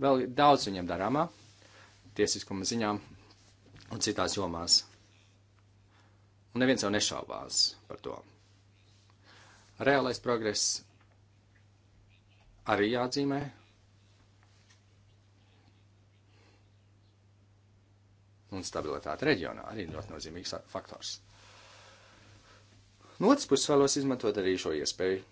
Speaker 4: Vēl daudz viņam darāmā, tiesiskuma ziņā un citās jomās. Un neviens jau nešaubās par to. Reālais progress arī jāatzīmē, un stabilitāte reģionā arī ļoti nozīmīgs faktors. No otras puses vēlos izmantot arī šo iespēju.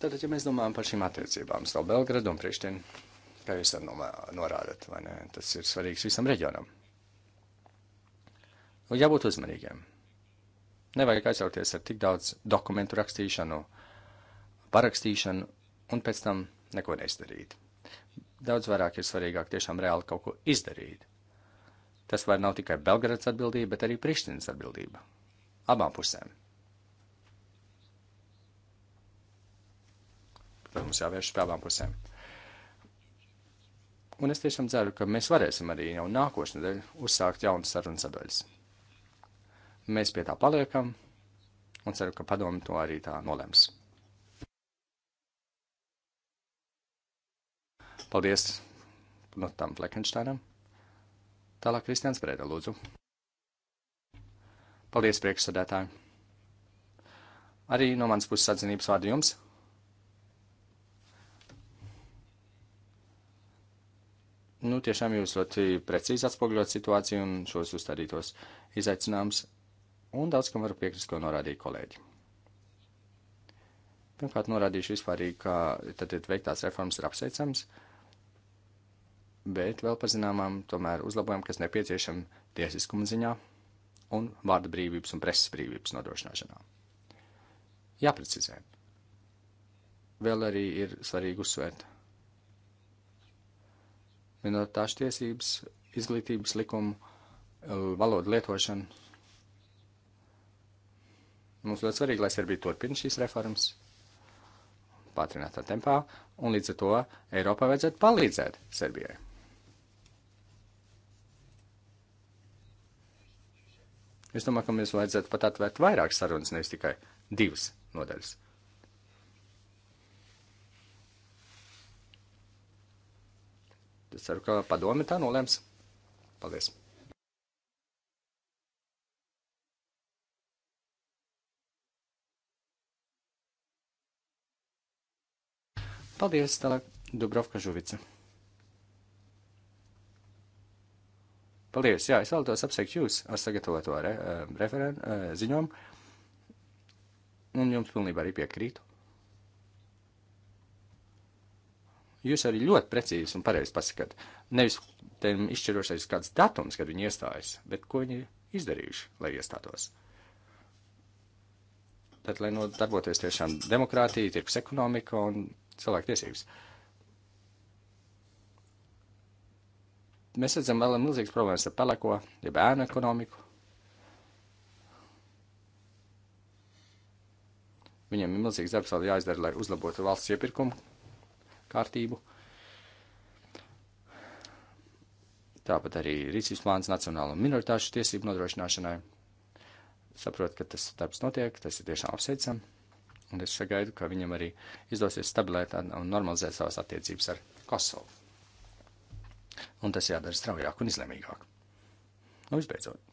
Speaker 4: Tātad, ja mēs domājam par šīm attiecībām starp Belgradu un Prištinu, kā jūs tam norādat, vai ne, tas ir svarīgs visam reģionam. Un nu, jābūt uzmanīgiem. Nevajag aizrauties ar tik daudz dokumentu rakstīšanu, parakstīšanu un pēc tam neko neizdarīt. Daudz vairāk ir svarīgāk tiešām reāli kaut ko izdarīt. Tas var nav tikai Belgrads atbildība, bet arī Prištinas atbildība. Abām pusēm. Tad mums jāvēršas pie abām pusēm. Un es tiešām ceru, ka mēs varēsim arī jau nākošnedēļ uzsākt jaunu sarunu sadaļas. Mēs pie tā paliekam un ceru, ka padomu to arī tā nolems. Paldies Nutam Fleckensteinam. Tālāk Kristians Prēda, lūdzu. Paldies, priekšsadētāji. Arī no manas puses atzinības vārdu jums. Nu, tiešām jūs ļoti precīzi atspoguļot situāciju un šos uzstādītos izaicinājumus, un daudz kam varu piekrist, ko norādīja kolēģi. Pirmkārt, norādīšu vispārīgi, ka tad ir veiktās reformas ir apsveicams. Uh, bet vēl par zināmām tomēr uzlabojumiem, kas nepieciešami tiesiskuma ziņā un vārda brīvības un presas brīvības nodrošināšanā. Jāprecizē. Vēl arī ir svarīgi uzsvērt minoritāšu tiesības, izglītības likumu, valodu lietošanu. Mums ļoti svarīgi, lai Serbija turpina šīs reformas pātrinātā tempā, un līdz ar to Eiropā vajadzētu palīdzēt Serbijai. Es domāju, ka mums vajadzētu pat atvērt vairāk sarunas, nevis tikai divas nodaļas. Es ceru, ka padome tā nolēms. Paldies! Paldies, tālāk Dubrovka Žuvica. Paldies! Jā, es vēlētos apsveikt jūs ar sagatavoto re, eh, referen, eh, ziņojumu. Un jums pilnībā arī piekrītu. Jūs arī ļoti precīzi un pareizi pasakāt. Nevis tam izšķirošais kāds datums, kad viņi iestājas, bet ko viņi izdarījuši, lai iestātos. Tad, lai no darboties tiešām demokrātija, tirpus ekonomika un cilvēku tiesības. Uh, mēs redzam vēl milzīgas problēmas ar pelēko, jeb ēnu ekonomiku. Viņiem ir milzīgs darbs vēl jāizdara, lai uzlabotu valsts iepirkumu kārtību. Tāpat arī rīcības plāns nacionālo minoritāšu tiesību nodrošināšanai. Saprotu, ka tas darbs notiek, tas ir tiešām apsveicam, un es sagaidu, ka viņam arī izdosies stabilēt un normalizēt savas attiecības ar Kosovu un tas jādara straujāk un izlēmīgāk. Un nu, visbeidzot.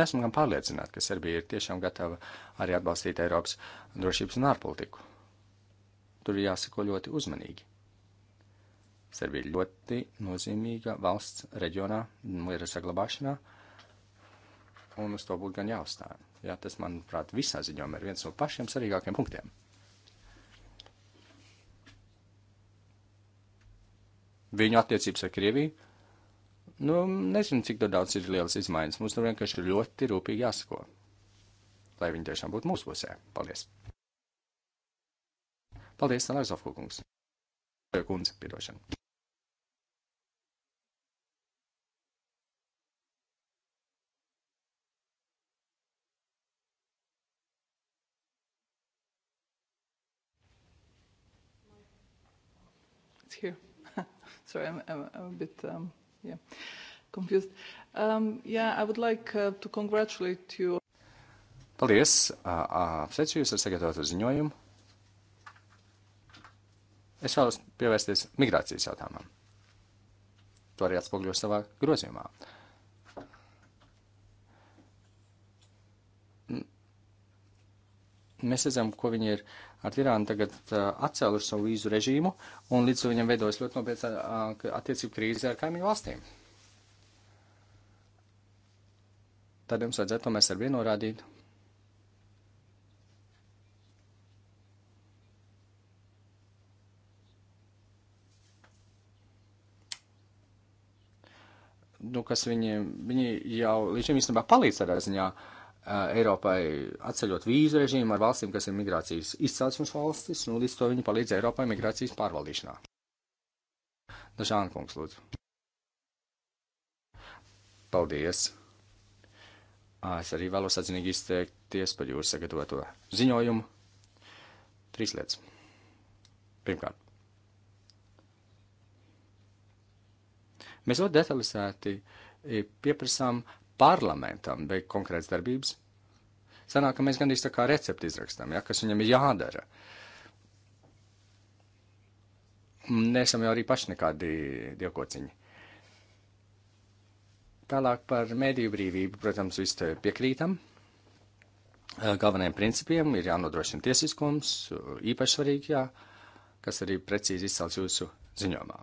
Speaker 4: Nesmu gan pārliecināta, ka Serbija ir tiešām gatava arī atbalstīt Eiropas drošības un ārpolitiku. Tur ir jāsako ļoti uzmanīgi. Serbija ir ļoti nozīmīga valsts reģionā, mūža saglabāšanā, uh, un uz to būtu gan jāuzstāj. Jā, tas, manuprāt, visā ziņojumā ir viens no pašiem svarīgākiem punktiem. Viņu attiecības ar Krieviju. Nu, nezinu, cik daudz ir lielas izmaiņas. Mums tur nu vienkārši ir ļoti rūpīgi jāsako, lai viņi tiešām būtu mūsu pusē. Paldies! Paldies, Nārzovku kungs!
Speaker 1: Kundze, piedošana!
Speaker 3: you. Sorry, I'm, I'm, I'm a bit um, yeah, confused.
Speaker 2: Um, yeah, I would like uh, to congratulate you.
Speaker 4: Paldies! Uh, uh, Apsveicu jūs ar sagatavotu ziņojumu. Es vēlos pievērsties migrācijas jautājumam. To arī atspogļoju savā grozījumā. Uh, Mēs redzam, ko viņi ir ar Irānu tagad atcēluši savu vīzu režīmu, un līdz viņam veidojas ļoti nopietna attiecību krīze ar kaimiņu valstīm. Tad jums vajadzētu to mēs ar vienu norādīt. nu, kas viņi, viņi jau līdz šim īstenībā palīdz tādā ziņā Eiropai atceļot vīzu režīmu ar valstīm, kas ir migrācijas izcelsmes valstis, un nu, līdz to viņi palīdz Eiropai migrācijas pārvaldīšanā. Dažāna kungs, lūdzu. Paldies! Es arī vēlos atzinīgi izteikties par jūsu sagatavoto ziņojumu. Trīs lietas. Pirmkārt, mēs ļoti detalizēti e, pieprasām parlamentam veikt konkrētas darbības. Sanāk, ka mēs gandrīz tā kā recepti izrakstam, ja, kas viņam ir jādara. Nesam jau arī paši nekādi dievkociņi. Tālāk par mēdīju brīvību, protams, visi piekrītam eh, galvenajiem principiem ir jānodrošina tiesiskums, eh, īpaši svarīgi, jā, kas arī precīzi izcelts jūsu ziņojumā.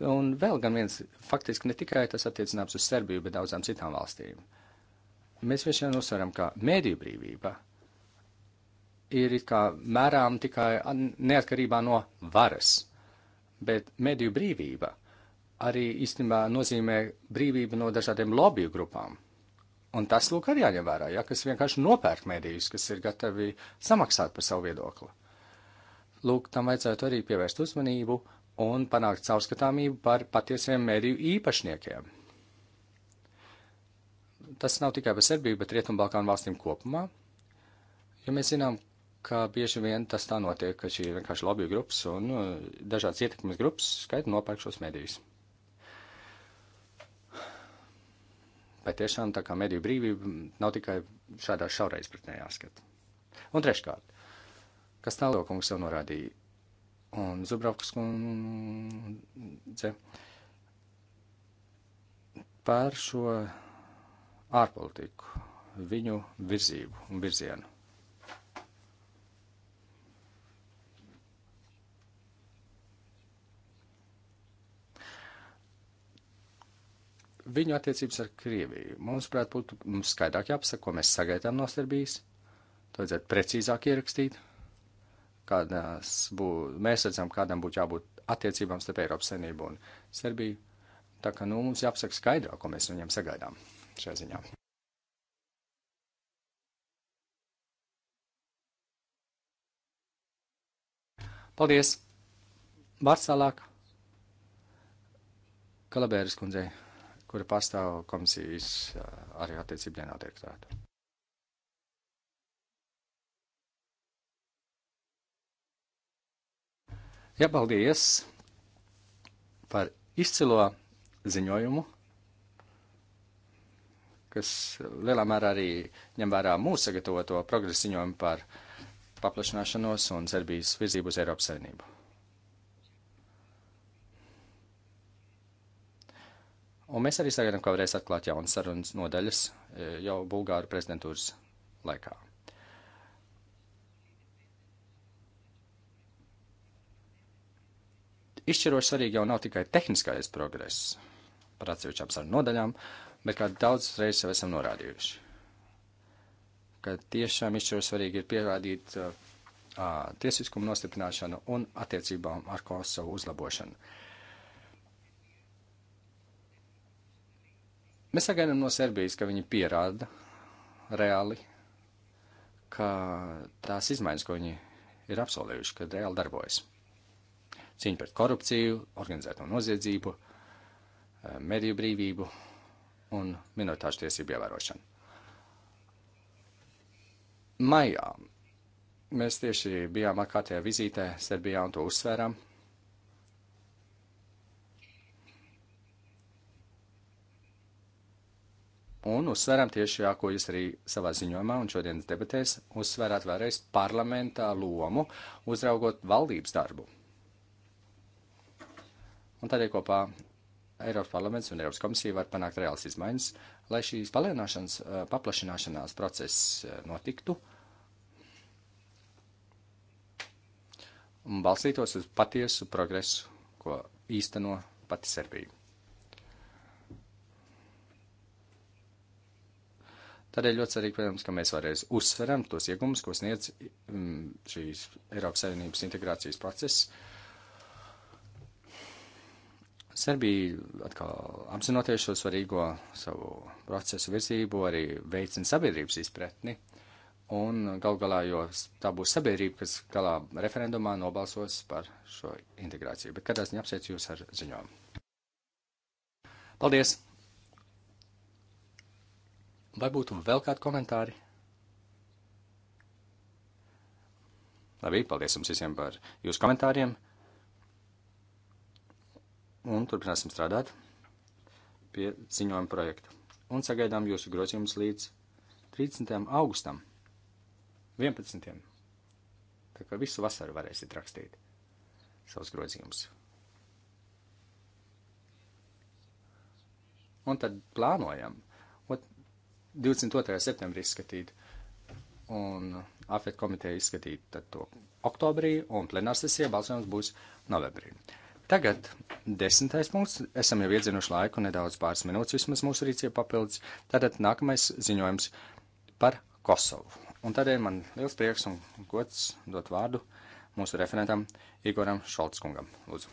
Speaker 4: Un vēl gan viens, faktiski ne tikai tas attiecināms uz Serbiju, bet daudzām citām valstīm. Mēs vienmēr uzsveram, ka mēdīju brīvība ir it kā mērām tikai neatkarībā no varas, bet mēdīju brīvība arī īstenībā nozīmē brīvību no dažādiem lobiju grupām. Un tas, lūk, arī jāņem vērā, ja, kas vienkārši nopērk mēdījus, kas ir gatavi samaksāt par savu viedokli. Lūk, tam vajadzētu arī pievērst uzmanību. Uh, un panākt caurskatāmību par patiesiem mēriju īpašniekiem. Tas nav tikai par Serbiju, bet Rietumbalkānu valstīm kopumā, jo mēs zinām, ka bieži vien tas tā notiek, ka šī vienkārši lobby grupas un nu, dažādas ietekmes grupas skaidri nopērk šos medijus. Vai tiešām tā kā mediju brīvība nav tikai šādā šaurais pretnējā skata? Un treškārt, kas tālāk kungs jau norādīja, un Zubraukas kundze par šo ārpolitiku, viņu virzību un virzienu. Viņu attiecības ar Krieviju. Mums, prāt, būtu mums skaidrāk jāpasaka, ko mēs sagaidām no Serbijas. To vajadzētu precīzāk ierakstīt kādās būtu, mēs redzam, kādām būtu jābūt attiecībām starp Eiropas Savienību un Serbiju. Tā kā nu, mums jāpasaka skaidrāk, ko mēs no viņiem sagaidām šajā ziņā. Paldies! Vārds tālāk Kalabēras kundzei, kura pastāv komisijas eh, arī attiecību dienā direktorātu. Jā, paldies par izcilo ziņojumu, kas lielā mērā arī ņem vērā mūsu sagatavoto progresu ziņojumu par paplašināšanos un Serbijas virzību uz Eiropas Savienību. Un mēs arī sagaidām, ka varēs atklāt jaunas sarunas nodaļas eh, jau Bulgāru prezidentūras laikā. Izšķiroši svarīgi jau nav tikai tehniskais progress par atsevišķām sarunu nodaļām, bet kā daudzas reizes jau esam norādījuši, ka tiešām izšķiroši svarīgi ir pierādīt uh, uh tiesiskumu nostiprināšanu un attiecībām ar Kosovu uzlabošanu. Mēs sagaidām no Serbijas, ka viņi pierāda reāli, ka tās izmaiņas, ko viņi ir apsolījuši, kad reāli darbojas cīņu pret korupciju, organizēto noziedzību, eh, mediju brīvību un minoritāšu tiesību ievērošanu. Maijā mēs tieši bijām atkārtajā vizītē Serbijā un to uzsvērām. Un uzsveram tieši jā, ko jūs arī savā ziņojumā un šodienas debatēs uzsverāt vēlreiz parlamentā lomu, uzraugot valdības darbu. Un tādēļ kopā Eiropas parlaments un Eiropas komisija var panākt reāls izmaiņas, lai šīs palielināšanas, eh, paplašināšanās process eh, notiktu un balstītos uz patiesu progresu, ko īsteno pati Serbija. Tādēļ ļoti svarīgi, protams, ka mēs vēlreiz uzsveram tos iegumus, ko sniedz mm, šīs Eiropas Savienības integrācijas process Serbija atkal apzinoties šo svarīgo savu procesu virzību, arī veicina sabiedrības izpratni. Un gal galā, jo tā būs sabiedrība, kas galā referendumā nobalsos par šo integrāciju. Bet kādā ziņā apsveicu jūs ar ziņojumu. Paldies! Vai būtu vēl kādi komentāri? Labi, paldies jums visiem par jūsu komentāriem un turpināsim strādāt pie ziņojuma projekta. Un sagaidām jūsu grozījumus līdz 30. augustam, 11. Tā kā visu vasaru varēsiet rakstīt savus grozījumus. Un tad plānojam 22. septembrī izskatīt un afet komiteja izskatīt to oktobrī, un plenārsesija balsojums būs novembrī. Uh, Tagad desmitais punkts. Esam jau iedzinuši laiku, nedaudz pāris minūtes vismaz mūsu rīcība papildus. Tātad nākamais ziņojums par Kosovu. Un tādēļ man liels prieks un gods dot vārdu mūsu referentam Igoram Šaltskungam. Lūdzu.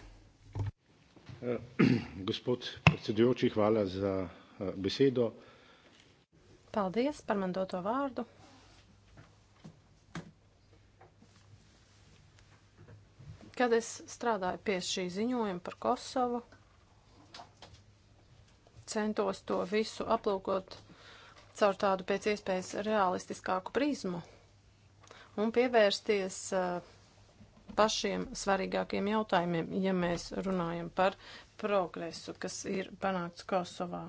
Speaker 4: Eh, gospod predsedujoči, hvala za eh, besedo.
Speaker 2: Paldies par man doto vārdu. Kad es strādāju pie šī ziņojuma par Kosovu, centos to visu aplūkot caur tādu pēc iespējas realistiskāku prizmu un pievērsties uh, pašiem svarīgākiem jautājumiem, ja mēs runājam par progresu, kas ir panākts Kosovā.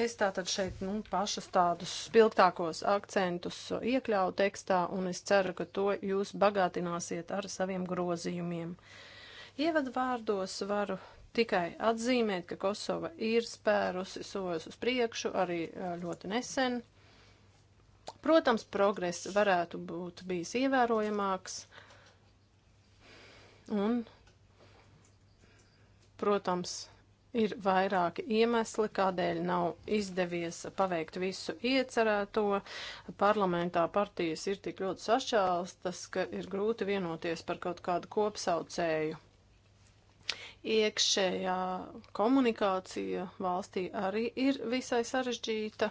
Speaker 2: Es tātad šeit nu, pašus tādus spilgtākos akcentus iekļauju tekstā, un es ceru, ka to jūs bagātināsiet ar saviem grozījumiem. Ievadu vārdos varu tikai atzīmēt, ka Kosova ir spērusi sojas uz priekšu arī ļoti nesen. Protams, progress varētu būt bijis ievērojamāks, un, protams, Ir vairāki iemesli, kādēļ nav izdevies paveikt visu iecerēto. Parlamentā partijas ir tik ļoti sašķēlstas, ka ir grūti vienoties par kaut kādu kopsaucēju. Iekšējā komunikācija valstī arī ir visai sarežģīta,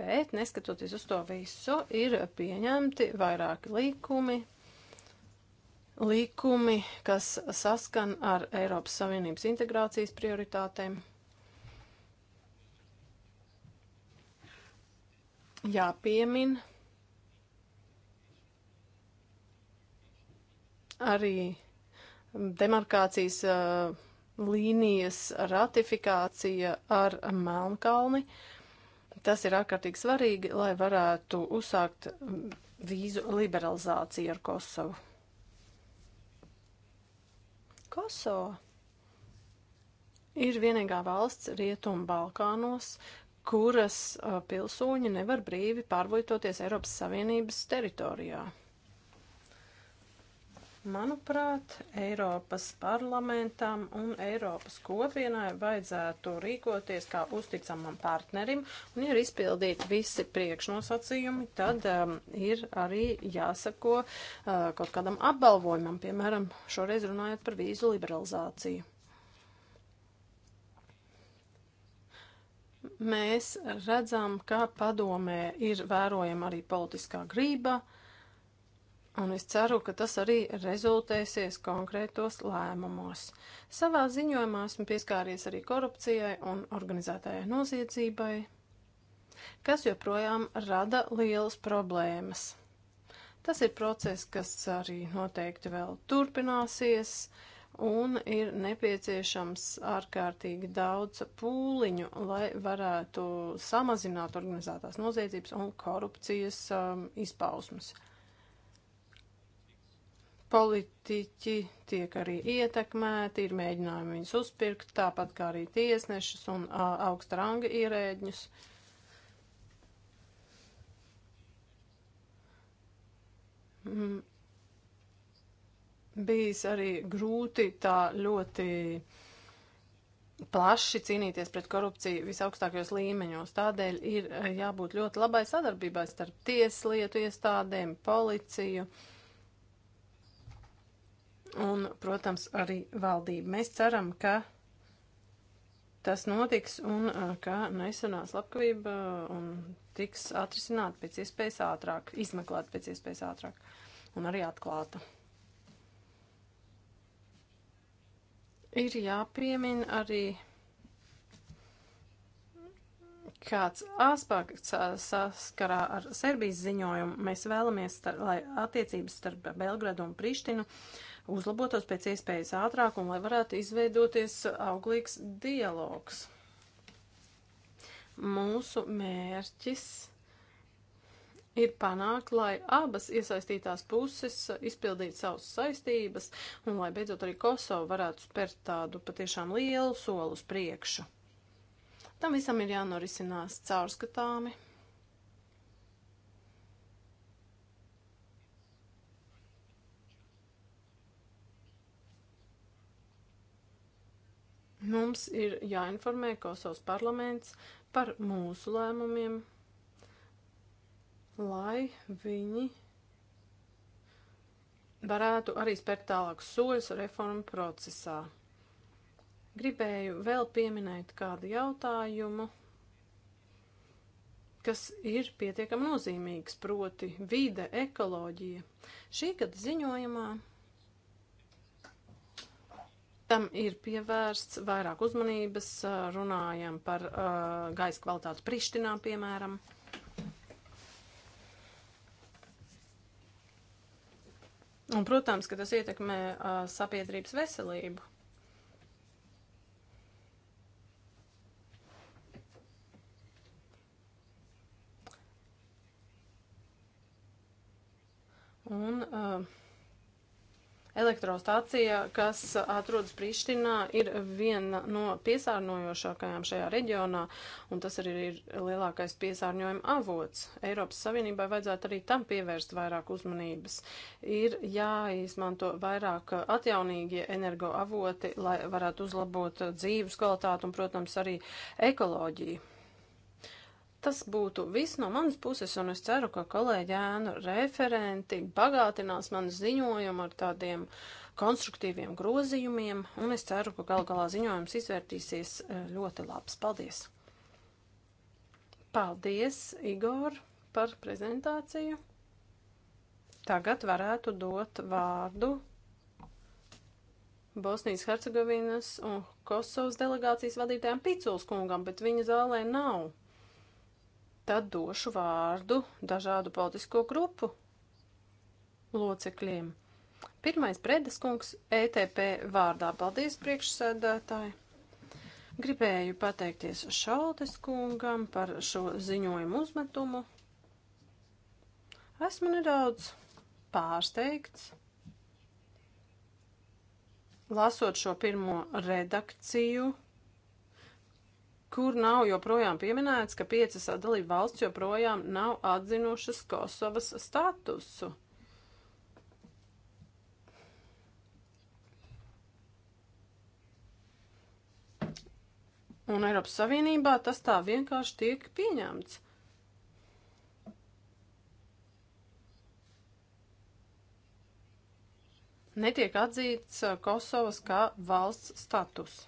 Speaker 2: bet neskatoties uz to visu, ir pieņemti vairāki līkumi, likumi, kas saskan ar Eiropas Savienības integrācijas prioritātēm. Jāpiemin arī demarkācijas uh, līnijas ratifikācija ar Melnkalni. Tas ir ārkārtīgi svarīgi, lai varētu uzsākt mm, vīzu liberalizāciju ar Kosovu. Kosovo ir vienīgā valsts Rietumu Balkānos, kuras uh, pilsoņi nevar brīvi pārvietoties Eiropas Savienības teritorijā. Manuprāt, Eiropas parlamentam un Eiropas kopienai vajadzētu rīkoties kā uzticamam partnerim, un ir izpildīti visi priekšnosacījumi, tad um, ir arī jāsako uh, kaut kādam apbalvojumam, piemēram, šoreiz runājot par vīzu liberalizāciju. Mēs redzam, ka padomē ir vērojama arī politiskā grība. Uh, Un es ceru, ka tas arī rezultēsies konkrētos lēmumos. Savā ziņojumā esmu pieskāries arī korupcijai un organizētajai noziedzībai, kas joprojām rada lielas problēmas. Tas ir process, kas arī noteikti vēl turpināsies, un ir nepieciešams ārkārtīgi daudz pūliņu, lai varētu samazināt organizētās noziedzības un korupcijas um, izpausmas politiķi tiek arī ietekmēti, ir mēģinājumi viņus uzpirkt, tāpat kā arī tiesnešus un a, augsta ranga ierēģņus. Mm. Bijis arī grūti tā ļoti plaši cīnīties pret korupciju visaugstākajos līmeņos. Tādēļ ir jābūt ļoti labai sadarbībai starp tieslietu iestādēm, policiju. Uh, un, protams, arī valdību. Mēs ceram, ka tas notiks un ka nesenā slepkavība un tiks atrisināt pēc iespējas ātrāk, izmeklēt pēc iespējas ātrāk un arī atklāta. Ir jāpiemina arī kāds aspekts saskarā ar Serbijas ziņojumu. Mēs vēlamies, lai attiecības starp Belgradu un Prištinu uh, uzlabotos pēc iespējas ātrāk un lai varētu izveidoties auglīgs dialogs. Mūsu mērķis ir panākt, lai abas iesaistītās puses izpildītu savas saistības un lai beidzot arī Kosovo varētu spērt tādu patiešām lielu soli uz priekšu. Tam visam ir jānorisinās caurskatāmi, Mums ir jāinformē Kosovas parlaments par mūsu lēmumiem, lai viņi varētu arī spērt tālākus soļus reformu procesā. Gribēju vēl pieminēt kādu jautājumu, kas ir pietiekami nozīmīgs, proti vide, ekoloģija. Šī gada ziņojumā tam ir pievērsts vairāk uzmanības, runājam par uh, gaisa kvalitāti Prištinā, piemēram. Un, protams, ka tas ietekmē uh, sabiedrības veselību. Un uh, Elektrostacija, kas atrodas Prištinā, ir viena no piesārņojošākajām šajā reģionā, un tas arī ir lielākais piesārņojuma avots. Eiropas Savienībai vajadzētu arī tam pievērst vairāk uzmanības. Ir jāizmanto vairāk atjaunīgie energoavoti, lai varētu uzlabot dzīves kvalitāti un, protams, arī ekoloģiju. Tas būtu viss no manas puses, un es ceru, ka kolēģi ēnu referenti bagātinās manu ziņojumu ar tādiem konstruktīviem grozījumiem, un es ceru, ka gal galā ziņojums izvērtīsies eh, ļoti labs. Paldies! Paldies, Igor, par prezentāciju. Tagad varētu dot vārdu Bosnijas Hercegovinas un Kosovas delegācijas vadītājiem Piculs kungam, bet viņa zālē nav tad došu vārdu dažādu politisko grupu locekļiem. Pirmais Bredas kungs ETP vārdā. Paldies, priekšsēdētāji! Gribēju pateikties Šaltes kungam par šo ziņojumu uzmetumu. Esmu nedaudz pārsteigts. Lasot šo pirmo redakciju, kur nav joprojām pieminēts, ka piecas dalību valsts joprojām nav atzinušas Kosovas statusu. Un Eiropas Savienībā tas tā vienkārši tiek pieņemts. Netiek atzīts Kosovas kā valsts status.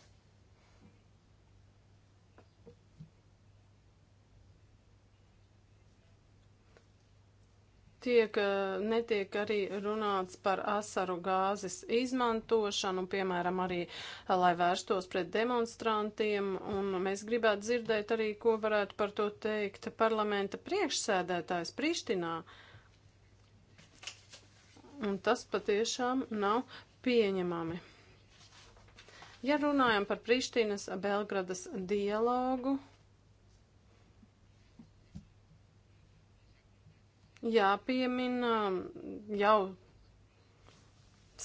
Speaker 2: Tiek, eh, netiek arī runāts par asaru gāzes izmantošanu, piemēram, arī, eh, lai vērstos pret demonstrantiem, un mēs gribētu dzirdēt arī, ko varētu par to teikt parlamenta priekšsēdētājs Prištinā. Un tas patiešām nav pieņemami. Ja runājam par Prištinas Belgradas dialogu, jāpiemina jau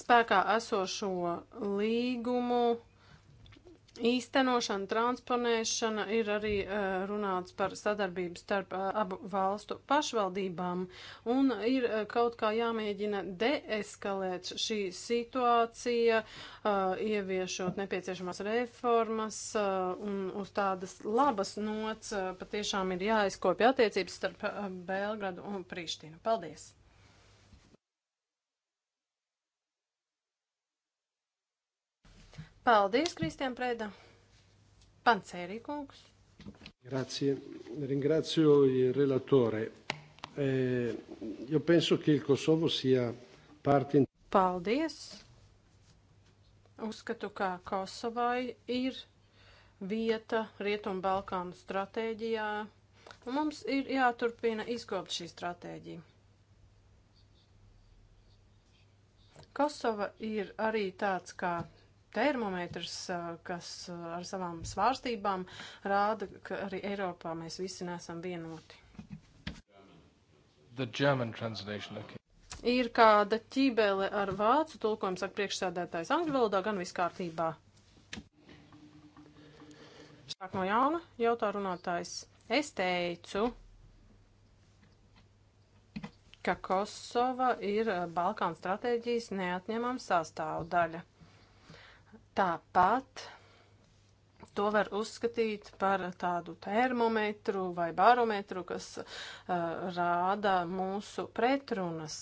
Speaker 2: spēkā esošo līgumu īstenošana, transponēšana ir arī eh, runāts par sadarbību starp eh, abu valstu pašvaldībām un ir eh, kaut kā jāmēģina deeskalēt šī situācija, ieviešot nepieciešamās reformas un uz tādas labas nots patiešām ir jāizkopja attiecības starp Belgradu un Prištinu. Paldies! Paldies, Kristian Prēda. Pancēri kungs.
Speaker 1: Grazie. Ringrazio il
Speaker 2: relatore. Eh, io penso che il Kosovo sia parte. Paldies. Uzskatu, ka Kosovai ir vieta Rietumbalkānu stratēģijā, un mums ir jāturpina izkopt šī stratēģija. Kosova ir arī tāds kā termometrs, kas ar savām svārstībām rāda, ka arī Eiropā mēs visi nesam vienoti.
Speaker 1: Okay.
Speaker 2: Ir kāda ķībele ar vācu tulkojumu, saka priekšsēdētājs angļu valodā, gan viss kārtībā. Sāk no jauna, jautā runātājs. Es teicu, ka Kosova ir Balkānu stratēģijas neatņemama sastāvdaļa. Tāpat to var uzskatīt par tādu termometru vai barometru, kas uh, rāda mūsu pretrunas.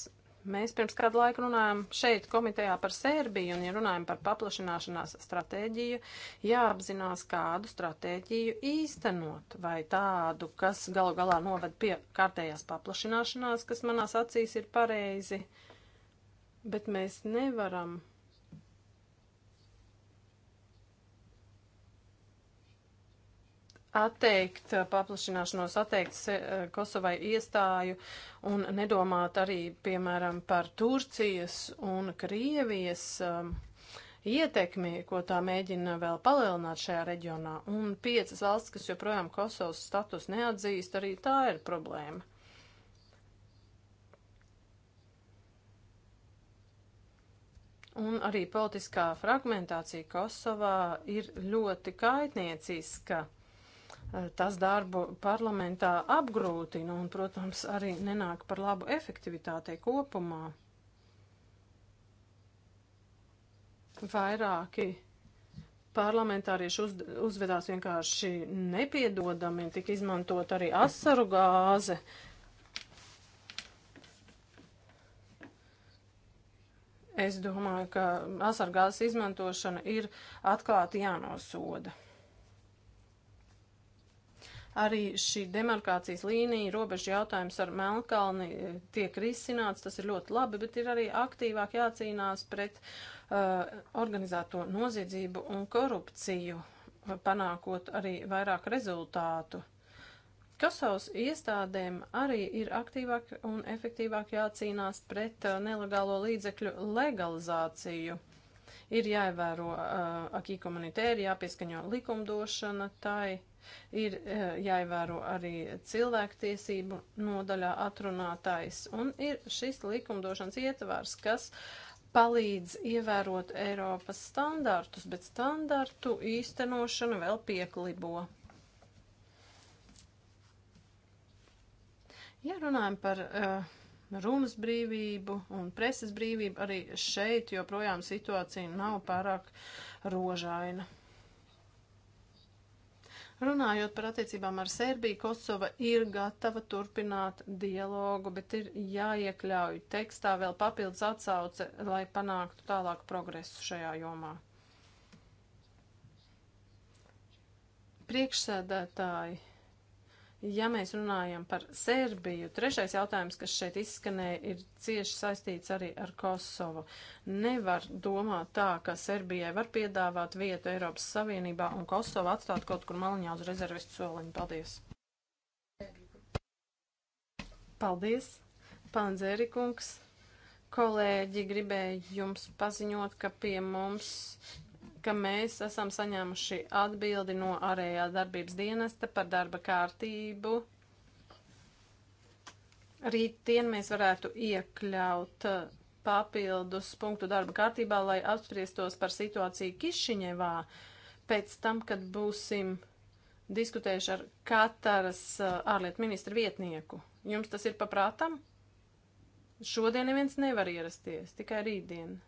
Speaker 2: Mēs pirms kādu laiku runājām šeit komitejā par Sērbiju, un ja runājam par paplašināšanās stratēģiju, jāapzinās, kādu stratēģiju īstenot, vai tādu, kas galu galā noved pie kārtējās paplašināšanās, kas manās acīs ir pareizi, bet mēs nevaram atteikt eh, paplašināšanos, atteikt eh, Kosovai iestāju un nedomāt arī, piemēram, par Turcijas un Krievijas um, ietekmi, ko tā mēģina vēl palielināt šajā reģionā. Un piecas valsts, kas joprojām Kosovas status neatzīst, arī tā ir problēma. Un arī politiskā fragmentācija Kosovā ir ļoti kaitnieciska. Eh, tas darbu parlamentā apgrūtina un, protams, arī nenāk par labu efektivitātei kopumā. Vairāki parlamentārieši uz, uzvedās vienkārši nepiedodami, tika izmantot arī asaru gāze. Es domāju, ka asargāzes izmantošana ir atklāti jānosoda. Arī šī demarkācijas līnija, robeža jautājums ar Melnkalni e, tiek risināts, tas ir ļoti labi, bet ir arī aktīvāk jācīnās pret uh, organizēto noziedzību un korupciju, e, panākot arī vairāk rezultātu. Kosovas iestādēm arī ir aktīvāk un efektīvāk jācīnās pret uh, nelegālo līdzekļu legalizāciju. Ir jāievēro uh, akī komunitēri, jāpieskaņo likumdošana tai, ir uh, jāievēro arī cilvēktiesību nodaļā atrunātais, un ir šis likumdošanas ietvars, kas palīdz ievērot Eiropas standartus, bet standartu īstenošana vēl pieklibo. Ja runājam par uh, runas brīvību un preses brīvību, arī šeit joprojām situācija nav pārāk rožaina. Runājot par attiecībām ar Serbiju, Kosova ir gatava turpināt dialogu, bet ir jāiekļauj tekstā vēl papildus atsauce, lai panāktu tālāku progresu šajā jomā. Priekšsēdētāji Ja mēs runājam par Serbiju, trešais jautājums, kas šeit izskanēja, ir cieši saistīts arī ar Kosovu. Nevar domāt tā, ka Serbijai var piedāvāt vietu Eiropas Savienībā un Kosovu atstāt kaut kur maliņā uz rezervistu soliņu. Paldies! Paldies, Pandzēri kungs! Kolēģi, gribēju jums paziņot, ka pie mums ka mēs esam saņēmuši atbildi no ārējā darbības dienesta par darba kārtību. Rītdien mēs varētu iekļaut uh, papildus punktu darba kārtībā, lai apspriestos par situāciju Kišiņevā pēc tam, kad būsim diskutējuši ar Kataras uh, ārlietu ministru vietnieku. Jums tas ir paprātam? Šodien neviens nevar ierasties, tikai rītdien.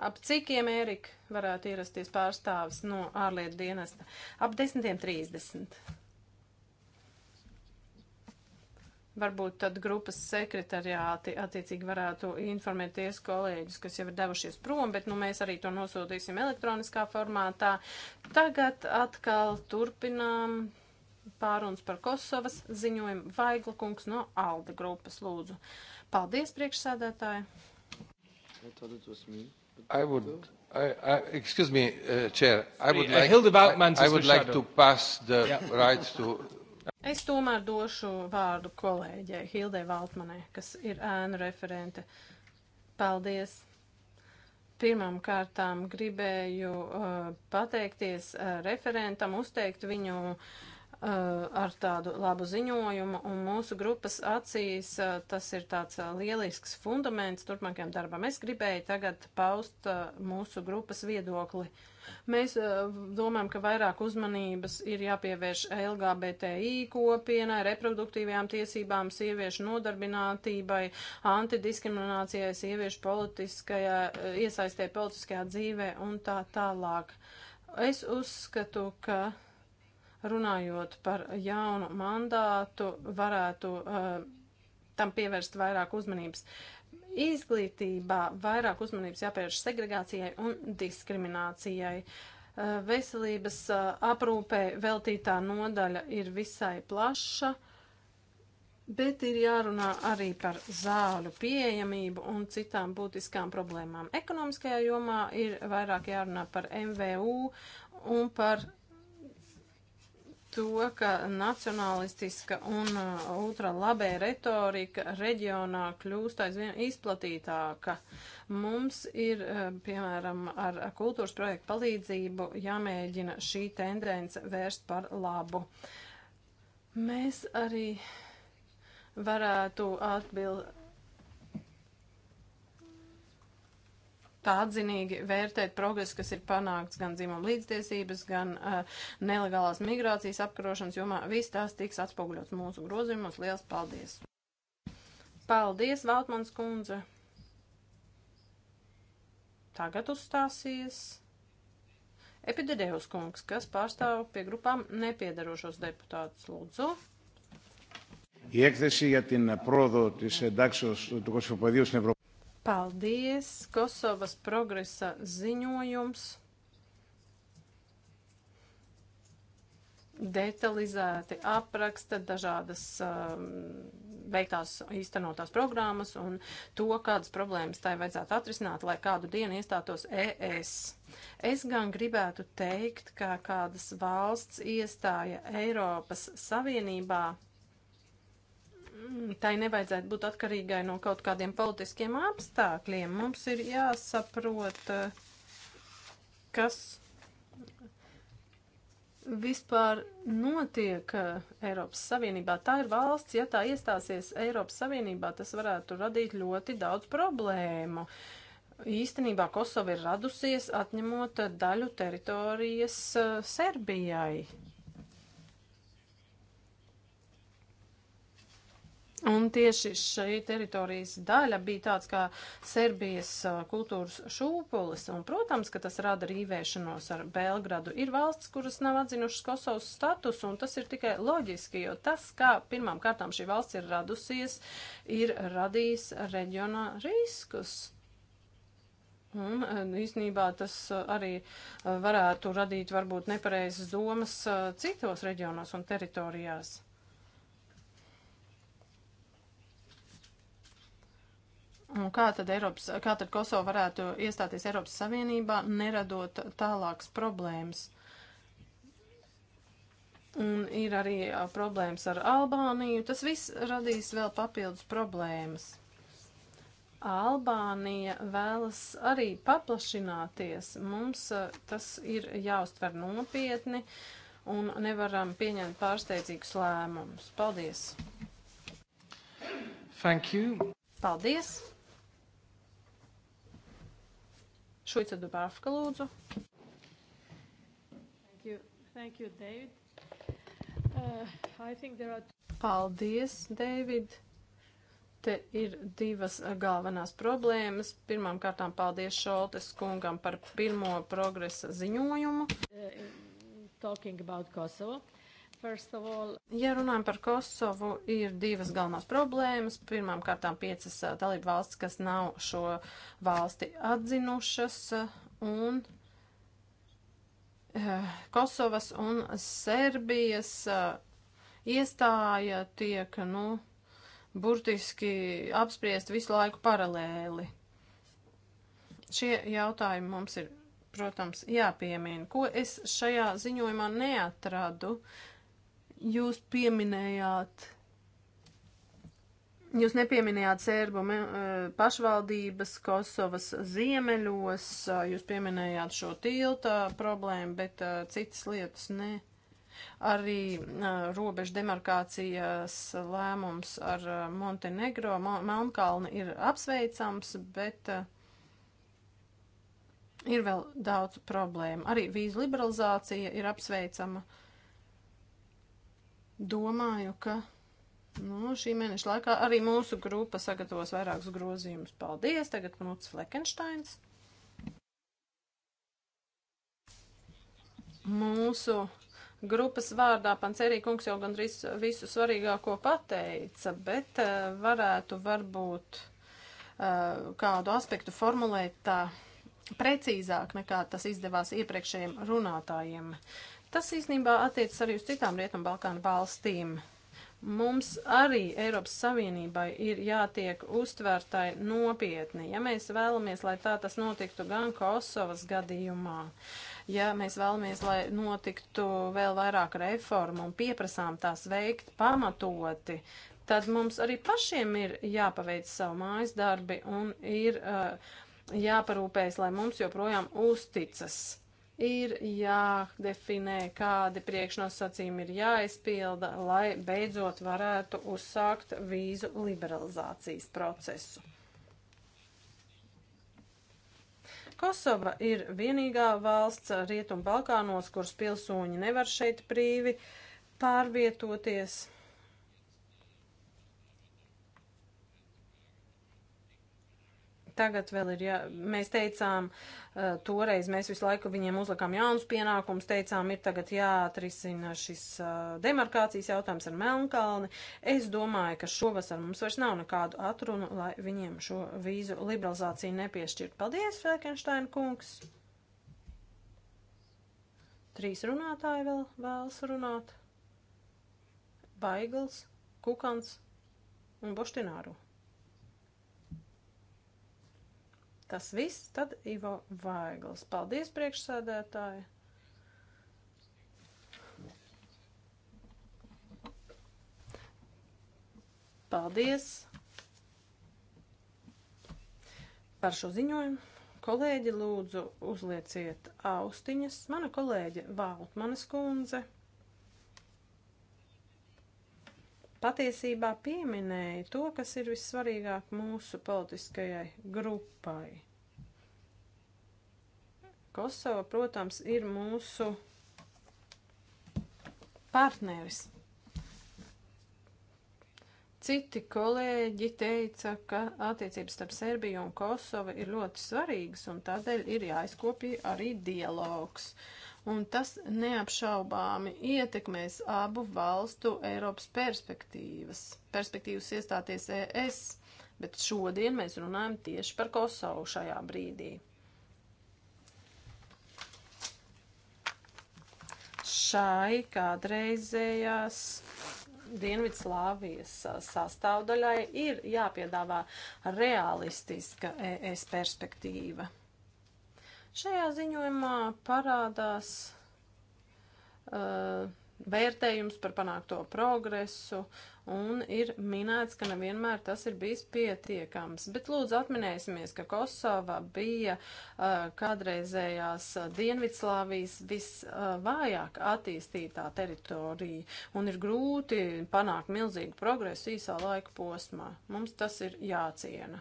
Speaker 2: Ap cikiem Ērika varētu ierasties pārstāvis no ārlietu dienesta? Ap 10.30. Varbūt tad grupas sekretariāti attiecīgi varētu informēties kolēģus, kas jau ir devušies prom, bet nu, mēs arī to nosūtīsim elektroniskā formātā. Tagad atkal turpinām pārunas par Kosovas ziņojumu Vaigla kungs no Alda grupas lūdzu. Paldies, priekšsēdētāji! I
Speaker 3: thought it was me.
Speaker 1: I would, I, I, excuse me, uh, Chair, I would like, Hilda Bautmans I, I would like to pass
Speaker 2: the yeah. right to. Es tomēr došu vārdu kolēģei Hildei Valtmanai, kas ir ēnu referente. Paldies! Pirmām kārtām gribēju uh, pateikties uh, referentam, uzteikt viņu uh, Uh, ar tādu labu ziņojumu, un mūsu grupas acīs uh, tas ir tāds uh, lielisks fundaments turpmākajam darbam. Es gribēju tagad paust mūsu grupas viedokli. Mēs domājam, ka vairāk uzmanības ir jāpievērš LGBTI kopienai, reproduktīvajām tiesībām, sieviešu nodarbinātībai, antidiskriminācijai, sieviešu politiskajā, iesaistē politiskajā dzīvē un tā tālāk. Es uzskatu, ka runājot par jaunu mandātu, varētu uh, tam pievērst vairāk uzmanības. Izglītībā vairāk uzmanības jāpievērš segregācijai un diskriminācijai. Uh, veselības uh, aprūpē veltītā nodaļa ir visai plaša. Bet ir jārunā arī par zāļu pieejamību un citām būtiskām problēmām. Ekonomiskajā jomā ir vairāk jārunā par MVU un par to, ka nacionalistiska un uh, ultralabē retorika reģionā kļūst aizvien izplatītāka. Mums ir, uh, piemēram, ar kultūras projektu palīdzību jāmēģina šī tendence vērst par labu. Mēs arī varētu atbildēt tā atzinīgi vērtēt progresu, kas ir panākts gan dzimuma līdztiesības, gan uh, nelegālās migrācijas apkarošanas jomā. Viss tās tiks atspoguļots mūsu grozījumos. Liels paldies! Paldies, Valtmans kundze! Tagad uzstāsies Epidēdevs kungs, kas pārstāv pie grupām nepiedarošos deputātus. Lūdzu!
Speaker 1: Η έκθεση για την πρόοδο της εντάξεως του κοσμοπεδίου στην Ευρωπαϊκή
Speaker 2: Paldies! Kosovas progresa ziņojums. detalizēti apraksta dažādas um, veiktās īstenotās programmas un to, kādas problēmas tai vajadzētu atrisināt, lai kādu dienu iestātos ES. Es gan gribētu teikt, ka kādas valsts iestāja Eiropas Savienībā tai nevajadzētu būt atkarīgai no kaut kādiem politiskiem apstākļiem. Mums ir jāsaprot, eh, kas vispār notiek eh, Eiropas Savienībā. Tā ir valsts, ja tā iestāsies Eiropas Savienībā, tas varētu radīt ļoti daudz problēmu. Īstenībā Kosova ir radusies atņemot daļu teritorijas eh, Serbijai. Un tieši šī teritorijas daļa bija tāds kā Serbijas kultūras šūpulis, un, protams, ka tas rada rīvēšanos ar Belgradu. Ir valsts, kuras nav atzinušas Kosovas status, un tas ir tikai loģiski, jo tas, kā pirmām kārtām šī valsts ir radusies, ir radījis reģionā riskus. Un īsnībā tas arī varētu radīt varbūt nepareizas domas citos reģionos un teritorijās. Un kā tad, Eiropas, kā tad Kosova varētu iestāties Eiropas Savienībā, neradot tālākas problēmas? Un ir arī problēmas ar Albāniju. Tas viss radīs vēl papildus problēmas. Albānija vēlas arī paplašināties. Mums tas ir jāuztver nopietni un nevaram pieņemt pārsteidzīgus lēmumus. Paldies!
Speaker 1: Thank you.
Speaker 2: Paldies! Šuica Dubāvka, lūdzu. Thank you. Thank you, David. Uh, I think there are... Paldies, David. Te ir divas galvenās problēmas. Pirmām kārtām paldies Šoltes kungam par pirmo progresa ziņojumu. Uh, talking about Kosovo. Uh, All... Ja runājam par Kosovu, ir divas galvenās problēmas. Pirmām kārtām piecas dalību valsts, kas nav šo valsti atzinušas, un Kosovas un Serbijas iestāja tiek, nu, burtiski apspriest visu laiku paralēli. Šie jautājumi mums ir protams, jāpiemina. Ko es šajā ziņojumā neatradu? Jūs pieminējāt, jūs nepieminējāt sērbu e, pašvaldības Kosovas ziemeļos, e, jūs pieminējāt šo tilta problēmu, bet e, citas lietas ne. Arī robežu demarkācijas lēmums ar Montenegro, Melnkalni ir apsveicams, bet ir vēl daudz problēmu. Arī vīzu liberalizācija ir apsveicama. Uh, Domāju, ka nu, šī mēneša laikā arī mūsu grupa sagatavos vairākus grozījumus. Paldies! Tagad Knuts Fleckensteins. Mūsu grupas vārdā Pancerī kungs jau gandrīz visu svarīgāko pateica, bet eh, varētu varbūt eh, kādu aspektu formulēt tā precīzāk nekā tas izdevās iepriekšējiem runātājiem. Tas īstenībā attiecas arī uz citām Rietumbalkānu valstīm. Mums arī Eiropas Savienībai ir jātiek uztvērtai nopietni, ja mēs vēlamies, lai tā tas notiktu gan Kosovas gadījumā, ja mēs vēlamies, lai notiktu vēl vairāk reformu un pieprasām tās veikt pamatoti, tad mums arī pašiem ir jāpaveic savu mājas darbi un ir uh, jāparūpējas, lai mums joprojām uzticas ir jādefinē, kādi priekšnosacījumi ir jāizpilda, lai beidzot varētu uzsākt vīzu liberalizācijas procesu. Kosova ir vienīgā valsts Rietumbalkānos, kuras pilsoņi nevar šeit brīvi pārvietoties. Tagad vēl ir, ja mēs teicām, uh, toreiz mēs visu laiku viņiem uzlikām jaunus pienākumus, teicām, ir tagad jāatrisina šis uh, demarkācijas jautājums ar Melnkalni. Es domāju, ka šovasar mums vairs nav nekādu atrunu, lai viņiem šo vīzu liberalizāciju nepiešķirt. Paldies, Fēkenštaina kungs! Trīs runātāji vēl vēlas runāt. Baigls, Kukans un Boštināru. Tas viss tad Ivo Vaigls. Paldies, priekšsēdētāji! Paldies par šo ziņojumu. Kolēģi, lūdzu, uzlieciet austiņas. Mana kolēģe Vautmanes kundze patiesībā pieminēja to, kas ir vissvarīgāk mūsu politiskajai grupai. Kosova, protams, ir mūsu partneris. Citi kolēģi teica, ka attiecības starp Serbiju un Kosovu ir ļoti svarīgas un tādēļ ir jāizkopja arī dialogs. Uh, un tas neapšaubāmi ietekmēs abu valstu Eiropas perspektīvas, perspektīvas iestāties ES, bet šodien mēs runājam tieši par Kosovu šajā brīdī. Šai kādreizējās Dienvidslāvijas sastāvdaļai ir jāpiedāvā realistiska ES perspektīva. Šajā ziņojumā parādās uh, vērtējums par panākto progresu un ir minēts, ka nevienmēr tas ir bijis pietiekams. Bet lūdzu atminēsimies, ka Kosova bija uh, kādreizējās Dienvidslāvijas visvājāk uh, attīstītā teritorija un ir grūti panākt milzīgu progresu īsā laika posmā. Mums tas ir jāciena.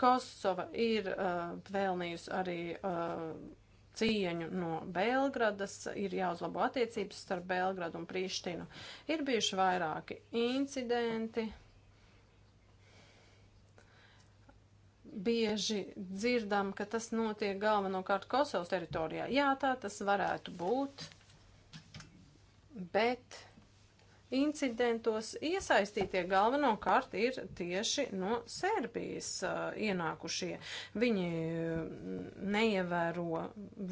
Speaker 2: Kosova ir uh, pelnījusi arī uh, cieņu no Belgradas, ir jāuzlabo attiecības starp Belgradu un Prīštinu. Ir bijuši vairāki incidenti. Bieži dzirdam, ka tas notiek galvenokārt Kosovas teritorijā. Jā, tā tas varētu būt, bet incidentos iesaistītie galvenokārt ir tieši no Serbijas uh, ienākušie. Viņi neievēro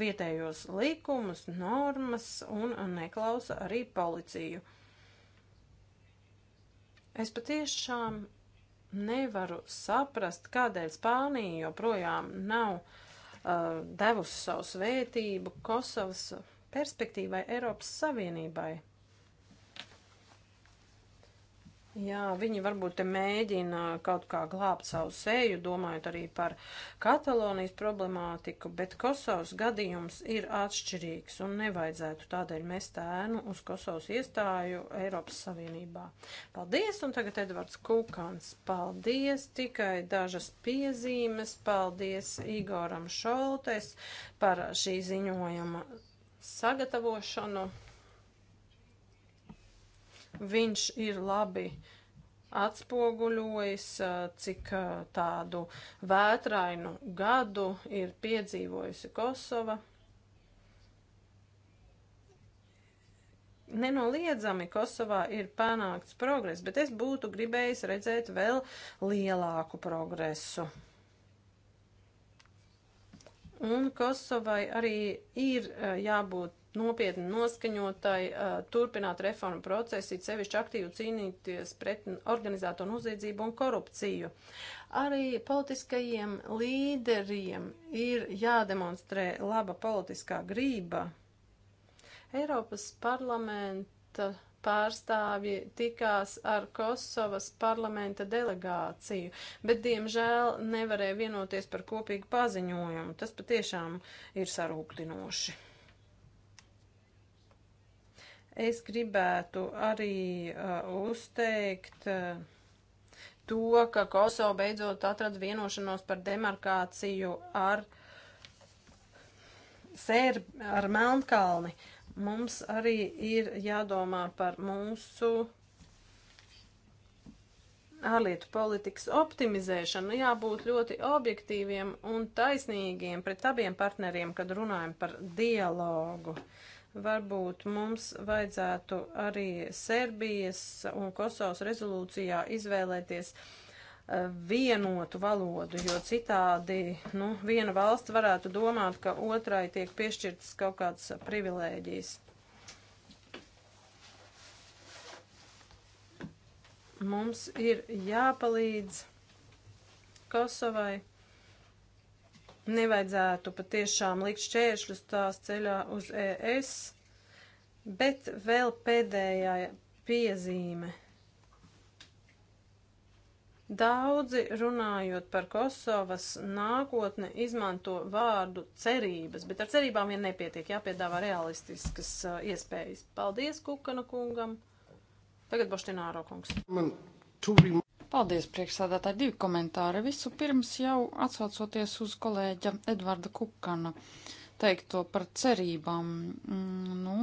Speaker 2: vietējos likumus, normas un neklausa arī policiju. Es patiešām nevaru saprast, kādēļ Spānija joprojām nav uh, devusi savu svētību Kosovas perspektīvai Eiropas Savienībai. Jā, viņi varbūt te mēģina kaut kā glābt savu seju, domājot arī par Katalonijas problemātiku, bet Kosovas gadījums ir atšķirīgs un nevajadzētu tādēļ mest ēnu uz Kosovas iestāju Eiropas Savienībā. Paldies, un tagad Edvards Kūkans. Paldies, tikai dažas piezīmes. Paldies Igoram Šoltes par šī ziņojuma sagatavošanu. Viņš ir labi atspoguļojis, eh, cik eh, tādu vētrainu gadu ir piedzīvojusi Kosova. Nenoliedzami Kosovā ir panākts progress, bet es būtu gribējis redzēt vēl lielāku progresu. Un Kosovai arī ir eh, jābūt nopietni noskaņotai uh, turpināt reformu procesu, it sevišķi aktīvi cīnīties pret organizēto noziedzību un korupciju. Arī politiskajiem līderiem ir jādemonstrē laba politiskā grība. Eiropas parlamenta pārstāvji tikās ar Kosovas parlamenta delegāciju, bet diemžēl nevarēja vienoties par kopīgu paziņojumu. Tas patiešām ir sarūktinoši. Es gribētu arī uh, uzteikt uh, to, ka Kosovo beidzot atrada vienošanos par demarkāciju ar Sēr, ar Melnkalni. Mums arī ir jādomā par mūsu ārlietu politikas optimizēšanu nu, jābūt ļoti objektīviem un taisnīgiem pret abiem partneriem, kad runājam par dialogu. Uh, Varbūt mums vajadzētu arī Serbijas un Kosovas rezolūcijā izvēlēties e, vienotu valodu, jo citādi nu, viena valsts varētu domāt, ka otrai tiek piešķirtas kaut kādas privilēģijas. Mums ir jāpalīdz Kosovai nevajadzētu patiešām likt šķēršļus tās ceļā uz ES, bet vēl pēdējā piezīme. Daudzi runājot par Kosovas nākotne izmanto vārdu cerības, bet ar cerībām vien nepietiek, jāpiedāvā realistiskas uh, iespējas. Paldies Kukana kungam. Tagad Boštināro
Speaker 3: kungs. Man tūrīm Paldies, priekšsādātāji, divi komentāri. Visu pirms jau atsaucoties uz kolēģa Edvarda Kukana teikto par cerībām, mm, nu,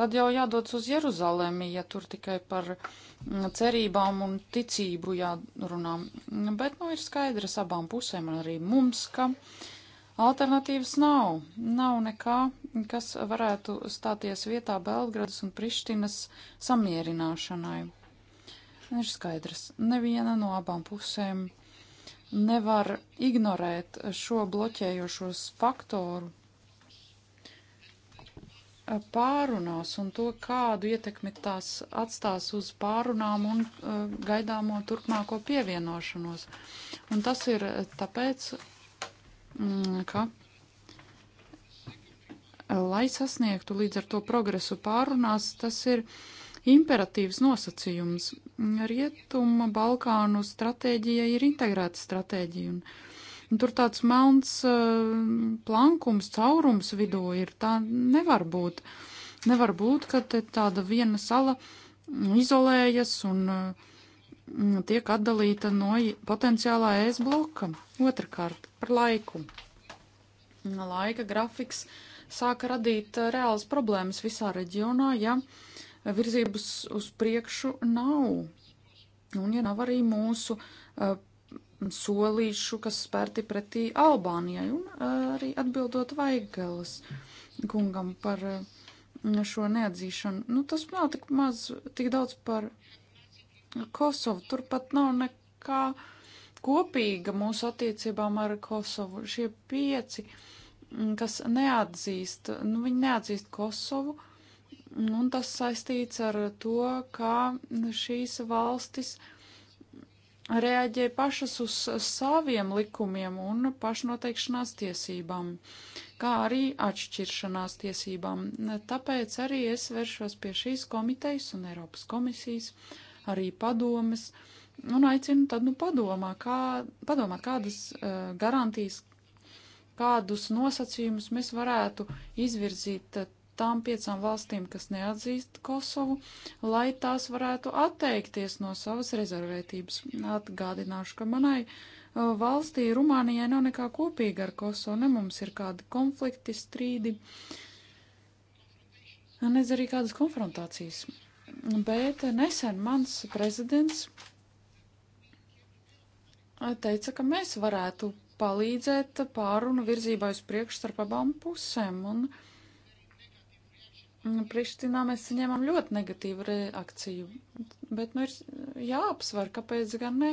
Speaker 3: tad jau jādodas uz Jeruzalemi, ja tur tikai par mm, cerībām un ticību jārunā. Bet, nu, ir skaidrs abām pusēm un arī mums, ka alternatīvas nav. Nav nekā, kas varētu stāties vietā Belgradas un Prištinas samierināšanai ir skaidrs. Neviena no abām pusēm nevar ignorēt šo bloķējošos faktoru pārunās un to, kādu ietekmi tās atstās uz pārunām un uh, gaidāmo turpmāko pievienošanos. Un tas ir eh, tāpēc, mm, ka, eh, lai sasniegtu līdz ar to progresu pārunās, tas ir uh, imperatīvs nosacījums. Rietuma Balkānu stratēģija ir integrēta stratēģija. Un, un tur tāds melns eh, plankums, caurums vidū ir. Tā nevar būt. Nevar būt, ka tāda viena sala izolējas un eh, tiek atdalīta no potenciālā ēs bloka. Otrakārt, par laiku. Laika grafiks sāka radīt eh, reāls problēmas visā reģionā, ja uh, virzības uz priekšu nav. Un ja nav arī mūsu uh, solīšu, kas spērti pretī Albānijai, un uh, arī atbildot Vaigelas kungam par uh, šo neatzīšanu. Nu, tas nav tik maz, tik daudz par Kosovu. Turpat nav nekā kopīga mūsu attiecībām ar Kosovu. Šie pieci, mm, kas neatzīst, nu, viņi neatzīst Kosovu. Uh, Nu, un tas saistīts ar to, kā šīs valstis reaģē pašas uz saviem likumiem un pašnoteikšanās tiesībām, kā arī atšķiršanās tiesībām. Tāpēc arī es vēršos pie šīs komitejas un Eiropas komisijas, arī padomes, un aicinu tad nu padomā, kā, padomāt, kādas uh, garantijas, kādus nosacījumus mēs varētu izvirzīt tām piecām valstīm, kas neatzīst Kosovu, lai tās varētu atteikties no savas rezervētības. Atgādināšu, ka manai uh, valstī Rumānijai nav nekā kopīga ar Kosovu, ne mums ir kādi konflikti, strīdi, nez arī kādas konfrontācijas. Bet nesen mans prezidents uh, teica, ka mēs varētu palīdzēt pārunu virzībā uz priekšu starp abām pusēm. Un, uh, Mm, Prištinā mēs saņēmām ļoti negatīvu reakciju, bet nu ir jāapsver, kāpēc gan ne.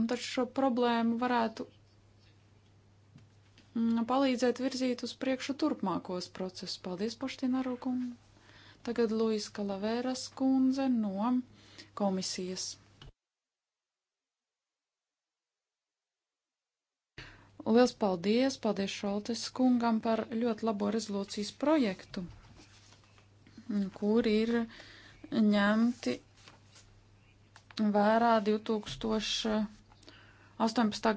Speaker 3: Un taču šo problēmu varētu mm, palīdzēt virzīt uz priekšu turpmākos procesus. Paldies, Paštināru kungu! Tagad Luis Kalavēras kundze no komisijas. Liels paldies! Paldies Šoltes kungam par ļoti labo rezolūcijas projektu, kur ir ņemti vērā 2018.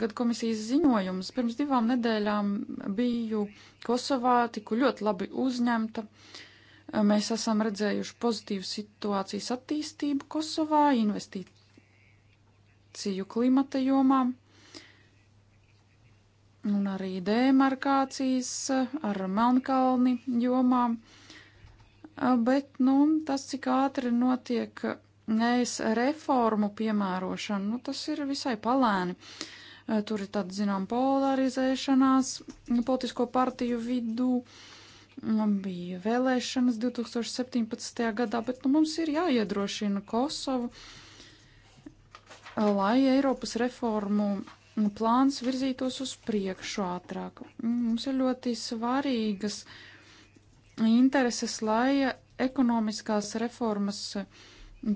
Speaker 3: gada komisijas ziņojums. Pirms divām nedēļām biju Kosovā, tiku ļoti labi uzņemta. Mēs esam redzējuši pozitīvu situācijas attīstību Kosovā, investīciju klimata jomām un arī demarkācijas ar Melnkalni jomām. Bet, nu, tas, cik ātri notiek nevis reformu piemērošana, nu, tas ir visai palēni. Tur ir tāda, zinām, polarizēšanās politisko partiju vidū. Bija vēlēšanas 2017. gadā, bet nu, mums ir jāiedrošina Kosovu, lai Eiropas reformu Nu, plāns virzītos uz priekšu ātrāk. Mm, mums ir ļoti svarīgas intereses, lai ekonomiskās reformas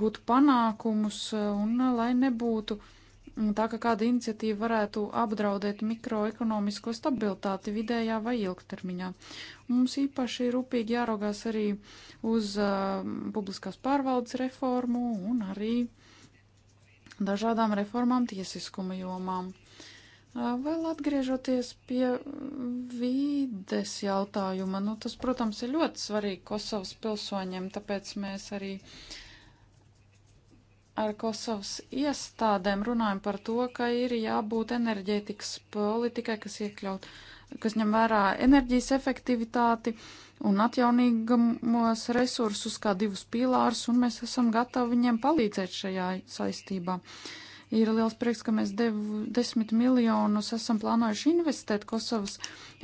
Speaker 3: gūtu panākumus un uh, lai nebūtu mm, tā, ka kāda iniciatīva varētu apdraudēt mikroekonomisko stabilitāti vidējā vai ilgtermiņā. Mums īpaši rūpīgi jāraugās arī uz uh, publiskās pārvaldes reformu un arī dažādām reformām tiesiskuma jomām. Vēl atgriežoties pie vīdes jautājuma, nu, tas, protams, ir ļoti svarīgi Kosovas pilsoņiem, tāpēc mēs arī ar Kosovas iestādēm runājam par to, ka ir jābūt enerģētikas politikai, kas iekļaut, kas ņem vērā enerģijas efektivitāti un atjaunīgamos resursus kā divus pīlārus, un mēs esam gatavi viņiem palīdzēt šajā saistībā. Uh, Ir liels prieks, ka mēs 10 miljonus esam plānojuši investēt Kosovas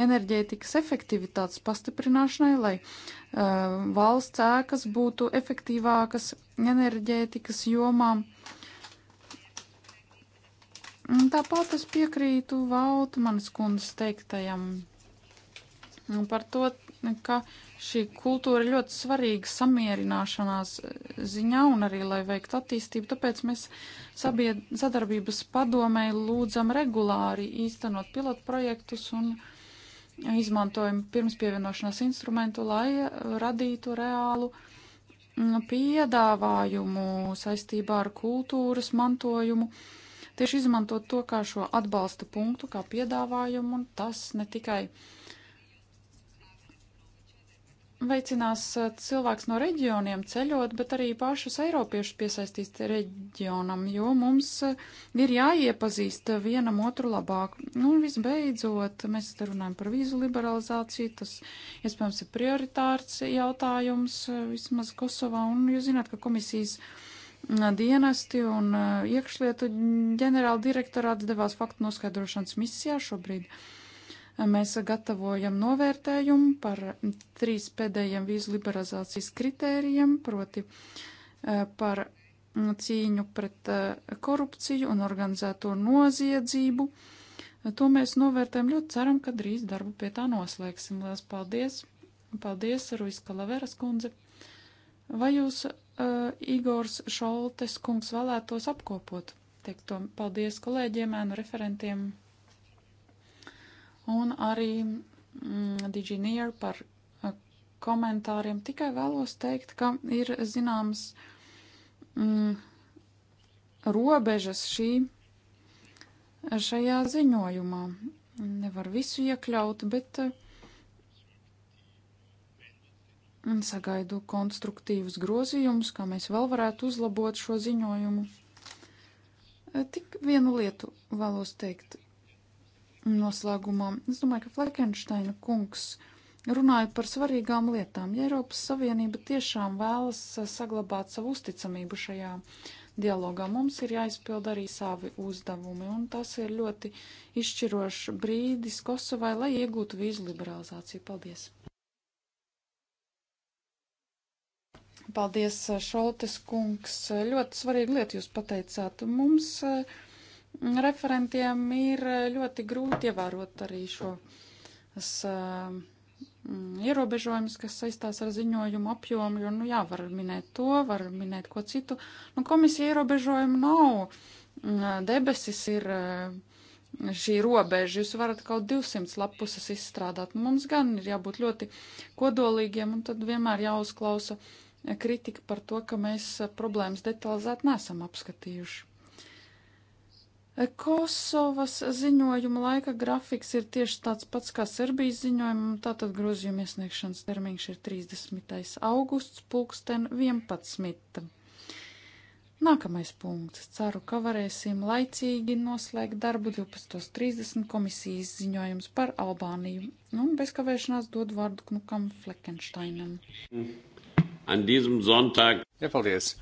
Speaker 3: enerģētikas efektivitātes pastiprināšanai, lai uh, valsts ēkas būtu efektīvākas enerģētikas jomā. Tāpat es piekrītu Vautmanas kundas teiktajam par to, ka šī kultūra ir ļoti svarīga samierināšanās ziņā un arī, lai veiktu attīstību, tāpēc mēs sabied, sadarbības padomē lūdzam regulāri īstenot pilotprojektus un izmantojam pirmspievienošanās instrumentu, lai radītu reālu mm, piedāvājumu saistībā ar kultūras mantojumu. Tieši izmantot to kā šo atbalsta punktu, kā piedāvājumu, un tas ne tikai uh, veicinās eh, cilvēks no reģioniem ceļot, bet arī pašus eiropiešus piesaistīt reģionam, jo mums eh, ir jāiepazīst vienam otru labāk. Nu, un visbeidzot, mēs te runājam par vīzu liberalizāciju, tas, iespējams, ir prioritārs jautājums eh, vismaz Kosovā, un jūs zināt, ka komisijas mm, dienesti un iekšlietu ģenerāla direktorāts devās faktu noskaidrošanas misijā šobrīd. Uh, Mēs gatavojam novērtējumu par trīs pēdējiem vīzu liberalizācijas kritērijiem, proti eh, par cīņu pret eh, korupciju un organizēto noziedzību. To mēs novērtējam ļoti ceram, ka drīz darbu pie tā noslēgsim. Lielas paldies! Paldies, Ruiska Laveras kundze! Vai jūs, uh, Igors Šoltes kungs, vēlētos apkopot? Teikt to paldies kolēģiem, ēnu referentiem! un arī mm, Digineer par eh, komentāriem. Tikai vēlos teikt, ka ir zināms mm, robežas šī, šajā ziņojumā. Nevar visu iekļaut, bet eh, sagaidu konstruktīvus grozījumus, kā mēs vēl varētu uzlabot šo ziņojumu. Eh, tik vienu lietu vēlos teikt. Noslēgumā es domāju, ka Fleckensteina kungs runāja par svarīgām lietām. Ja Eiropas Savienība tiešām vēlas eh, saglabāt savu uzticamību šajā dialogā, mums ir jāizpild arī savi uzdevumi, un tas ir ļoti izšķirošs brīdis Kosovai, lai iegūtu vīzu liberalizāciju. Paldies! Paldies, eh, Šoltes kungs. Ļoti svarīga lieta jūs pateicāt. Mums uh, referentiem ir ļoti grūti ievērot arī šo uh, ierobežojumus, kas saistās ar ziņojumu apjomu, jo, nu jā, var minēt to, var minēt ko citu. Nu, komisija ierobežojumu nav. Mm, debesis ir um, šī robeža. Jūs varat kaut 200 lapuses izstrādāt. Mums gan ir jābūt ļoti kodolīgiem, un tad vienmēr jāuzklausa kritika par to, ka mēs uh, problēmas detalizēt nesam apskatījuši. Kosovas ziņojuma laika grafiks ir tieši tāds pats kā Serbijas ziņojuma, tātad grozījuma iesniegšanas termiņš ir 30. augusts, pulksten 11. Nākamais punkts. Ceru, ka varēsim laicīgi noslēgt darbu 12.30 komisijas ziņojums par Albāniju. Nu, un bez kavēšanās dod vārdu Knukam Fleckensteinam.
Speaker 1: An diesem Sonntag. Ja,
Speaker 4: paldies.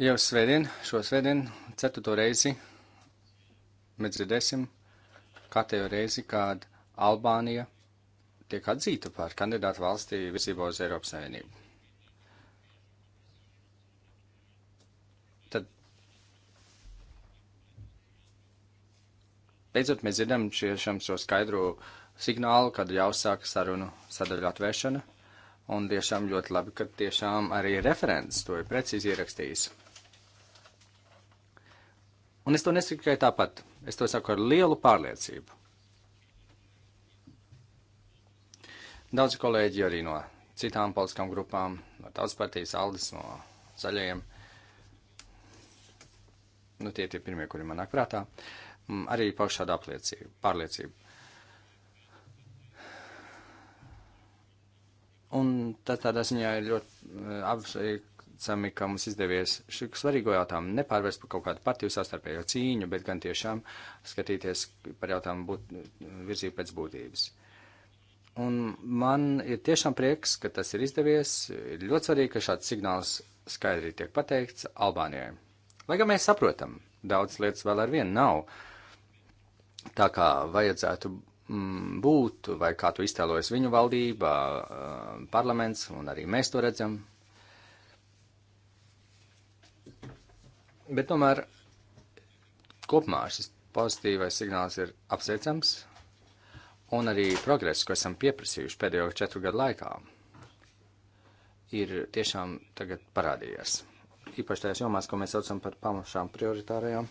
Speaker 4: Jau svētdien, šo svētdienu ceturto reizi mēs dzirdēsim katējo reizi, kad Albānija tiek atzīta par kandidātu valstī virzībā uz Eiropas Savienību. Tad beidzot mēs dzirdam šiešam šo skaidru signālu, kad jāuzsāk sarunu sadaļu atvēršana, un tiešām ļoti labi, ka tiešām arī referents to ir precīzi ierakstījis. Un es to nesaku tikai tāpat, es to saku ar lielu pārliecību. Daudzi kolēģi arī no citām politiskām grupām, no tautas partijas, Aldis, no zaļajiem. Nu, tie ir tie pirmie, kuri man nāk prātā. Mm, arī pauž šādu apliecību, pārliecību. Un tad tādā ziņā ir ļoti eh, apsveik ticami, ka mums izdevies šo svarīgo jautājumu nepārvērst par kaut kādu partiju sastarpējo cīņu, bet gan tiešām skatīties par jautājumu būt, virzību pēc būtības. Un man ir tiešām prieks, ka tas ir izdevies. Ir ļoti svarīgi, ka šāds signāls skaidri tiek pateikts Albānijai. Lai gan mēs saprotam, daudz lietas vēl ar vienu nav tā kā vajadzētu mm, būt, vai kā tu iztēlojies viņu valdība, eh, parlaments, un arī mēs to redzam, Bet tomēr kopumā šis pozitīvais signāls ir apsveicams un arī progress, ko esam pieprasījuši pēdējo četru gadu laikā, ir tiešām tagad parādījies. Īpaši tajās jomās, ko mēs saucam par pamatšām prioritārajām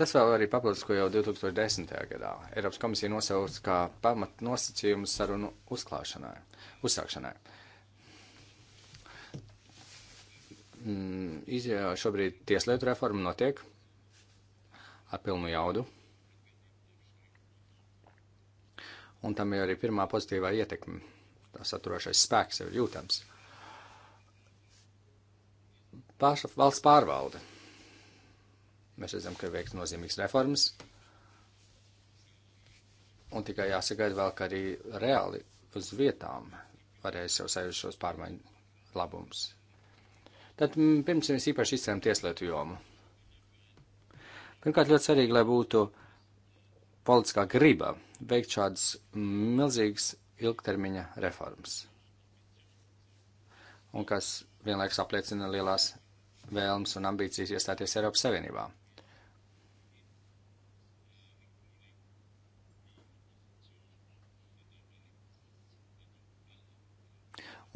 Speaker 4: Tas vēl arī papildus, ko jau 2010. gadā Eiropas komisija nosauc kā pamat nosacījumu sarunu uzklāšanai, uzsākšanai. Mm, izjā, šobrīd tieslietu reforma notiek ar pilnu jaudu. Un tam ir arī pirmā pozitīvā ietekme. Tā saturošais spēks ir jūtams. Paša valsts pārvalde Mēs redzam, ka ir veikts nozīmīgs reformas, un tikai jāsagaida vēl, ka arī reāli uz vietām varēs jau sajušos pārmaiņu labums. Tad mm, pirms mēs īpaši izcēlam tieslietu jomu. Pirmkārt, ļoti svarīgi, lai būtu politiskā griba veikt šādas milzīgas ilgtermiņa reformas, un kas vienlaiks apliecina lielās vēlmes un ambīcijas iestāties Eiropas Savienībā.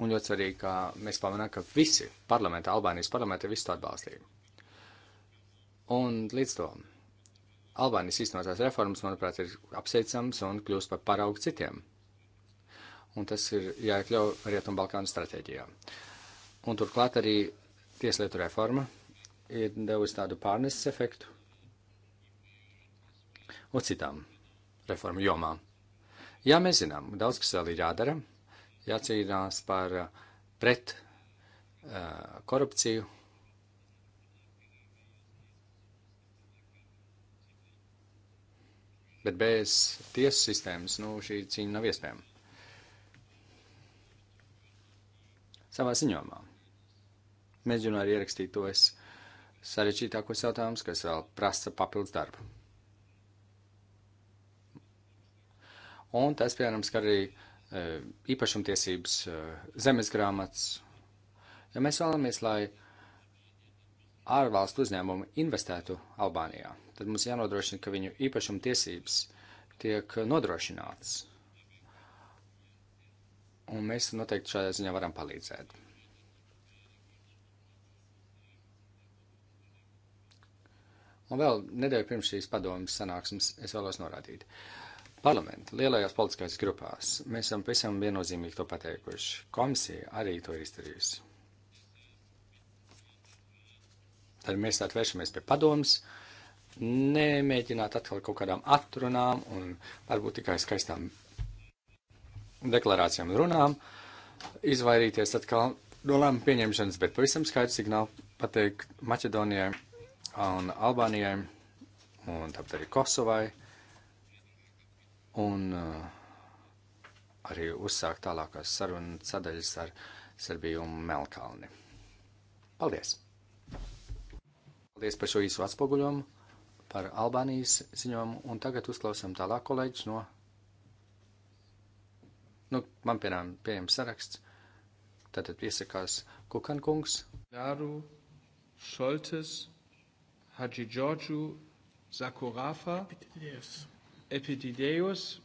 Speaker 4: Un ļoti svarīgi, ka mēs pamanām, ka visi parlamenta, Albānijas parlamenta, visu to atbalstīja. Un līdz to Albānijas īstenotās reformas, manuprāt, ir apsveicams un kļūst par paraugu citiem. Un tas ir jāiekļauj Rietumbalkānu stratēģijā. Un turklāt arī tieslietu reforma ir devusi tādu pārneses efektu un citām reformu jomām. Jā, mēs zinām, daudz kas vēl ir jādara, jācīnās par uh, pret uh, korupciju. Bet bez tiesu sistēmas nu, šī cīņa nav iespējama. Savā ziņojumā mēģinu arī ierakstīt tos sarežģītākos jautājumus, kas vēl prasa papildus darbu. Un tas, piemēram, skar arī uh, Eh, īpašumtiesības, eh, zemes grāmatas. Ja mēs vēlamies, lai ārvalstu uzņēmumi investētu Albānijā, tad mums jānodrošina, ka viņu īpašumtiesības tiek nodrošinātas. Un mēs noteikti šādā ziņā varam palīdzēt. Un vēl nedēļu pirms šīs padomas sanāksmes es vēlos norādīt. Uh, Parlamenta lielajās politiskās grupās mēs esam pavisam viennozīmīgi to pateikuši. Komisija arī to ir izdarījusi. Tad mēs atvēršamies pie padomus, nemēģināt atkal kaut kādām atrunām un varbūt tikai skaistām deklarācijām un runām, izvairīties atkal no lēmu pieņemšanas, bet pavisam skaidrs signāli pateikt Maķedonijai un Albānijai un tāpat arī Kosovai un uh, arī uzsākt tālākās sarunu sadaļas ar Serbiju un Melkalni. Paldies! Paldies par šo īsu atspoguļojumu, par Albānijas ziņojumu, un tagad uzklausām tālāk kolēģis no. Nu, man pienām pieejams saraksts, tātad
Speaker 1: piesakās Kukankungs. Daru, Šoltes, Hadži Džordžu, Zakurafa. Yes. Epidideios.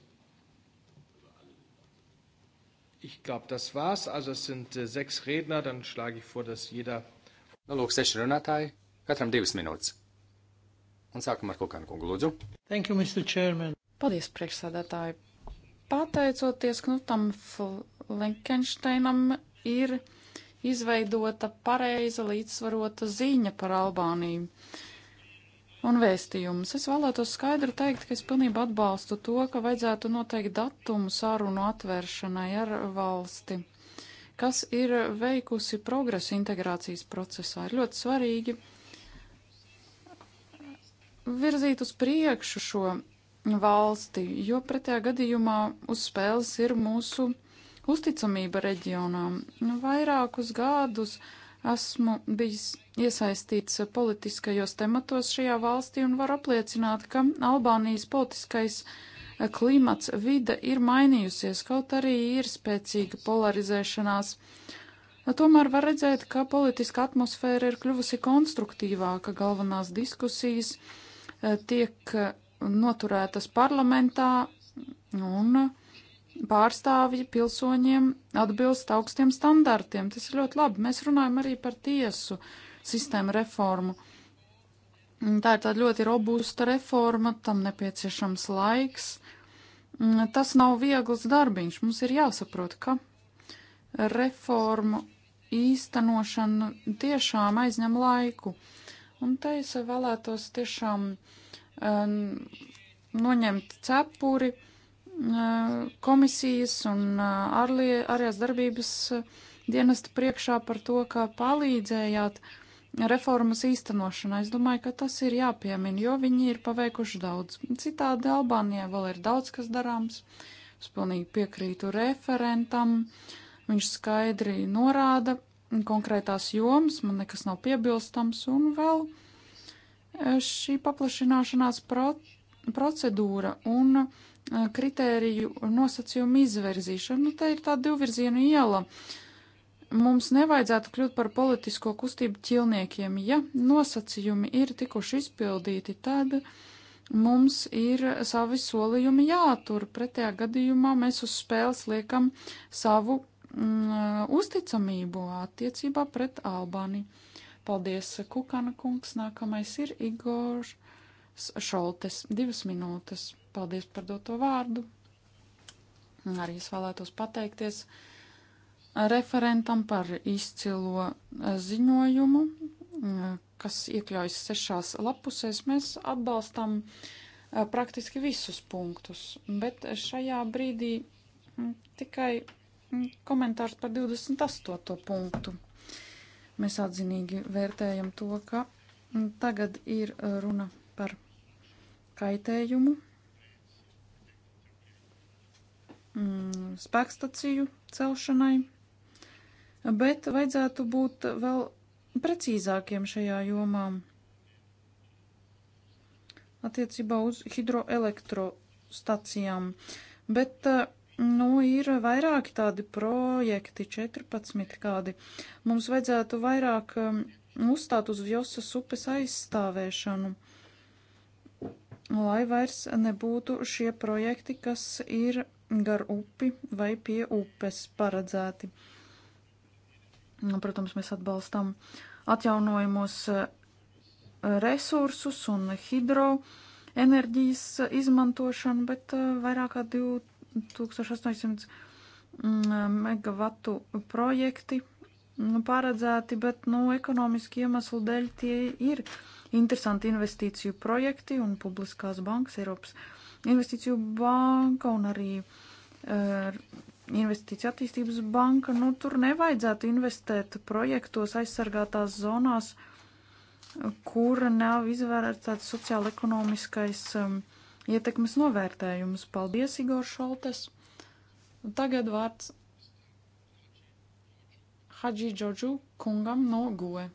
Speaker 1: Ich glaube, das war's. Also es sind äh, sechs
Speaker 4: Redner. Dann schlage ich vor, dass jeder. Nu, lūk, seši runātāji, katram divas minūtes. Un sākam ar Kukanu kungu, lūdzu.
Speaker 3: Thank you, Mr. Chairman. Paldies, priekšsādātāji. Pateicoties Knutam Flenkensteinam ir izveidota pareiza līdzsvarota ziņa par Albāniju. Uh, un vēstījumus. Es vēlētos skaidri teikt, ka es pilnībā atbalstu to, ka vajadzētu noteikt datumu sarunu atvēršanai ar valsti, kas ir veikusi progresu integrācijas procesā. Ir ļoti svarīgi virzīt uz priekšu šo valsti, jo pretējā gadījumā uz spēles ir mūsu uzticamība reģionām. Nu, vairākus gadus uh, Esmu bijis iesaistīts politiskajos tematos šajā valstī un varu apliecināt, ka Albānijas politiskais eh, klimats vide ir mainījusies, kaut arī ir spēcīga polarizēšanās. Tomēr var redzēt, ka politiska atmosfēra ir kļuvusi konstruktīvāka, galvenās diskusijas eh, tiek eh, noturētas parlamentā un pārstāvji pilsoņiem atbilst augstiem standartiem. Tas ir ļoti labi. Mēs runājam arī par tiesu sistēmu reformu. Tā ir tāda ļoti robusta reforma, tam nepieciešams laiks. Tas nav viegls darbiņš. Mums ir jāsaprot, ka reformu īstenošana tiešām aizņem laiku. Un te es vēlētos tiešām um, noņemt cepuri komisijas un ārējās darbības dienesta priekšā par to, ka palīdzējāt reformas īstenošanā. Es domāju, ka tas ir jāpiemina, jo viņi ir paveikuši daudz. Citādi Albānijā vēl ir daudz kas darāms. Es pilnīgi piekrītu referentam. Viņš skaidri norāda konkrētās jomas, man nekas nav piebilstams, un vēl šī paplašināšanās pro procedūra un uh, kritēriju nosacījumu izverzīšanu. Nu, tā ir tā divvirzienu iela. Mums nevajadzētu kļūt par politisko kustību ķilniekiem. Ja nosacījumi ir tikuši izpildīti, tad mums ir savi solījumi jātur. Pretējā gadījumā mēs uz spēles liekam savu mm, uzticamību attiecībā pret Albāniju. Paldies, Kukana kungs. Nākamais ir Igors. Šoltes. Divas minūtes. Paldies par doto vārdu. Arī es vēlētos pateikties referentam par izcilo eh, ziņojumu, eh, kas iekļaujas sešās lapusēs. Mēs atbalstam eh, praktiski visus punktus, bet šajā brīdī mm, tikai mm, komentārs par 28. punktu. Mēs atzinīgi vērtējam to, ka mm, tagad ir runa par kaitējumu, mm, spēkstaciju celšanai, bet vajadzētu būt vēl precīzākiem šajā jomā attiecībā uz hidroelektrostacijām. Bet eh, nu, ir vairāki tādi projekti, 14 kādi. Mums vajadzētu vairāk eh, uzstāt uz Josas upes aizstāvēšanu lai vairs nebūtu šie projekti, kas ir gar upi vai pie upes paredzēti. Nu, protams, mēs atbalstam atjaunojamos eh, resursus un hidroenerģijas izmantošanu, bet eh, vairāk kā 2800 mm, megavatu projekti mm, paredzēti, bet, nu, ekonomiski iemeslu dēļ tie ir interesanti investīciju projekti un publiskās bankas Eiropas investīciju banka un arī uh, investīcija attīstības banka. Nu, tur nevajadzētu investēt projektos aizsargātās zonās, kur nav izvērtēts sociāla-ekonomiskais um, eh, ietekmes novērtējums. Paldies, Igor Šoltes! Tagad vārds Hadži Džodžu kungam no Goe.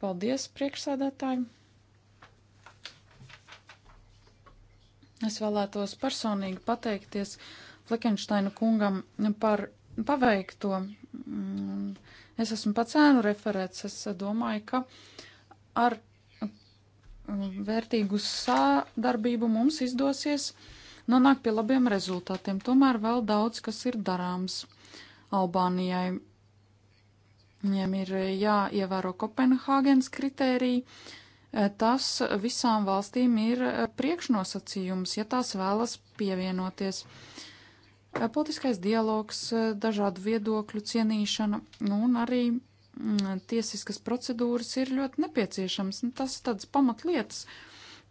Speaker 3: Paldies priekšsēdētājiem! Es vēlētos personīgi pateikties Flekenšteina kungam par paveikto. Mm, es esmu pats ēnu referēts. Es domāju, ka ar mm, vērtīgu sādarbību mums izdosies nonākt pie labiem rezultātiem. Tomēr vēl daudz, kas ir darāms Albānijai. Viņiem ir jāievēro Kopenhāgenes kritērija. Eh, tas visām valstīm ir eh, priekšnosacījums, ja tās vēlas pievienoties. Eh, politiskais dialogs, dažādu viedokļu cienīšana un arī mm, tiesiskas procedūras ir ļoti nepieciešams. Nu, tas ir tāds pamatlietas,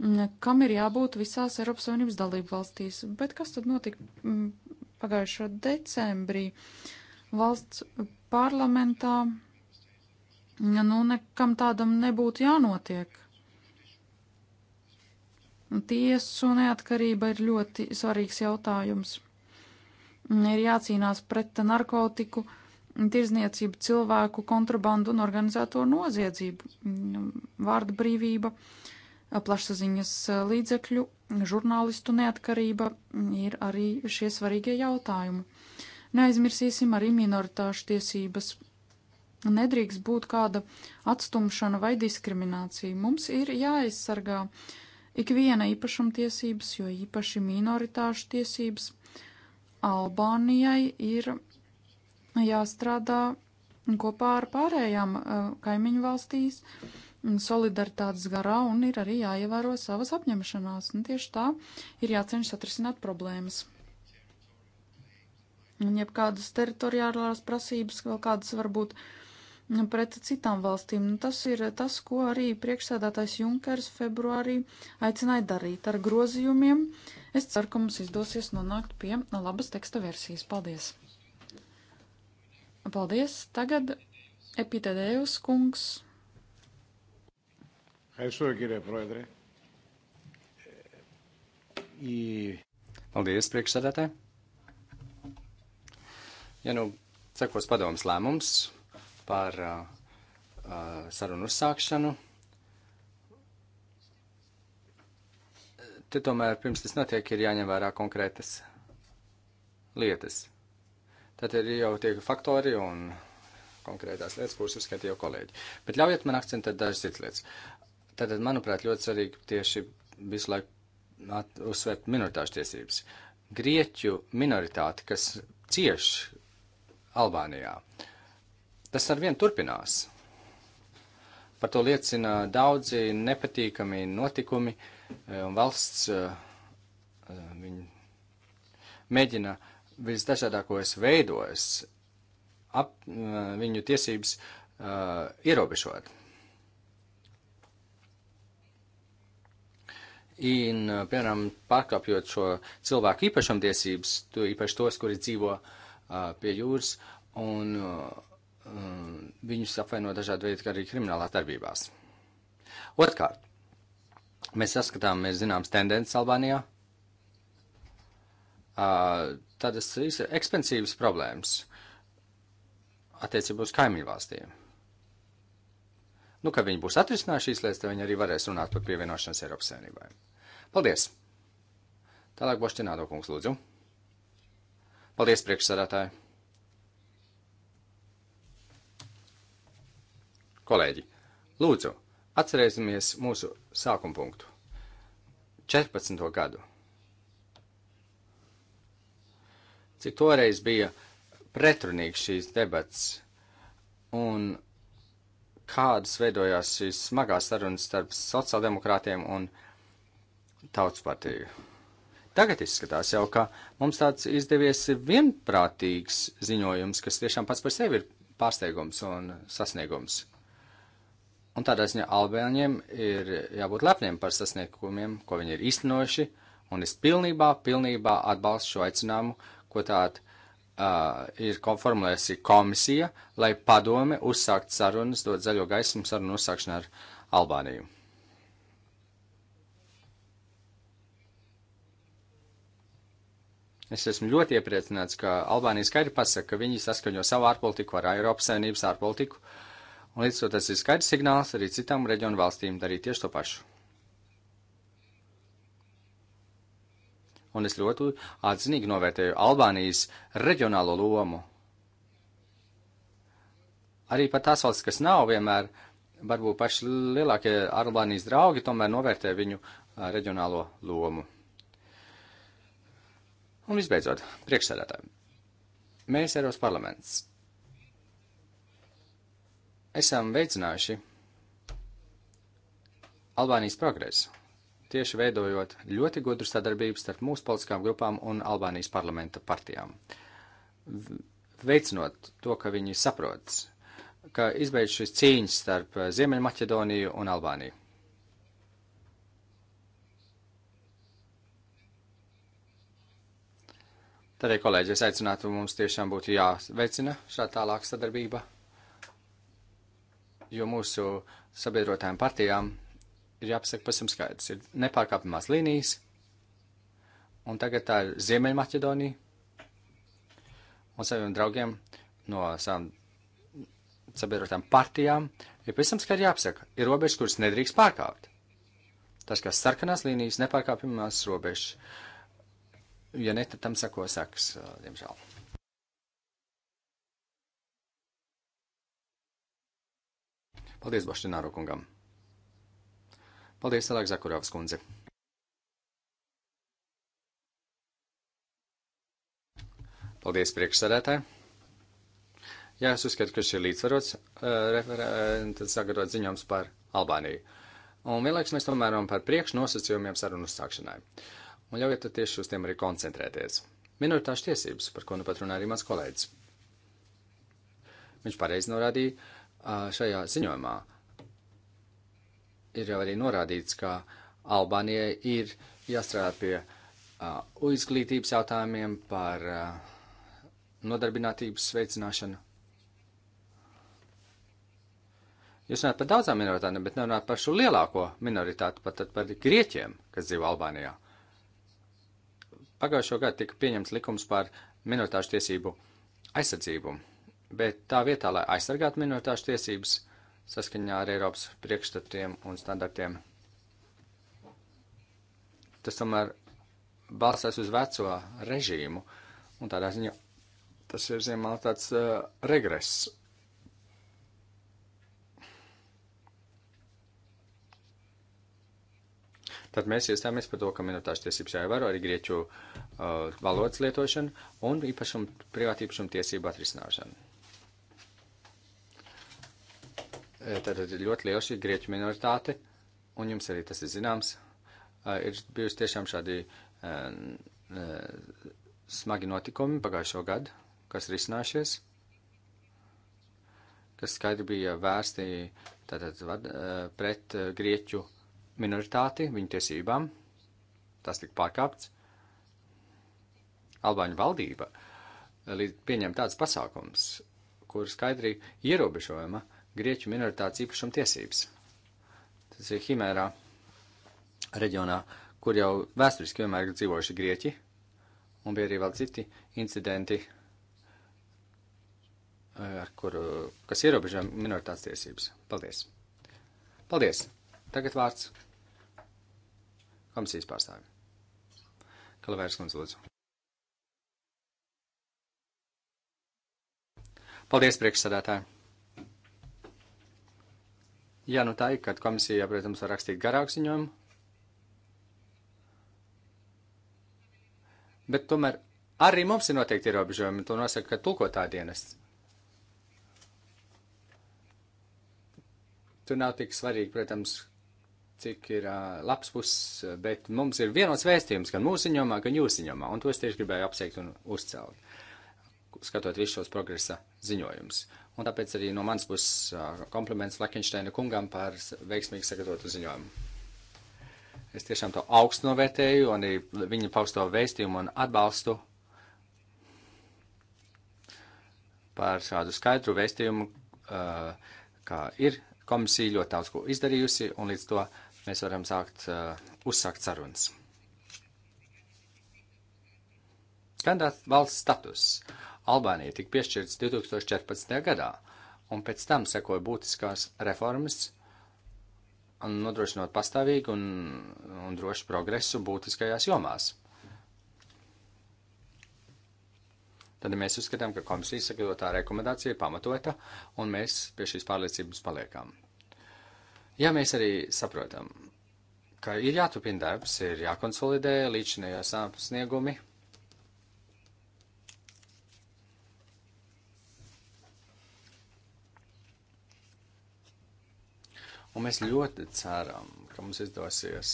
Speaker 3: mm, kam ir jābūt visās Eiropas Savienības dalību valstīs. Bet kas tad notika mm, pagājušo decembrī? Valsts parlamentā, nu, nekam tādam nebūtu jānotiek. Tiesu neatkarība ir ļoti svarīgs jautājums. Ir jācīnās pret narkotiku, tirzniecību, cilvēku kontrabandu un organizēto noziedzību, mm, vārda brīvība, plašsaziņas līdzekļu, žurnālistu neatkarība ir arī šie svarīgie jautājumi. Neaizmirsīsim arī minoritāšu tiesības. Nedrīkst būt kāda atstumšana vai diskriminācija. Mums ir jāaizsargā ikviena īpašumtiesības, jo īpaši minoritāšu tiesības Albānijai ir jāstrādā kopā ar pārējām eh, kaimiņu valstīs solidaritātes garā un ir arī jāievēro savas apņemšanās. Un tieši tā ir jācenšas atrisināt problēmas un jebkādas teritoriālās prasības, vēl kādas varbūt nu, pret citām valstīm. Un nu, tas ir tas, ko arī priekšsēdātais Junkers februārī aicināja darīt ar grozījumiem. Es ceru, ka mums izdosies nonākt pie labas teksta versijas. Paldies! Paldies! Tagad Epitēdējus kungs.
Speaker 1: Aizsver, Kirē, Proedrē.
Speaker 4: E, Paldies, priekšsēdētāji! Ja nu sekos padomas lēmums par uh, uh sarunu uzsākšanu, te tomēr pirms tas notiek, ir jāņem vērā konkrētas lietas. Tad ir jau tie faktori un konkrētās lietas, kuras uzskaitīja jau kolēģi. Bet ļaujiet man akcentēt dažas citas lietas. Tātad, manuprāt, ļoti svarīgi tieši visu laiku uzsvērt minoritāšu tiesības. Grieķu minoritāte, kas cieš Albānijā. Tas arvien turpinās. Par to liecina daudzi nepatīkami notikumi, e, un valsts e, e, viņi mēģina visdažādākos veidos ap, viņu tiesības uh, ierobežot. Un, piemēram, pārkāpjot šo cilvēku īpašumtiesības, to īpaši tos, kuri dzīvo uh, pie jūras, un viņus apvaino dažādi veidi, kā arī kriminālā darbībās. Otkārt, mēs saskatām, mēs zināms tendences Albānijā. Tādas ir ekspensīvas problēmas attiecībā uz kaimiņu valstīm. Nu, kad viņi būs atrisinājuši šīs lietas, tad viņi arī varēs runāt par pievienošanos Eiropas Savienībai. Paldies! Tālāk Boštinādo kungs lūdzu. Paldies, priekšsēdētāji! Kolēģi, lūdzu, atcerēsimies mūsu sākuma punktu - 14. gadu. Cik toreiz bija pretrunīgs šīs debats un kādas veidojās šīs smagās sarunas starp sociāldemokrātiem un tautas partiju. Tagad izskatās jau, ka mums tāds izdevies vienprātīgs ziņojums, kas tiešām pats par sevi ir pārsteigums un sasniegums. Un tādā ziņā albēņiem ir jābūt lepniem par sasniegumiem, ko viņi ir iznoši, un es pilnībā, pilnībā atbalstu šo aicinājumu, ko tāda uh, ir formulējusi komisija, lai padome uzsākt sarunas, dot zaļo gaismu sarunu uzsākšanu ar Albāniju. Es esmu ļoti iepriecināts, ka Albānija skaidri pasaka, ka viņi saskaņo savu ārpolitiku ar Eiropas Savienības ārpolitiku, un līdz to tas ir skaidrs signāls arī citām reģionu valstīm darīt tieši to pašu. Un es ļoti atzinīgi novērtēju Albānijas reģionālo lomu. Arī pat tās valsts, kas nav vienmēr, varbūt paši lielākie Albānijas draugi, tomēr novērtē viņu reģionālo lomu. Un visbeidzot, priekšsēdētāji, mēs Eiros parlaments esam veicinājuši Albānijas progresu, tieši veidojot ļoti gudru sadarbību starp mūsu politiskām grupām un Albānijas parlamenta partijām. Veicinot to, ka viņi saprotas, ka izbeidz šis cīņas starp Ziemeļmaķedoniju un Albāniju. Tādēļ, kolēģi, es aicinātu mums tiešām būtu jāveicina šāda tālāka sadarbība, jo mūsu sabiedrotājiem partijām ir jāpasaka pavisam skaidrs, ir nepārkāpamās līnijas, un tagad tā ir Ziemeļmaķedonija, un saviem draugiem no savām sabiedrotām partijām ir pavisam skaidri jāapsaka, ir robežas, kuras nedrīkst pārkāpt. Tas, kas sarkanās līnijas, nepārkāpamās robežas. Ja ne, tad tam sako saks, diemžēl. Paldies Baštināro kungam. Paldies, Elēk Zakurovs kundze. Paldies priekšsēdētāji. Jā, es uzskatu, ka šis ir līdzsvarots uh, referents sagatavot ziņojums par Albāniju. Un vienlaiks mēs tomēr runājam par priekšnosacījumiem sarunu uzsākšanai. Uh, Un ļaujiet tad tieši uz tiem arī koncentrēties. Minoritāšu tiesības, par ko nu pat runā arī mans kolēģis. Viņš pareizi norādīja šajā ziņojumā. Ir jau arī norādīts, ka Albānijai ir jāstrādā pie uh, izglītības jautājumiem par uh, nodarbinātības veicināšanu. Jūs runājat par daudzām minoritātēm, bet nerunājat par šo lielāko minoritāti, pat par grieķiem, kas dzīvo Albānijā. Uh, Pagājušo gadu tika pieņemts likums par minoritāšu tiesību aizsardzību, bet tā vietā, lai aizsargātu minoritāšu tiesības saskaņā ar Eiropas priekšstatiem un standartiem, tas tomēr balstās uz veco režīmu, un tādā ziņā tas ir, zinām, tāds uh, regress Tad mēs iestājāmies par to, ka minoritāšu tiesības jāievēro arī grieķu uh, valodas lietošana un īpašumu, privātu īpašumu tiesību atrisināšana. E, tad ir ļoti liela šī grieķu minoritāte, un jums arī tas ir zināms. Uh, ir bijusi tiešām šādi uh, uh, smagi notikumi pagājušo gadu, kas ir izcinājušies kas skaidri bija vērsti tātad, vad, pret grieķu minoritāti, viņu tiesībām. Tas tika pārkāpts. Albāņu valdība eh, pieņem tāds pasākums, kur skaidri ierobežojama grieķu minoritātes īpašuma tiesības. Tas ir Himērā reģionā, kur jau vēsturiski vienmēr dzīvojuši grieķi, un bija arī vēl citi incidenti, eh, ar kuru, kas ierobežo minoritātes tiesības. Paldies! Paldies! Tagad vārds Komisijas pārstāvi. Kalvērs kundze, lūdzu. Paldies, priekšsādātāji. Jā, nu tā ir, kad komisija, protams, var rakstīt garāku ziņojumu. Bet tomēr arī mums ir noteikti ierobežojumi, to nosaka tulkotāja dienests. Tur nav tik svarīgi, protams, cik ir uh, labs puses, bet mums ir vienots vēstījums gan mūsu ziņomā, gan jūsu ziņomā, un to es tieši gribēju apsveikt un uzcelt, skatot visus šos progresa ziņojumus. Un tāpēc arī no manas puses uh, kompliments Lekinšteina kungam par veiksmīgi sagatavotu ziņojumu. Es tiešām to augstu novērtēju, un arī viņa pausto vēstījumu un atbalstu par šādu skaidru vēstījumu, uh, kā ir komisija ļoti daudz ko izdarījusi, un līdz to mēs varam sākt, uh, uzsākt sarunas. Kandidāts valsts status Albānija tika piešķirts 2014. gadā, un pēc tam sekoja būtiskās reformas, nodrošinot pastāvīgu un, un drošu progresu būtiskajās jomās. Tad ja mēs uzskatām, ka komisijas sagatavotā rekomendācija ir pamatota, un mēs pie šīs pārliecības paliekam. Ja mēs arī saprotam, ka ir jāturpina darbs, ir jākonsolidē līdzinējo sāpsniegumi. Un mēs ļoti ceram, ka mums izdosies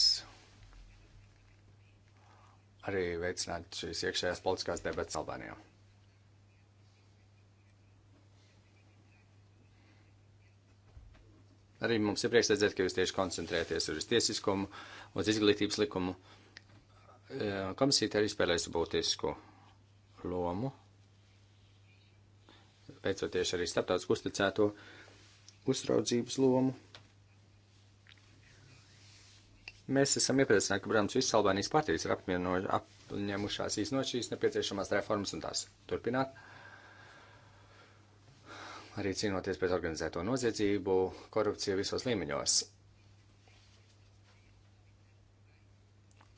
Speaker 4: arī veicināt šīs iekšējās politiskās debatas Albānijā. Arī mums ir prieks redzēt, ka jūs tieši koncentrēties uz tiesiskumu, uz izglītības likumu. E, komisija arī spēlēs būtisku lomu, veicot tieši arī starptautisku uzticēto uzraudzības lomu. Mēs esam iepriecināti, ka, protams, visas Albānijas partijas ir apņēmušās īstenot šīs nepieciešamās reformas un tās turpināt. Uh, arī cīnoties pret organizēto noziedzību, korupciju visos līmeņos.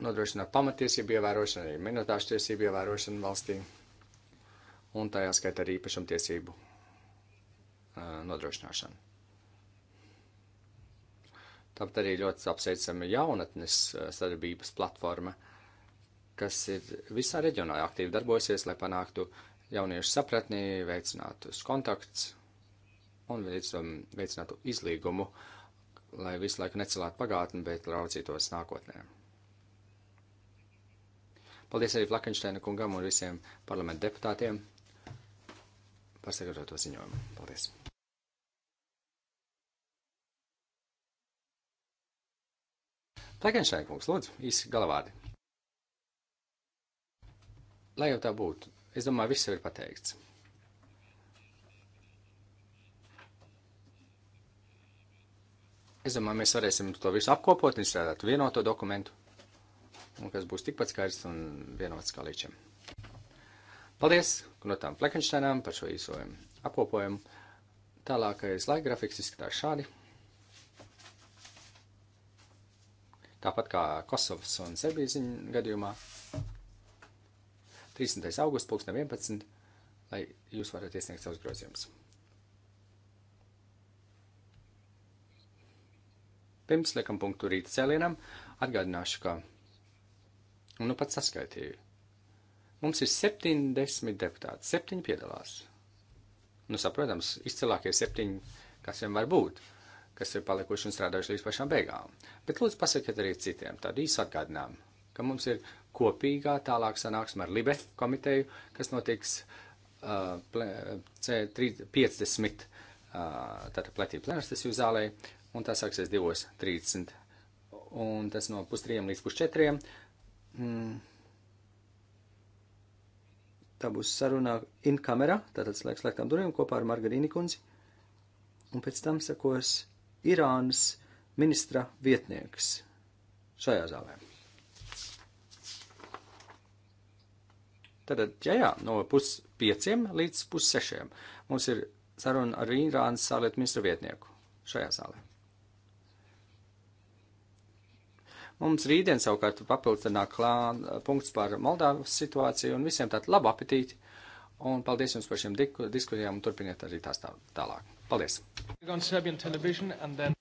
Speaker 4: Nodrošināt pamatiesību ievērošanu, arī minoritāšu tiesību ievērošanu valstī, un tajā skaitā arī īpašumtiesību nodrošināšanu. Tāpat arī ļoti apsveicama jaunatnes sadarbības platforma, kas ir visā reģionā aktīvi darbosies, lai panāktu jauniešu sapratni, veicinātu kontakts un veic, um, veicinātu izlīgumu, lai visu laiku necelētu pagātni, bet raucītos nākotnē. Paldies arī Flakensteina kungam un visiem parlamentu deputātiem par sagatavoto ziņojumu. Paldies! Flakensteina kungs, lūdzu, īsi galavādi. Lai jau tā būtu, es domāju, viss jau ir pateikts. Es domāju, mēs varēsim to visu apkopot un izstrādāt vienoto dokumentu, un kas būs tikpat skaists un vienots kā līdz šim. Paldies Knotam Plekenšteinam par šo īso apkopojumu. Tālākais laika grafiks izskatās šādi. Tāpat kā Kosovas un Serbijas gadījumā. 30. augusts, 2011. lai jūs varat iesniegt savus grozījumus. Pirms liekam punktu rīta cēlienam, atgādināšu, ka, un nu pats saskaitīju, mums ir 70 deputāti, 7 piedalās. Nu, saprotams, izcilākie 7, kas vien var būt, kas ir palikuši un strādājuši līdz pašām beigām. Bet lūdzu pasakiet arī citiem, tādu īsu atgādinājumu, ka mums ir kopīgā tālāk sanāksme ar Libe komiteju, kas notiks uh, 50 uh, tātad platīja plenārsesiju zālē un tā sāksies 2.30. Un tas no pustrījiem līdz pusčetriem. Mm. Tā būs saruna in kamera, tātad slēgt slēgtām durvīm kopā ar Margarīni kundzi. Un pēc tam sekos Irānas ministra vietnieks šajā zālē. Tātad, ja jā, no puspieciem līdz pussešiem mums ir saruna ar Irānas sālietu ministru vietnieku šajā zālē. Mums rītdien savukārt papildināk klāt punkts par Moldāvas situāciju un visiem tādu labu apetīti. Un paldies jums par šiem diskusijām un turpiniet arī tās tā, tālāk.
Speaker 1: Paldies!